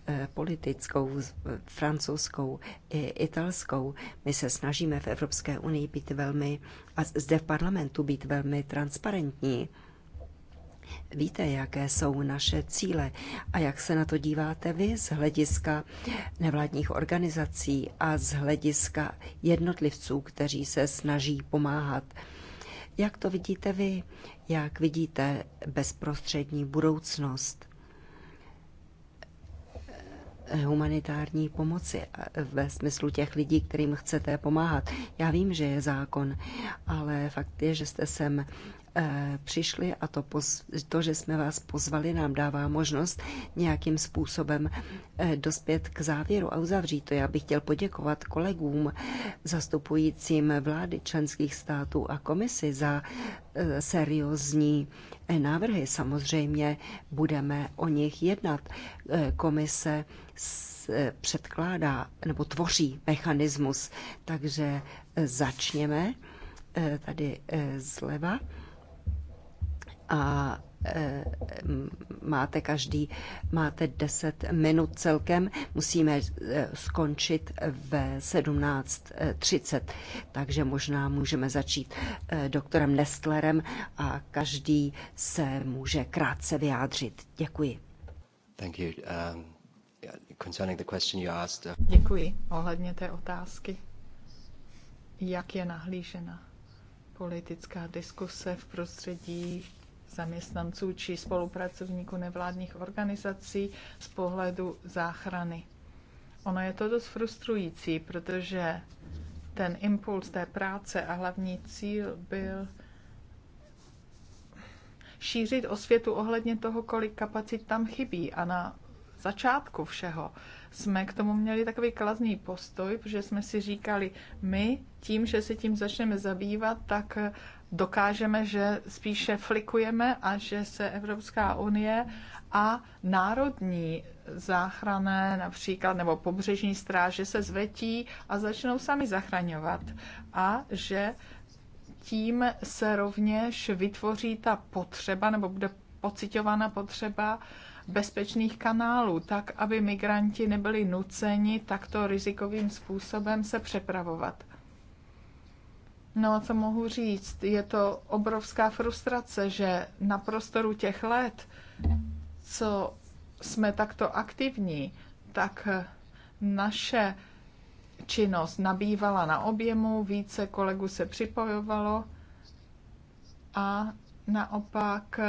eh, politickou, francouzskou i italskou. My se snažíme v Evropské unii být velmi, a zde v parlamentu být velmi transparentní. Víte, jaké jsou naše cíle a jak se na to díváte vy z hlediska nevládních organizací a z hlediska jednotlivců, kteří se snaží pomáhat. Jak to vidíte vy? Jak vidíte bezprostřední budoucnost? humanitární pomoci ve smyslu těch lidí, kterým chcete pomáhat. Já vím, že je zákon, ale fakt je, že jste sem Eh, přišli a to, to, že jsme vás pozvali, nám dává možnost nějakým způsobem eh, dospět k závěru a uzavřít to. Já bych chtěl poděkovat kolegům zastupujícím vlády členských států a komisi za eh, seriózní návrhy. Samozřejmě budeme o nich jednat. Komise předkládá nebo tvoří mechanismus, takže začněme tady zleva a e, máte každý, máte 10 minut celkem, musíme e, skončit ve 17.30, takže možná můžeme začít e, doktorem Nestlerem a každý se může krátce vyjádřit. Děkuji. Thank you. Um, concerning the question you asked, uh... Děkuji. Ohledně té otázky, jak je nahlížena politická diskuse v prostředí zaměstnanců či spolupracovníků nevládních organizací z pohledu záchrany. Ono je to dost frustrující, protože ten impuls té práce a hlavní cíl byl šířit osvětu ohledně toho, kolik kapacit tam chybí. A na začátku všeho jsme k tomu měli takový kladný postoj, protože jsme si říkali, my tím, že se tím začneme zabývat, tak dokážeme, že spíše flikujeme a že se Evropská unie a národní záchrané například nebo pobřežní stráže se zvetí a začnou sami zachraňovat a že tím se rovněž vytvoří ta potřeba nebo bude pocitována potřeba bezpečných kanálů, tak aby migranti nebyli nuceni takto rizikovým způsobem se přepravovat. No a co mohu říct, je to obrovská frustrace, že na prostoru těch let, co jsme takto aktivní, tak naše činnost nabývala na objemu, více kolegů se připojovalo a naopak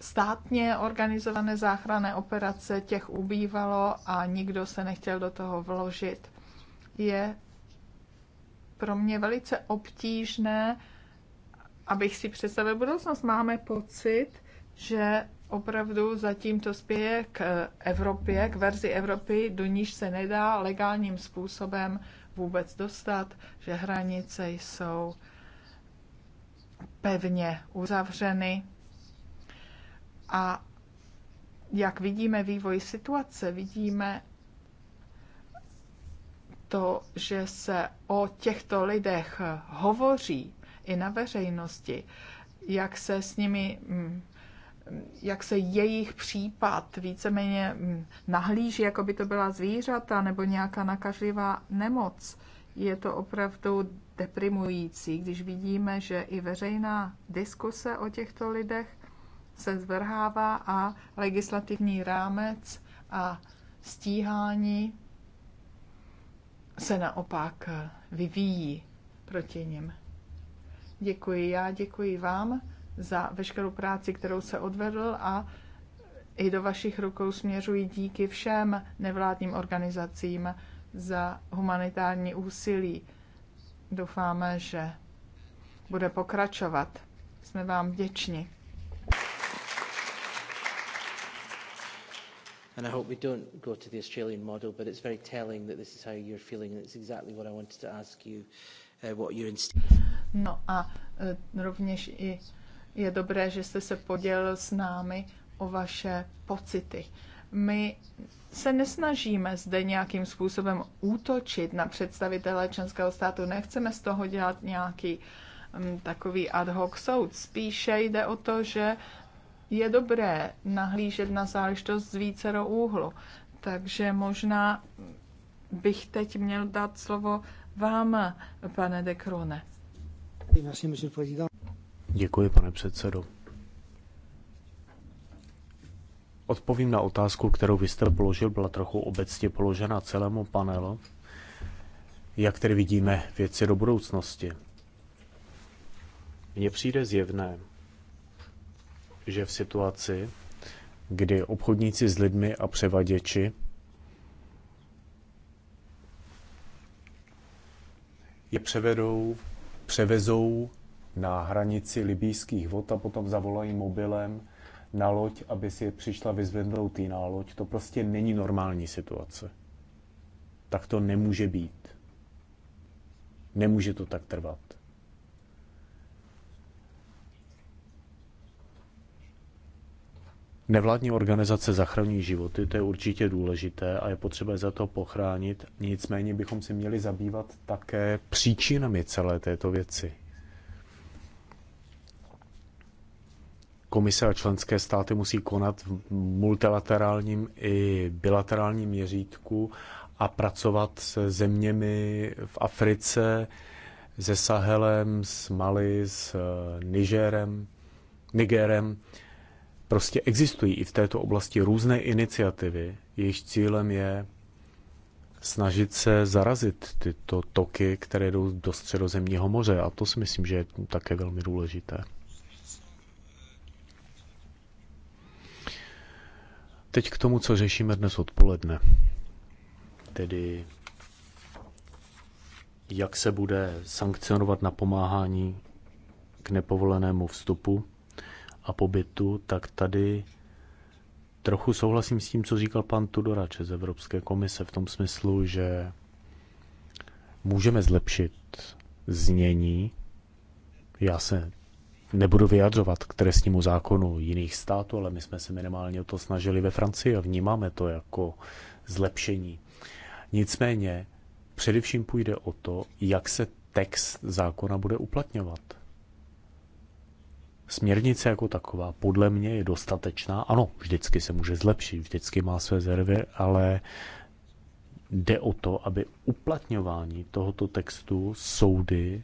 státně organizované záchranné operace těch ubývalo a nikdo se nechtěl do toho vložit. Je pro mě velice obtížné, abych si představil budoucnost. Máme pocit, že opravdu zatím to spěje k Evropě, k verzi Evropy, do níž se nedá legálním způsobem vůbec dostat, že hranice jsou pevně uzavřeny. A jak vidíme vývoj situace, vidíme, to, že se o těchto lidech hovoří i na veřejnosti, jak se s nimi, mm, jak se jejich případ víceméně mm, nahlíží, jako by to byla zvířata nebo nějaká nakažlivá nemoc. Je to opravdu deprimující, když vidíme, že i veřejná diskuse o těchto lidech se zvrhává a legislativní rámec a stíhání se naopak vyvíjí proti nim. Děkuji já, děkuji vám za veškerou práci, kterou se odvedl a i do vašich rukou směřují díky všem nevládním organizacím za humanitární úsilí. Doufáme, že bude pokračovat. Jsme vám vděční. And I hope we don't go to the Australian model, but it's very telling that this is how you're feeling, and it's exactly what I wanted to ask you, uh, what you're instinct. No a uh, rovněž i je dobré, že jste se podělil s námi o vaše pocity. My se nesnažíme zde nějakým způsobem útočit na představitele členského státu. Nechceme z toho dělat nějaký um, takový ad hoc soud. Spíše jde o to, že je dobré nahlížet na záležitost z vícero úhlu. Takže možná bych teď měl dát slovo vám, pane de Krone. Děkuji, pane předsedo. Odpovím na otázku, kterou vy jste položil, byla trochu obecně položena celému panelu. Jak tedy vidíme věci do budoucnosti? Mně přijde zjevné, že v situaci, kdy obchodníci s lidmi a převaděči je převedou, převezou na hranici libýských vod a potom zavolají mobilem na loď, aby si je přišla vyzvednout jiná loď. To prostě není normální situace. Tak to nemůže být. Nemůže to tak trvat. Nevládní organizace zachraňují životy, to je určitě důležité a je potřeba za to pochránit. Nicméně bychom se měli zabývat také příčinami celé této věci. Komise a členské státy musí konat v multilaterálním i bilaterálním měřítku a pracovat se zeměmi v Africe, se Sahelem, s Mali, s eh, Nigerem, Nigerem Prostě existují i v této oblasti různé iniciativy, jejichž cílem je snažit se zarazit tyto toky, které jdou do středozemního moře. A to si myslím, že je také velmi důležité. Teď k tomu, co řešíme dnes odpoledne. Tedy jak se bude sankcionovat napomáhání k nepovolenému vstupu a pobytu, tak tady trochu souhlasím s tím, co říkal pan Tudorač z Evropské komise v tom smyslu, že můžeme zlepšit znění. Já se nebudu vyjadřovat k trestnímu zákonu jiných států, ale my jsme se minimálně o to snažili ve Francii a vnímáme to jako zlepšení. Nicméně především půjde o to, jak se text zákona bude uplatňovat. Směrnice jako taková podle mě je dostatečná. Ano, vždycky se může zlepšit, vždycky má své zervy, ale jde o to, aby uplatňování tohoto textu soudy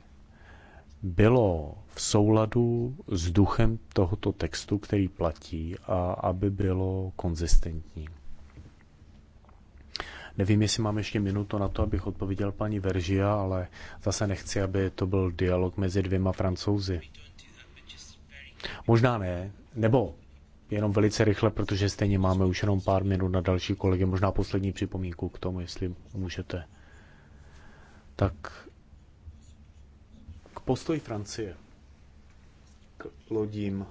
bylo v souladu s duchem tohoto textu, který platí, a aby bylo konzistentní. Nevím, jestli mám ještě minutu na to, abych odpověděl paní Veržia, ale zase nechci, aby to byl dialog mezi dvěma francouzi. Možná ne, nebo jenom velice rychle, protože stejně máme už jenom pár minut na další kolegy, možná poslední připomínku k tomu, jestli můžete. Tak k postoji Francie, k lodím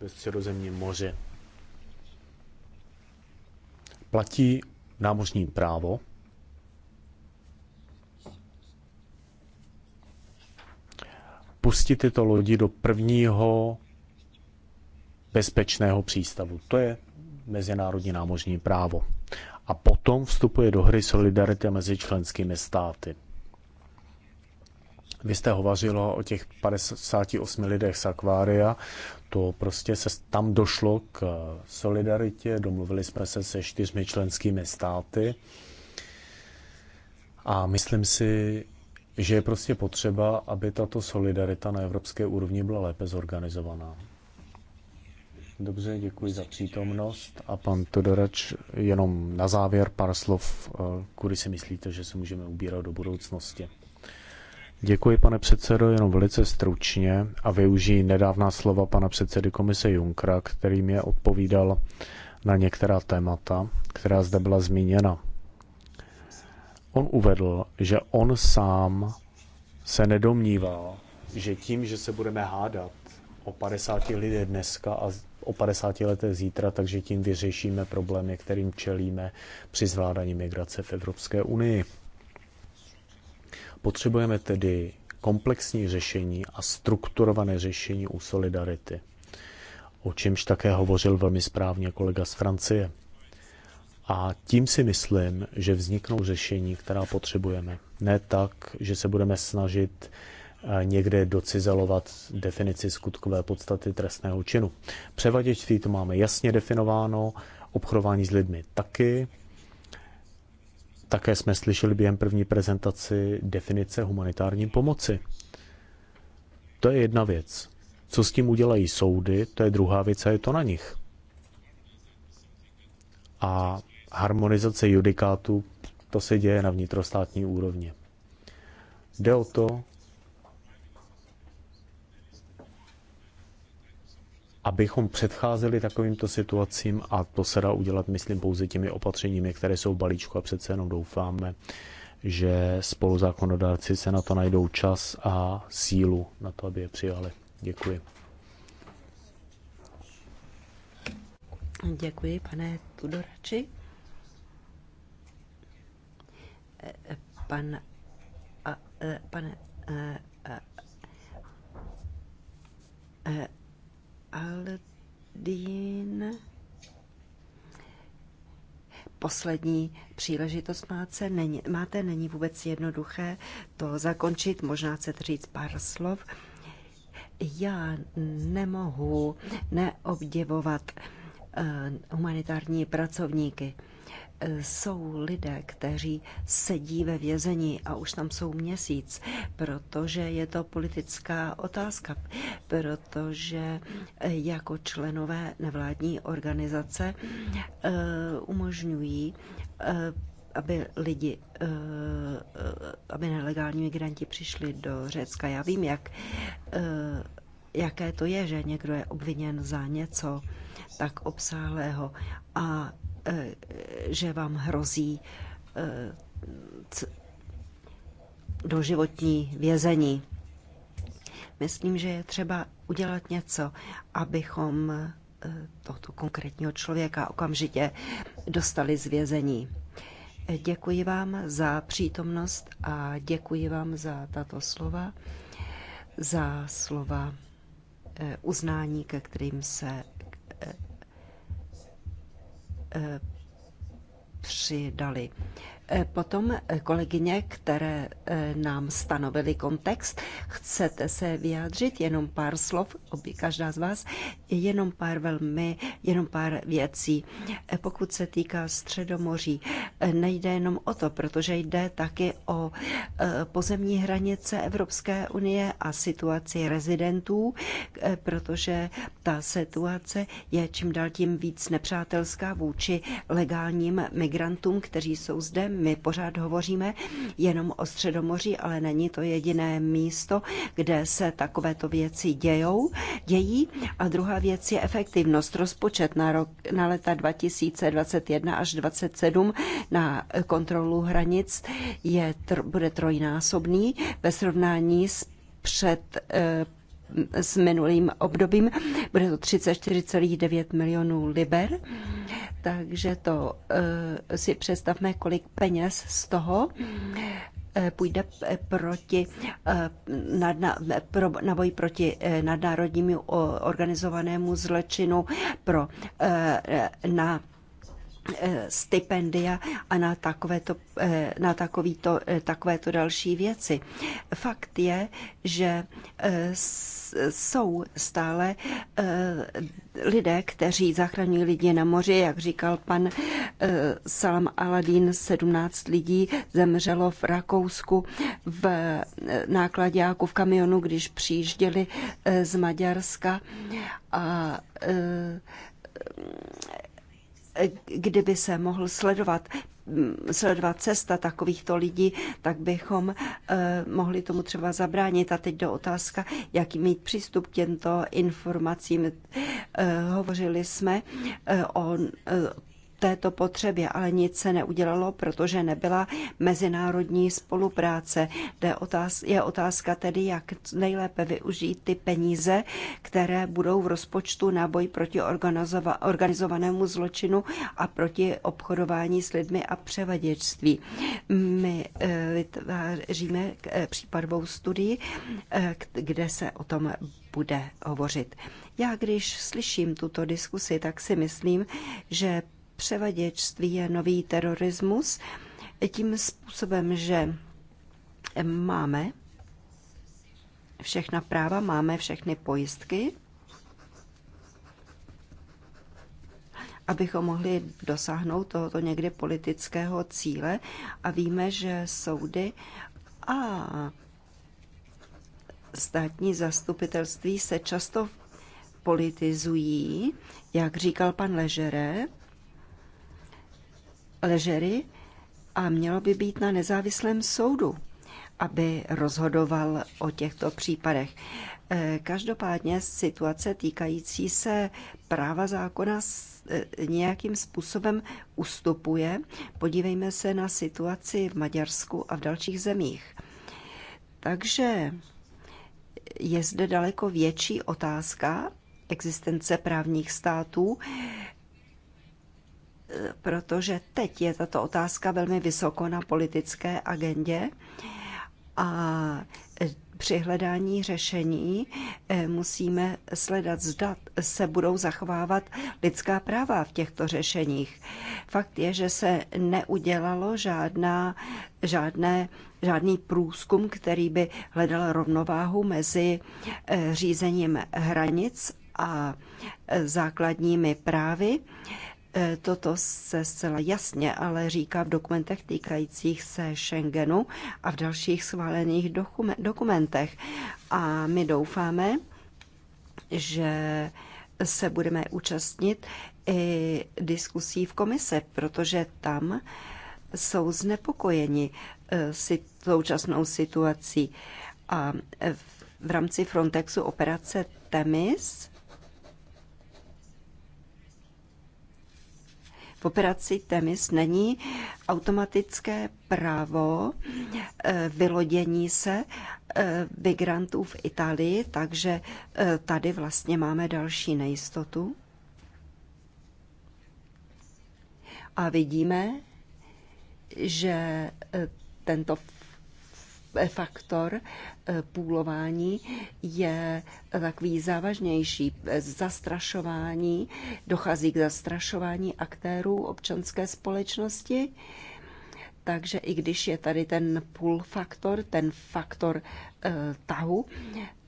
ve středozemním moře. Platí námořní právo, pustit tyto lodi do prvního bezpečného přístavu. To je mezinárodní námořní právo. A potom vstupuje do hry solidarita mezi členskými státy. Vy jste hovořilo o těch 58 lidech z akvária. To prostě se tam došlo k solidaritě. Domluvili jsme se se čtyřmi členskými státy. A myslím si, že je prostě potřeba, aby tato solidarita na evropské úrovni byla lépe zorganizovaná. Dobře, děkuji za přítomnost. A pan Todorač, jenom na závěr pár slov, eh, kudy si myslíte, že se můžeme ubírat do budoucnosti. Děkuji, pane předsedo, jenom velice stručně a využiji nedávná slova pana předsedy komise Junkra, který mě odpovídal na některá témata, která zde byla zmíněna. On uvedl, že on sám se nedomníval, že tím, že se budeme hádat o 50 lidí dneska a o 50 letech zítra, takže tím vyřešíme problémy, kterým čelíme při zvládání migrace v Evropské unii. Potřebujeme tedy komplexní řešení a strukturované řešení u solidarity, o čemž také hovořil velmi správně kolega z Francie. A tím si myslím, že vzniknou řešení, která potřebujeme. Ne tak, že se budeme snažit eh, někde docizelovat definici skutkové podstaty trestného činu. Převaděčství to máme jasně definováno, obchodování s lidmi taky. Také jsme slyšeli během první prezentaci definice humanitární pomoci. To je jedna věc. Co s tím udělají soudy, to je druhá věc a je to na nich. A harmonizace judikátů, to se děje na vnitrostátní úrovni. Jde o to, abychom předcházeli takovýmto situacím a to se dá udělat, myslím, pouze těmi opatřeními, které jsou v balíčku a přece jenom doufáme, že spoluzákonodárci se na to najdou čas a sílu na to, aby je přijali. Děkuji. Děkuji, pane Tudorači pan, a, e, pane e, e, Aldín. Poslední příležitost máte není, máte, není vůbec jednoduché to zakončit. Možná chcete říct pár slov. Já nemohu neobdivovat humanitární pracovníky jsou lidé, kteří sedí ve vězení a už tam jsou měsíc, protože je to politická otázka, protože eh, jako členové nevládní organizace eh, umožňují eh, aby lidi, aby nelegální migranti přišli do Řecka. Já vím, jak, jaké to je, že někdo je obviněn za něco tak obsáhlého a Eh, že vám hrozí eh, doživotní vězení. Myslím, že je třeba udělat něco, abychom eh, tohoto konkrétního člověka okamžitě dostali z vězení. Děkuji vám za přítomnost a děkuji vám za tato slova, za slova uznání, ke kterým se Eh, přidali. Eh, potom eh, kolegyně, které eh, nám stanovili kontext, chcete se vyjádřit jenom pár slov, obě, každá z vás, jenom pár velmi, jenom pár věcí. Pokud se týká Středomoří, nejde jenom o to, protože jde taky o pozemní hranice Evropské unie a situaci rezidentů, protože ta situace je čím dál tím víc nepřátelská vůči legálním migrantům, kteří jsou zde my pořád hovoříme jenom o Středomoří, ale není to jediné místo, kde se takovéto věci dějou, dějí. A druhá věc je efektivnost. Rozpočet na, rok, na leta 2021 až 2027 na kontrolu hranic je, bude trojnásobný ve srovnání s před eh, s minulým obdobím. Bude to 34,9 milionů liber. Takže to eh, si představme, kolik peněz z toho eh, půjde eh, proti, nad, pro, na boj proti nadnárodnímu organizovanému zločinu pro, na Eh, stipendia a na, takovéto, eh, na takovýto, eh, takovéto další věci. Fakt je, že jsou stále lidé, kteří zachraňují lidi na moři, jak říkal pan Salam Aladín, 17 lidí zemřelo v Rakousku v nákladňáku v kamionu, když přijížděli z Maďarska a kdyby se mohl sledovat, sledovat cesta takovýchto lidí, tak bychom eh, mohli tomu třeba zabránit. A teď do otázka, jak mít přístup k těmto informacím. Eh, hovořili jsme eh, o této potřebě, ale nic se neudělalo, protože nebyla mezinárodní spolupráce. Je otázka tedy, jak nejlépe využít ty peníze, které budou v rozpočtu na boj proti organizovanému zločinu a proti obchodování s lidmi a převaděčství. My eh, vytváříme eh, případovou studii, eh, kde se o tom bude hovořit. Já když slyším tuto diskusi, tak si myslím, že převaděčství je nový terorismus tím způsobem, že máme všechna práva, máme všechny pojistky, abychom mohli dosáhnout tohoto někdy politického cíle a víme, že soudy a státní zastupitelství se často politizují, jak říkal pan Ležere, ležery a mělo by být na nezávislém soudu, aby rozhodoval o těchto případech. Eh, každopádně situace týkající se práva zákona eh, nějakým způsobem ustupuje. Podívejme se na situaci v Maďarsku a v dalších zemích. Takže je zde daleko větší otázka existence právních států, protože teď je tato otázka velmi vysoko na politické agendě a při hledání řešení eh, musíme sledat, zda se budou zachovávat lidská práva v těchto řešeních. Fakt je, že se neudělalo žádná, žádné, žádný průzkum, který by hledal rovnováhu mezi eh, řízením hranic a eh, základními právy. Eh, toto se zcela jasně ale říká v dokumentech týkajících se Schengenu a v dalších schválených dokumentech. A my doufáme, že se budeme účastnit i diskusí v komise, protože tam jsou znepokojeni eh, současnou situací. A v rámci Frontexu operace Temis V operaci Temis není automatické právo eh, vylodění se eh, migrantů v Itálii, takže eh, tady vlastně máme další nejistotu. A vidíme, že tento faktor eh, půlování je takový závažnější. Zastrašování, dochází k zastrašování aktérů občanské společnosti, takže i když je tady ten půl faktor, ten faktor eh, tahu,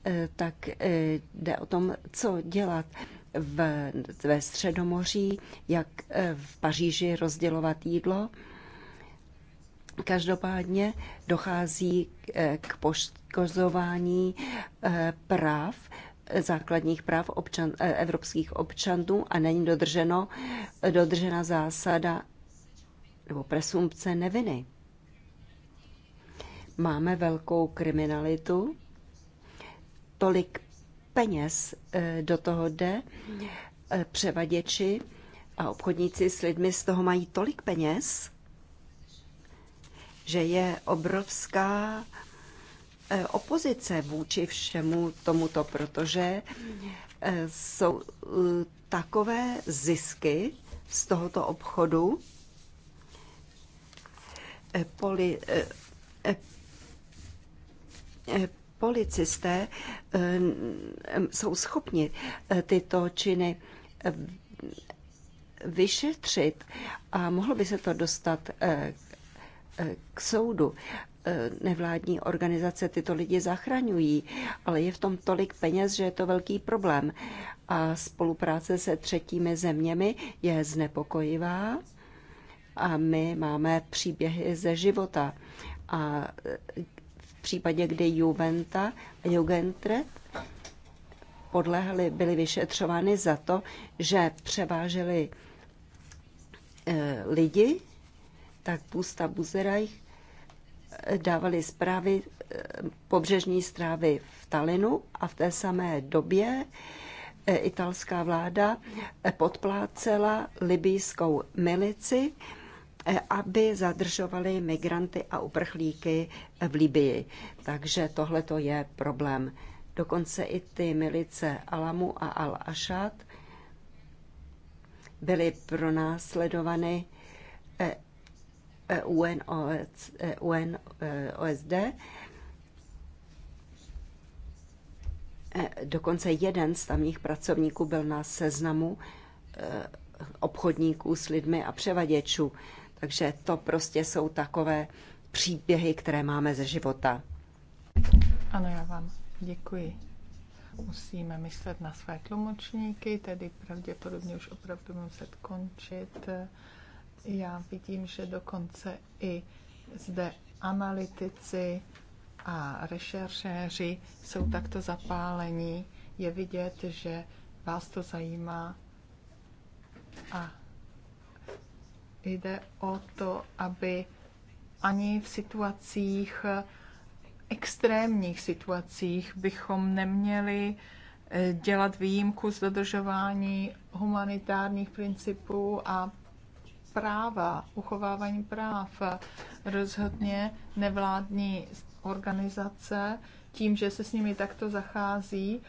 eh, tak eh, jde o tom, co dělat v, ve Středomoří, jak eh, v Paříži rozdělovat jídlo. Eh, Každopádně dochází k eh, poškozování eh, práv, eh, základních práv občan, evropských občanů a není dodrženo, dodržena zásada nebo presumpce neviny. Máme velkou kriminalitu, tolik peněz do toho jde, převaděči a obchodníci s lidmi z toho mají tolik peněz, že je obrovská eh, opozice vůči všemu tomuto, protože eh, jsou eh, takové zisky z tohoto obchodu, poli, policisté jsou schopni tyto činy vyšetřit a mohlo by se to dostat k soudu. E, nevládní organizace tyto lidi zachraňují, ale je v tom tolik peněz, že je to velký problém. A spolupráce se třetími zeměmi je znepokojivá a my máme příběhy ze života. A e, v případě, kdy Juventa a Jugendret podlehli, byli vyšetřovány za to, že převáželi e, lidi tak Pusta Buzerajch eh, dávali zprávy eh, pobřežní strávy v Talinu a v té samé době eh, italská vláda podplácela libýskou milici, aby zadržovali migranty a uprchlíky v Libii. Takže tohle to je problém. Dokonce i ty milice Alamu a Al-Ashad byly pronásledovány E, UNOSD. E, e, dokonce jeden z tamních pracovníků byl na seznamu obchodníků s lidmi a převaděčů. Takže to prostě jsou takové příběhy, které máme ze života. Ano, já vám děkuji. Musíme myslet na své tlumočníky, tedy pravděpodobně už opravdu muset končit. Já vidím, že dokonce i zde analytici a rešeršéři jsou takto zapálení. Je vidět, že vás to zajímá a jde o to, aby ani v situacích, extrémních situacích bychom neměli eh, dělat výjimku z dodržování humanitárních principů a práva, uchovávání práv. Rozhodně nevládní organizace tím, že se s nimi takto zachází,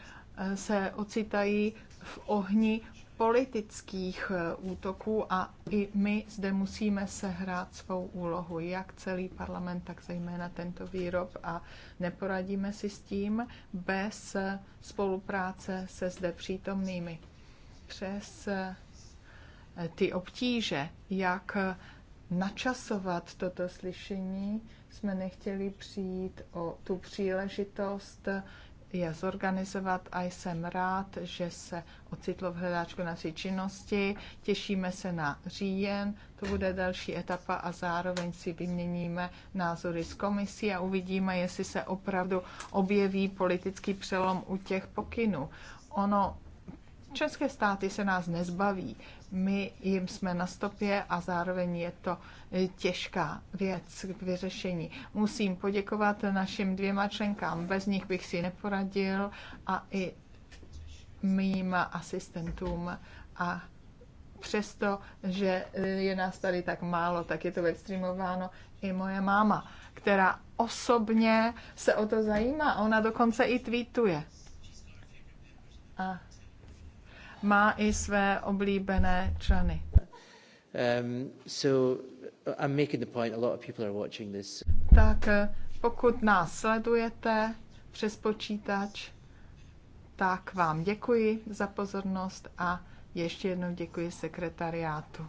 se ocitají v ohni politických útoků a i my zde musíme sehrát svou úlohu, jak celý parlament, tak zejména tento výrob a neporadíme si s tím bez spolupráce se zde přítomnými. Přes ty obtíže, jak načasovat toto slyšení, jsme nechtěli přijít o tu příležitost je zorganizovat a jsem rád, že se ocitlo v hledáčku naší činnosti. Těšíme se na říjen, to bude další etapa a zároveň si vyměníme názory z komisí a uvidíme, jestli se opravdu objeví politický přelom u těch pokynů. Ono Členské státy se nás nezbaví. My jim jsme na stopě a zároveň je to těžká věc k vyřešení. Musím poděkovat našim dvěma členkám, bez nich bych si neporadil a i mým asistentům a přesto, že je nás tady tak málo, tak je to webstreamováno i moje máma, která osobně se o to zajímá. Ona dokonce i tweetuje. A má i své oblíbené členy. Um, so uh, I'm making the point a lot of people are watching this. Tak uh, pokud nás sledujete přes počítač, tak vám děkuji za pozornost a ještě jednou děkuji sekretariátu.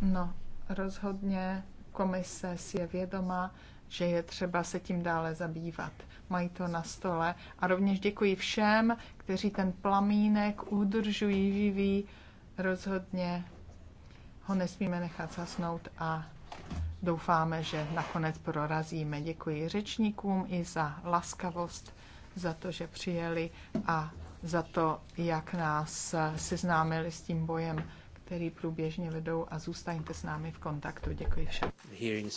No, rozhodně komise si je vědoma, že je třeba se tím dále zabývat. Mají to na stole. A rovněž děkuji všem, kteří ten plamínek udržují živý. Rozhodně ho nesmíme nechat zasnout a doufáme, že nakonec prorazíme. Děkuji řečníkům i za laskavost, za to, že přijeli a za to, jak nás seznámili s tím bojem, který průběžně vedou a zůstaňte s námi v kontaktu. Děkuji všem.